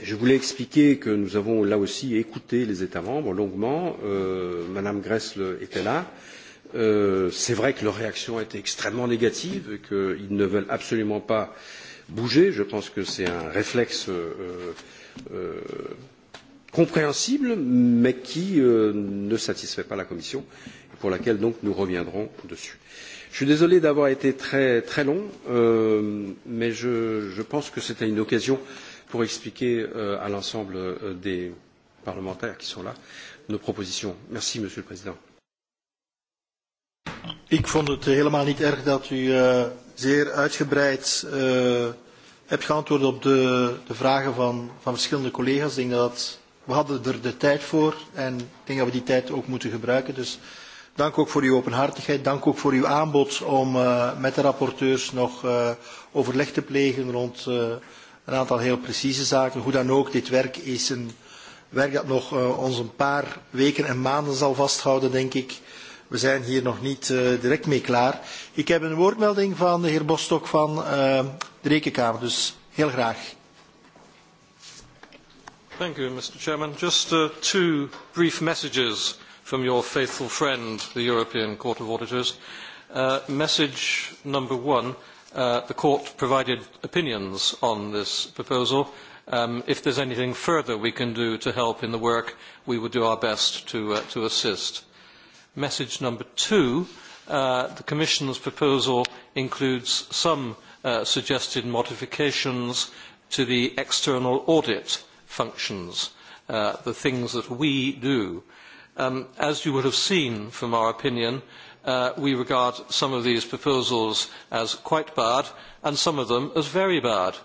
je voulais expliquer que nous avons là aussi écouté les États membres longuement. Euh, Madame Gressle était là. Euh, Euh, c'est vrai que leur réaction a été extrêmement négative, qu'ils ne veulent absolument pas bouger. Je pense que c'est un réflexe euh, euh, compréhensible, mais qui euh, ne satisfait pas la Commission, pour laquelle donc nous reviendrons dessus. Je suis désolé d'avoir été très, très long, euh, mais je, je pense que c'était une occasion pour expliquer euh, à l'ensemble euh, des parlementaires qui sont là nos propositions. Merci, Monsieur le Président. Ik vond het helemaal niet erg dat u uh, zeer uitgebreid uh, hebt geantwoord op de, de vragen van, van verschillende collega's. Ik denk dat we hadden er de tijd voor en ik denk dat we die tijd ook moeten gebruiken. Dus dank ook voor uw openhartigheid. Dank ook voor uw aanbod om uh, met de rapporteurs nog uh, overleg te plegen rond uh, een aantal heel precieze zaken. Hoe dan ook, dit werk is een werk dat nog uh, ons een paar weken en maanden zal vasthouden, denk ik. We zijn hier nog niet uh, direct mee klaar. Ik heb een woordmelding van de heer Bostok van uh, de Rekenkamer, dus heel graag. Thank you, Mr. Chairman. Just uh, two brief messages from your faithful friend, the European Court of Auditors. Uh, message number one, uh, the court provided opinions on this proposal. Um, if there's anything further we can do to help in the work, we would do our best to, uh, to assist message number two, uh, the Commission's proposal includes some uh, suggested modifications to the external audit functions, uh, the things that we do. Um, as you would have seen from our opinion, uh, we regard some of these proposals as quite bad and some of them as very bad.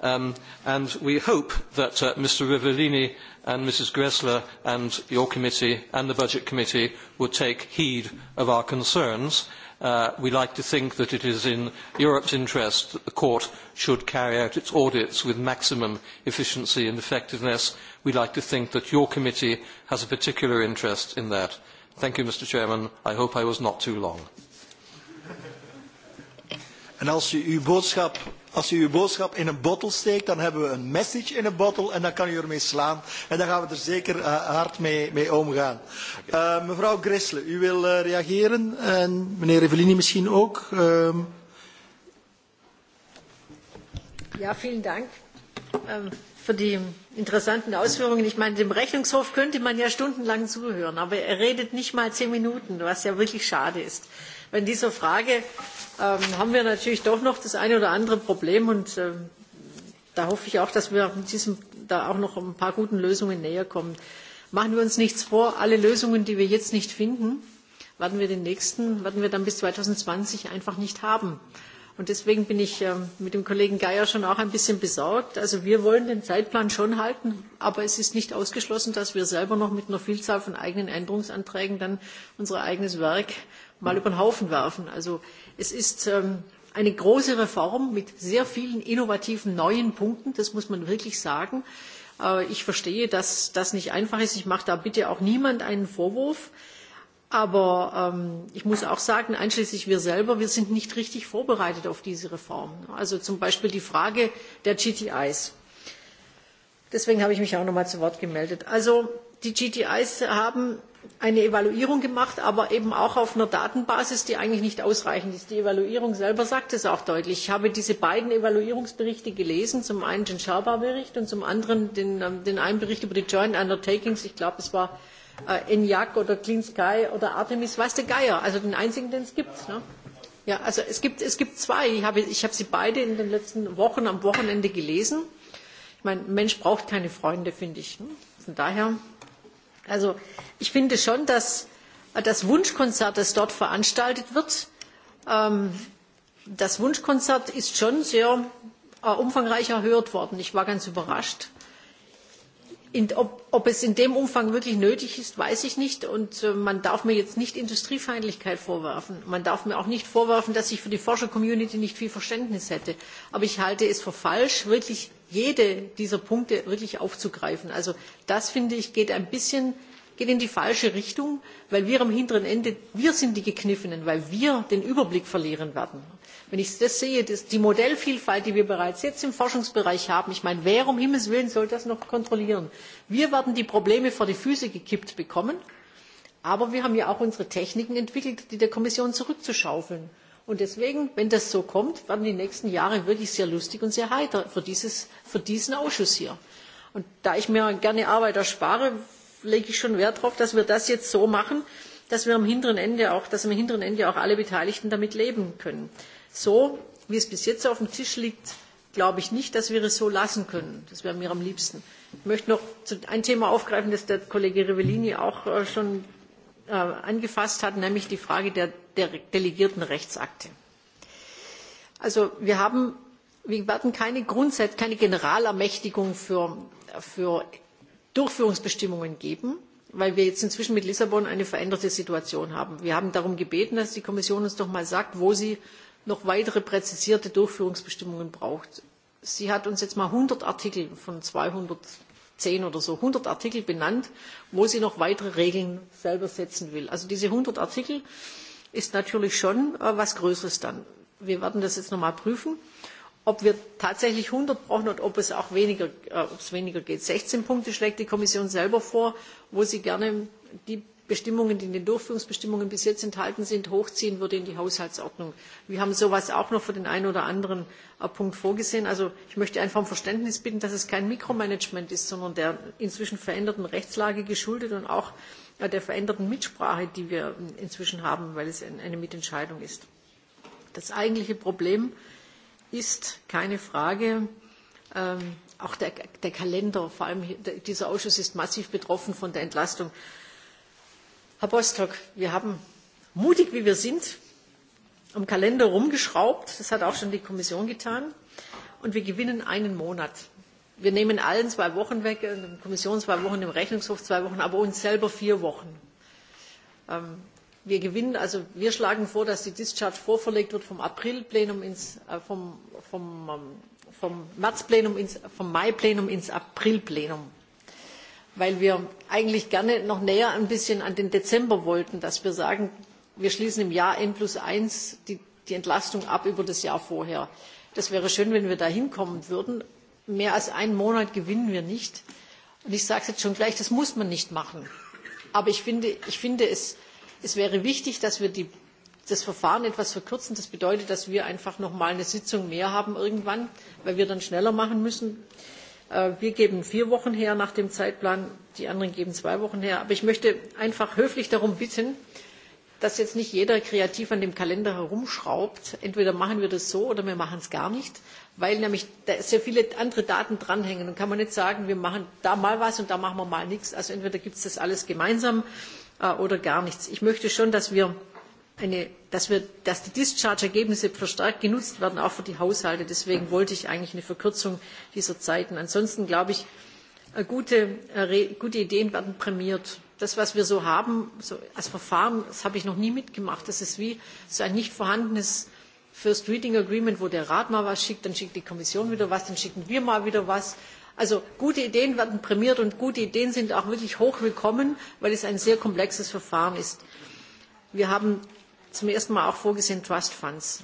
Um, and we hope that uh, Mr. Rivellini and Mrs Gressler and your committee and the Budget Committee would take heed of our concerns. Uh, we like to think that it is in Europe's interest that the Court should carry out its audits with maximum efficiency and effectiveness. We like to think that your committee has a particular interest in that. Thank you, Mr Chairman. I hope I was not too long. En als u uw boodschap Als u uw boodschap in een bottle steekt, dan hebben we een message in een bottle en dan kan u ermee slaan. En dan gaan we er zeker uh, hard mee, mee omgaan. Okay. Uh, eh, mevrouw Grisle, u wil uh, reageren en meneer Evelini misschien ook. Uh... Ja, veel dank. Um... Für die interessanten Ausführungen. Ich meine, dem Rechnungshof könnte man ja stundenlang zuhören, aber er redet nicht mal zehn Minuten, was ja wirklich schade ist bei dieser frage ähm, haben wir natürlich doch noch das eine oder andere problem und ähm, da hoffe ich auch dass wir mit diesem da auch noch ein paar guten lösungen näher kommen. machen wir uns nichts vor alle lösungen die wir jetzt nicht finden werden wir den nächsten werden wir dann bis 2020 einfach nicht haben. Und deswegen bin ich ähm, mit dem Kollegen Geier schon auch ein bisschen besorgt. Also wir wollen den Zeitplan schon halten, aber es ist nicht ausgeschlossen, dass wir selber noch mit einer Vielzahl von eigenen Änderungsanträgen dann unser eigenes Werk mal über den Haufen werfen. Also es ist ähm, eine große Reform mit sehr vielen innovativen neuen Punkten, das muss man wirklich sagen. Äh, ich verstehe, dass das nicht einfach ist. Ich mache da bitte auch niemand einen Vorwurf. Aber ähm, ich muss auch sagen, einschließlich wir selber, wir sind nicht richtig vorbereitet auf diese Reform. Also zum Beispiel die Frage der GTIs. Deswegen habe ich mich auch nochmal zu Wort gemeldet. Also die GTIs haben eine Evaluierung gemacht, aber eben auch auf einer Datenbasis, die eigentlich nicht ausreichend ist. Die Evaluierung selber sagt es auch deutlich. Ich habe diese beiden Evaluierungsberichte gelesen, zum einen den Schaubar-Bericht und zum anderen den, ähm, den einen Bericht über die Joint Undertakings. Ich glaube, es war äh, ENIAC oder Clean Sky oder Artemis, weiß der Geier, also den einzigen, den es gibt. Ne? Ja, also es gibt, es gibt zwei. Ich habe, ich habe sie beide in den letzten Wochen am Wochenende gelesen. Ich meine, Mensch braucht keine Freunde, finde ich. Ne? Von daher... Also ich finde schon, dass das Wunschkonzert, das dort veranstaltet wird, ähm, das Wunschkonzert ist schon sehr äh, umfangreich erhört worden. Ich war ganz überrascht. In, ob, ob es in dem Umfang wirklich nötig ist, weiß ich nicht. Und äh, man darf mir jetzt nicht Industriefeindlichkeit vorwerfen. Man darf mir auch nicht vorwerfen, dass ich für die Forscher-Community nicht viel Verständnis hätte. Aber ich halte es für falsch, wirklich jede dieser Punkte wirklich aufzugreifen. Also das finde ich geht ein bisschen geht in die falsche Richtung, weil wir am hinteren Ende, wir sind die Gekniffenen, weil wir den Überblick verlieren werden. Wenn ich das sehe, das, die Modellvielfalt, die wir bereits jetzt im Forschungsbereich haben, ich meine, wer um Himmels Willen soll das noch kontrollieren? Wir werden die Probleme vor die Füße gekippt bekommen, aber wir haben ja auch unsere Techniken entwickelt, die der Kommission zurückzuschaufeln. Und deswegen, wenn das so kommt, werden die nächsten Jahre wirklich sehr lustig und sehr heiter für, dieses, für diesen Ausschuss hier. Und da ich mir gerne Arbeit erspare, lege ich schon Wert darauf, dass wir das jetzt so machen, dass wir am hinteren Ende auch, dass am hinteren Ende auch alle Beteiligten damit leben können. So, wie es bis jetzt auf dem Tisch liegt, glaube ich nicht, dass wir es so lassen können. Das wäre mir am liebsten. Ich möchte noch ein Thema aufgreifen, das der Kollege Rivellini auch äh, schon Äh, angefasst hat, nämlich die Frage der, der delegierten Rechtsakte. Also wir haben, wir werden keine Grundsatz, keine Generalermächtigung für, für Durchführungsbestimmungen geben, weil wir jetzt inzwischen mit Lissabon eine veränderte Situation haben. Wir haben darum gebeten, dass die Kommission uns doch mal sagt, wo sie noch weitere präzisierte Durchführungsbestimmungen braucht. Sie hat uns jetzt mal 100 Artikel von 200 zehn oder so, 100 Artikel benannt, wo sie noch weitere Regeln selber setzen will. Also diese 100 Artikel ist natürlich schon äh, was Größeres dann. Wir werden das jetzt nochmal prüfen, ob wir tatsächlich 100 brauchen und ob es auch weniger, äh, ob es weniger geht. 16 Punkte schlägt die Kommission selber vor, wo sie gerne die Bestimmungen, die in den Durchführungsbestimmungen bis jetzt enthalten sind, hochziehen würde in die Haushaltsordnung. Wir haben sowas auch noch für den einen oder anderen äh, Punkt vorgesehen. Also ich möchte einfach um Verständnis bitten, dass es kein Mikromanagement ist, sondern der inzwischen veränderten Rechtslage geschuldet und auch äh, der veränderten Mitsprache, die wir äh, inzwischen haben, weil es eine Mitentscheidung ist. Das eigentliche Problem ist keine Frage, ähm, auch der, der Kalender, vor allem dieser Ausschuss ist massiv betroffen von der Entlastung. Herr Bostock, wir haben mutig, wie wir sind, am Kalender rumgeschraubt. Das hat auch schon die Kommission getan. Und wir gewinnen einen Monat. Wir nehmen allen zwei Wochen weg, in äh, der Kommission zwei Wochen, im Rechnungshof zwei Wochen, aber uns selber vier Wochen. Ähm, wir gewinnen, also wir schlagen vor, dass die Discharge vorverlegt wird vom Aprilplenum ins, äh, vom, vom, ähm, vom Märzplenum ins, vom Maiplenum ins Aprilplenum weil wir eigentlich gerne noch näher ein bisschen an den Dezember wollten, dass wir sagen, wir schließen im Jahr N plus 1 die, die Entlastung ab über das Jahr vorher. Das wäre schön, wenn wir da hinkommen würden. Mehr als einen Monat gewinnen wir nicht. Und ich sage es jetzt schon gleich, das muss man nicht machen. Aber ich finde, ich finde es, es wäre wichtig, dass wir die, das Verfahren etwas verkürzen. Das bedeutet, dass wir einfach noch mal eine Sitzung mehr haben irgendwann, weil wir dann schneller machen müssen. Äh, Äh, wir geben vier Wochen her nach dem Zeitplan, die anderen geben zwei Wochen her. Aber ich möchte einfach höflich darum bitten, dass jetzt nicht jeder kreativ an dem Kalender herumschraubt. Entweder machen wir das so oder wir machen es gar nicht, weil nämlich sehr viele andere Daten dranhängen. Und kann man nicht sagen, wir machen da mal was und da machen wir mal nichts. Also entweder gibt es das alles gemeinsam äh, oder gar nichts. Ich möchte schon, dass wir dass die discharge ergebnisse verstärkt genutzt werden auch für die haushalte. deswegen wollte ich eigentlich eine verkürzung dieser zeiten. ansonsten glaube ich äh, äh, gute ideen werden prämiert. das was wir so haben so als verfahren das habe ich noch nie mitgemacht das ist wie so ein nicht vorhandenes first reading agreement wo der rat mal was schickt dann schickt die kommission wieder was dann schicken wir mal wieder was. also gute ideen werden prämiert und gute ideen sind auch wirklich hoch willkommen weil es ein sehr komplexes verfahren ist. wir haben zum ersten Mal auch vorgesehen Trust Funds.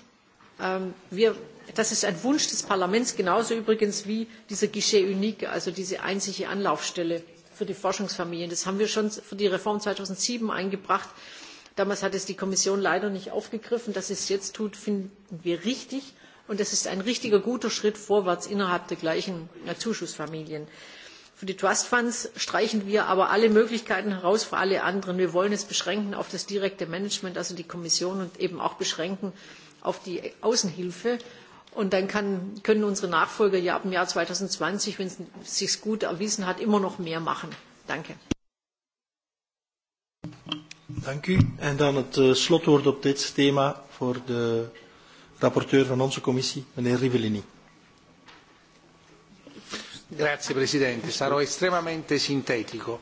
Ähm, wir, das ist ein Wunsch des Parlaments, genauso übrigens wie dieser Guichet Unique, also diese einzige Anlaufstelle für die Forschungsfamilien. Das haben wir schon für die Reform 2007 eingebracht. Damals hat es die Kommission leider nicht aufgegriffen. Dass es jetzt tut, finden wir richtig. Und das ist ein richtiger guter Schritt vorwärts innerhalb der gleichen Zuschussfamilien. Äh, Für die Trust Funds streichen wir aber alle Möglichkeiten heraus für alle anderen. Wir wollen es beschränken auf das direkte Management, also die Kommission, und eben auch beschränken auf die Außenhilfe. Und dann kann, können unsere Nachfolger ja ab dem Jahr 2020, wenn es sich gut erwiesen hat, immer noch mehr machen. Danke. Danke. Und dann das eh, Schlusswort auf dieses Thema für den Rapporteur von unserer Kommission, Herr Rivellini. Grazie Presidente, sarò estremamente sintetico.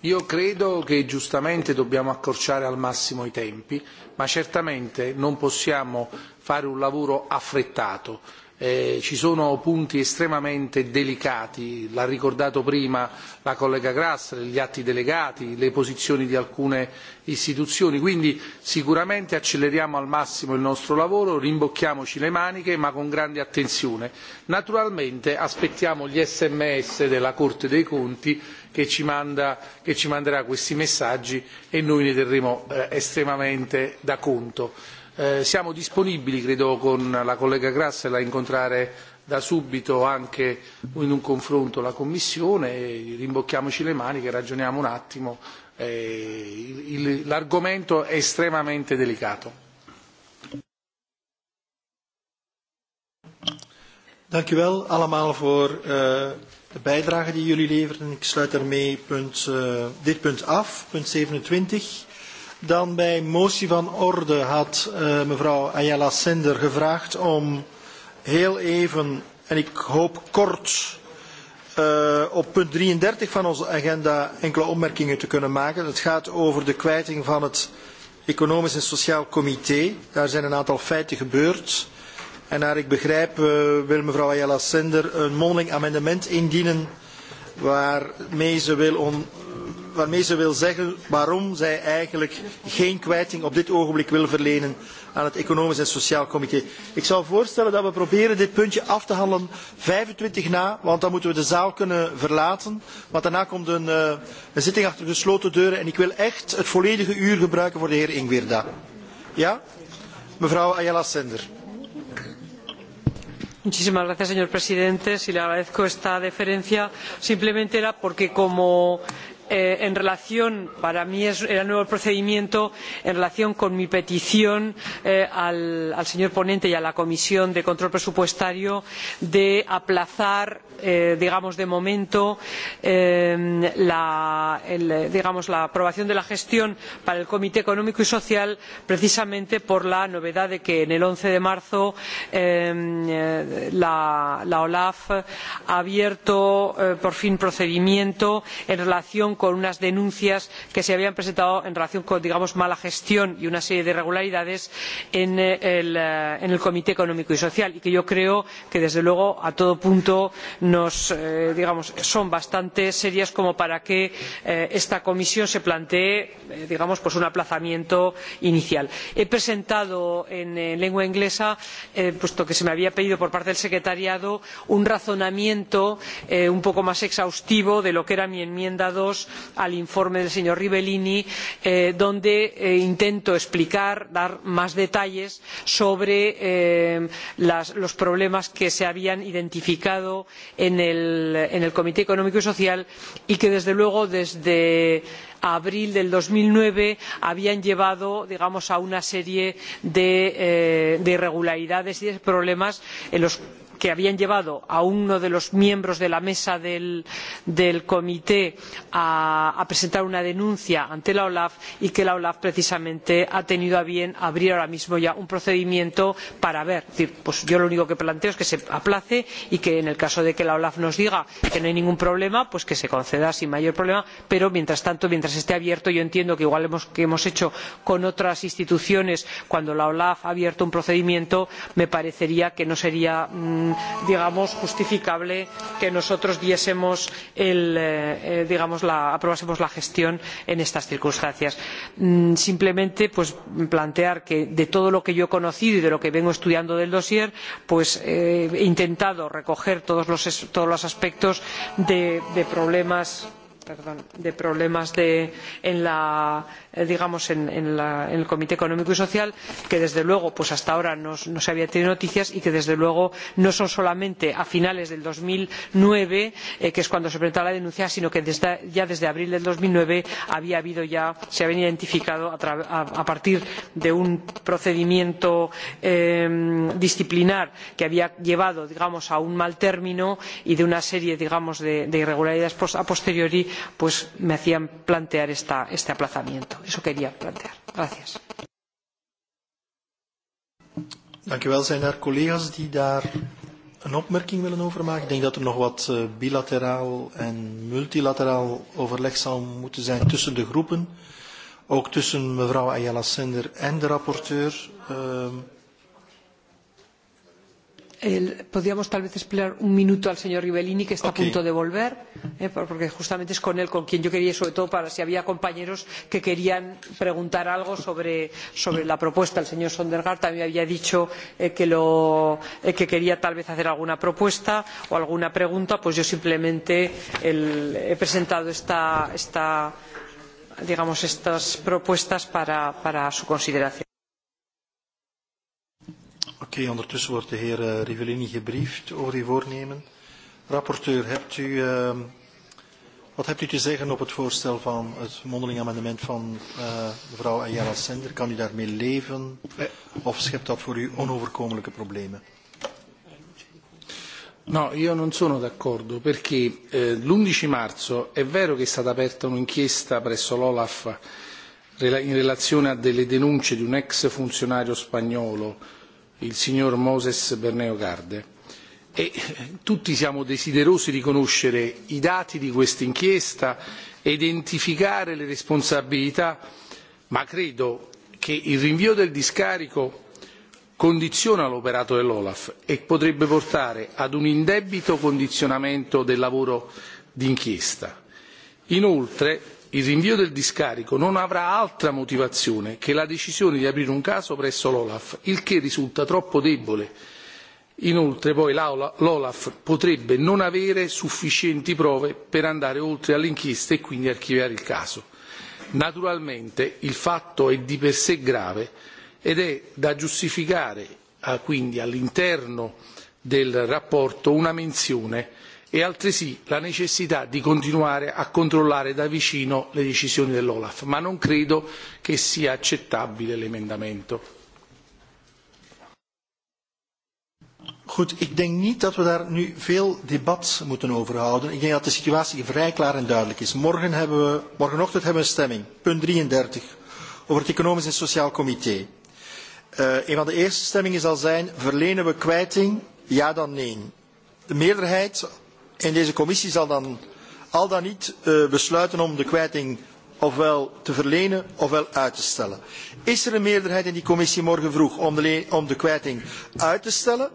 Io credo che giustamente dobbiamo accorciare al massimo i tempi, ma certamente non possiamo fare un lavoro affrettato. Eh, ci sono punti estremamente delicati l'ha ricordato prima la collega grassle gli atti delegati le posizioni di alcune istituzioni quindi sicuramente acceleriamo al massimo il nostro lavoro rimbocchiamoci le maniche ma con grande attenzione. naturalmente aspettiamo gli sms della corte dei conti che ci manderà questi messaggi e noi ne terremo eh, estremamente da conto. Eh, siamo disponibili credo con la collega Grassel a incontrare da subito anche in un confronto la Commissione, e rimbocchiamoci le maniche, ragioniamo un attimo, eh, l'argomento è estremamente delicato. Dank u wel allemaal voor uh, de bijdrage die jullie leverden. Ik sluit daarmee punt, uh, dit punt af, punt 27. Dan bij motie van orde had uh, mevrouw Ayala Sender gevraagd om heel even, en ik hoop kort, uh, op punt 33 van onze agenda enkele opmerkingen te kunnen maken. Het gaat over de kwijting van het Economisch en Sociaal Comité. Daar zijn een aantal feiten gebeurd. En naar ik begrijp uh, wil mevrouw Ayala Sender een mondeling amendement indienen waarmee ze wil om, waarmee ze wil zeggen waarom zij eigenlijk geen kwijting op dit ogenblik wil verlenen aan het Economisch en Sociaal Comité. Ik zou voorstellen dat we proberen dit puntje af te handelen 25 na, want dan moeten we de zaal kunnen verlaten. Want daarna komt een, uh, een zitting achter gesloten deuren en ik wil echt het volledige uur gebruiken voor de heer Ingwerda. Ja? Mevrouw Ayala Sender. Muchísimas gracias, señor presidente. Si le agradezco esta deferencia, simplemente era porque, como Eh, para mí era nuevo el procedimiento en relación con mi petición eh, al señor ponente y a la comisión de control presupuestario de aplazar eh, digamos de momento la aprobación de la gestión para la comisión económica y social precisamente por la novedad de que el once de marzo la olaf ha abierto por fin procedimiento en relación con unas denuncias que se habían presentado en relación con digamos mala gestión y una serie de irregularidades en eh, eh, el comité económico y social y que yo creo que desde luego a todo punto eh, son bastante serias como para que esta comisión se plantee digamos un aplazamiento inicial. he presentado en lengua inglesa puesto que se me había pedido por parte del secretariado un razonamiento un poco más exhaustivo de lo que era mi enmienda dos al informe del señor rivellini eh, donde eh, intento explicar dar más detalles sobre eh, los problemas que se habían identificado en la comisión de asuntos económicos y sociales y que desde luego desde abril de dos mil nueve habían llevado a una serie de irregularidades y de problemas en los que habían llevado a uno de los miembros de la mesa de la comisión a presentar una denuncia ante la olaf y que la olaf precisamente ha tenido a bien abrir ahora mismo ya un procedimiento para ver yo lo único que planteo es que se aplace y que en el caso de que la olaf nos diga que no hay ningún problema pues que se conceda sin mayor problema pero mientras tanto mientras esté abierto yo entiendo que igual que hemos hecho con otras instituciones cuando la olaf ha abierto un procedimiento me parecería que no sería mm, digamos justificable que nosotros diésemos el, eh, eh, digamos la, aprobásemos la gestión en estas circunstancias. Mm, simplemente pues plantear que de todo lo que yo he conocido y de lo que vengo estudiando del dossier pues eh, he intentado recoger todos los, todos los aspectos de, de problemas Perdón, de problemas de, en, la, Eh, en el comité económico y social que desde luego hasta ahora no, no se había tenido noticias y que desde luego no son solamente a finales de dos mil nueve eh, que es cuando se presentó la denuncia sino que ya desde abril de dos mil nueve había habido ya se habían identificado a partir de un procedimiento disciplinar que había llevado digamos a un mal término y de una serie digamos de irregularidades a posteriori pues me hacían plantear este aplazamiento eso quería plantear. Gracias. Dankjewel. Zijn er collega's die daar een opmerking willen over maken? Ik denk dat er nog wat eh, bilateraal en multilateraal overleg zal moeten zijn tussen de groepen. Ook tussen mevrouw Ayala Sender en de rapporteur. Uh, podríamos tal vez esperar un minuto al señor rivellini que está a punto de volver eh, porque justamente es con él con quien yo quería sobre todo saber si había compañeros que querían preguntar algo sobre la propuesta. el señor sondergaard también había dicho eh, eh, que quería tal vez hacer alguna propuesta o alguna pregunta pues yo simplemente he presentado estas propuestas para su consideración. Oké, okay, ondertussen wordt de heer uh, Rivellini gebriefd over uw voornemen. Rapporteur, hebt u, uh, wat hebt u te zeggen op het voorstel van het mondeling amendement van uh, mevrouw Ayala Sender? Kan u daarmee leven of schept dat voor u onoverkomelijke problemen? No, io non sono d'accordo perché eh, l'11 marzo è vero che è stata aperta un'inchiesta presso l'Olaf rela in relazione a delle denunce di un ex funzionario spagnolo il signor Moses Berneo Garde. E tutti siamo desiderosi di conoscere i dati di questa inchiesta e identificare le responsabilità, ma credo che il rinvio del discarico condiziona l'operato dell'Olaf e potrebbe portare ad un indebito condizionamento del lavoro d'inchiesta. Inoltre, il rinvio del discarico non avrà altra motivazione che la decisione di aprire un caso presso l'olaf il che risulta troppo debole inoltre poi l'olaf potrebbe non avere sufficienti prove per andare oltre all'inchiesta e quindi archiviare il caso. naturalmente il fatto è di per sé grave ed è da giustificare ah, quindi all'interno della relazione una menzione e altresì la necessità di continuare a controllare da vicino le decisioni dell'olaf ma non credo che sia accettabile l'emendamento. Goed, ik denk niet dat we daar nu veel debat moeten over houden. Ik denk dat de situatie vrij klaar en duidelijk is. Morgen hebben we, morgenochtend hebben we een stemming, punt 33, over het Economisch en Sociaal Comité. Uh, een van de eerste stemmingen zal zijn, verlenen we kwijting, ja dan nee. De meerderheid En deze commissie zal dan al dan niet uh, besluiten om de kwijting ofwel te verlenen ofwel uit te stellen. Is er een meerderheid in die commissie morgen vroeg om de, om de kwijting uit te stellen?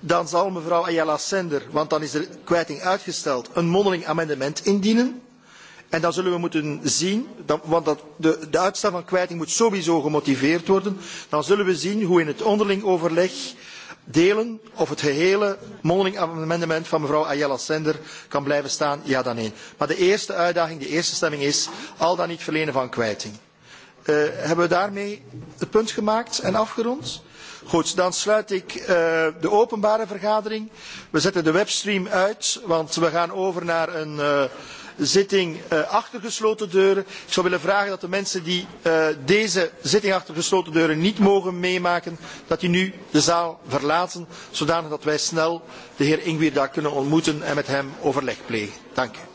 Dan zal mevrouw Ayala Sender, want dan is de kwijting uitgesteld, een mondeling amendement indienen. En dan zullen we moeten zien, dan, want dat de, de uitstel van kwijting moet sowieso gemotiveerd worden, dan zullen we zien hoe in het onderling overleg delen of het gehele mondelingamendement van mevrouw Ayala Sender kan blijven staan, ja dan nee. Maar de eerste uitdaging, de eerste stemming is al dan niet verlenen van kwijting. Uh, hebben we daarmee het punt gemaakt en afgerond? Goed, dan sluit ik uh, de openbare vergadering. We zetten de webstream uit, want we gaan over naar een... Uh, zitting eh, achter gesloten deuren. Ik zou willen vragen dat de mensen die eh, deze zitting achter gesloten deuren niet mogen meemaken, dat die nu de zaal verlaten, zodanig dat wij snel de heer Ingwierda kunnen ontmoeten en met hem overleg plegen. Dank u.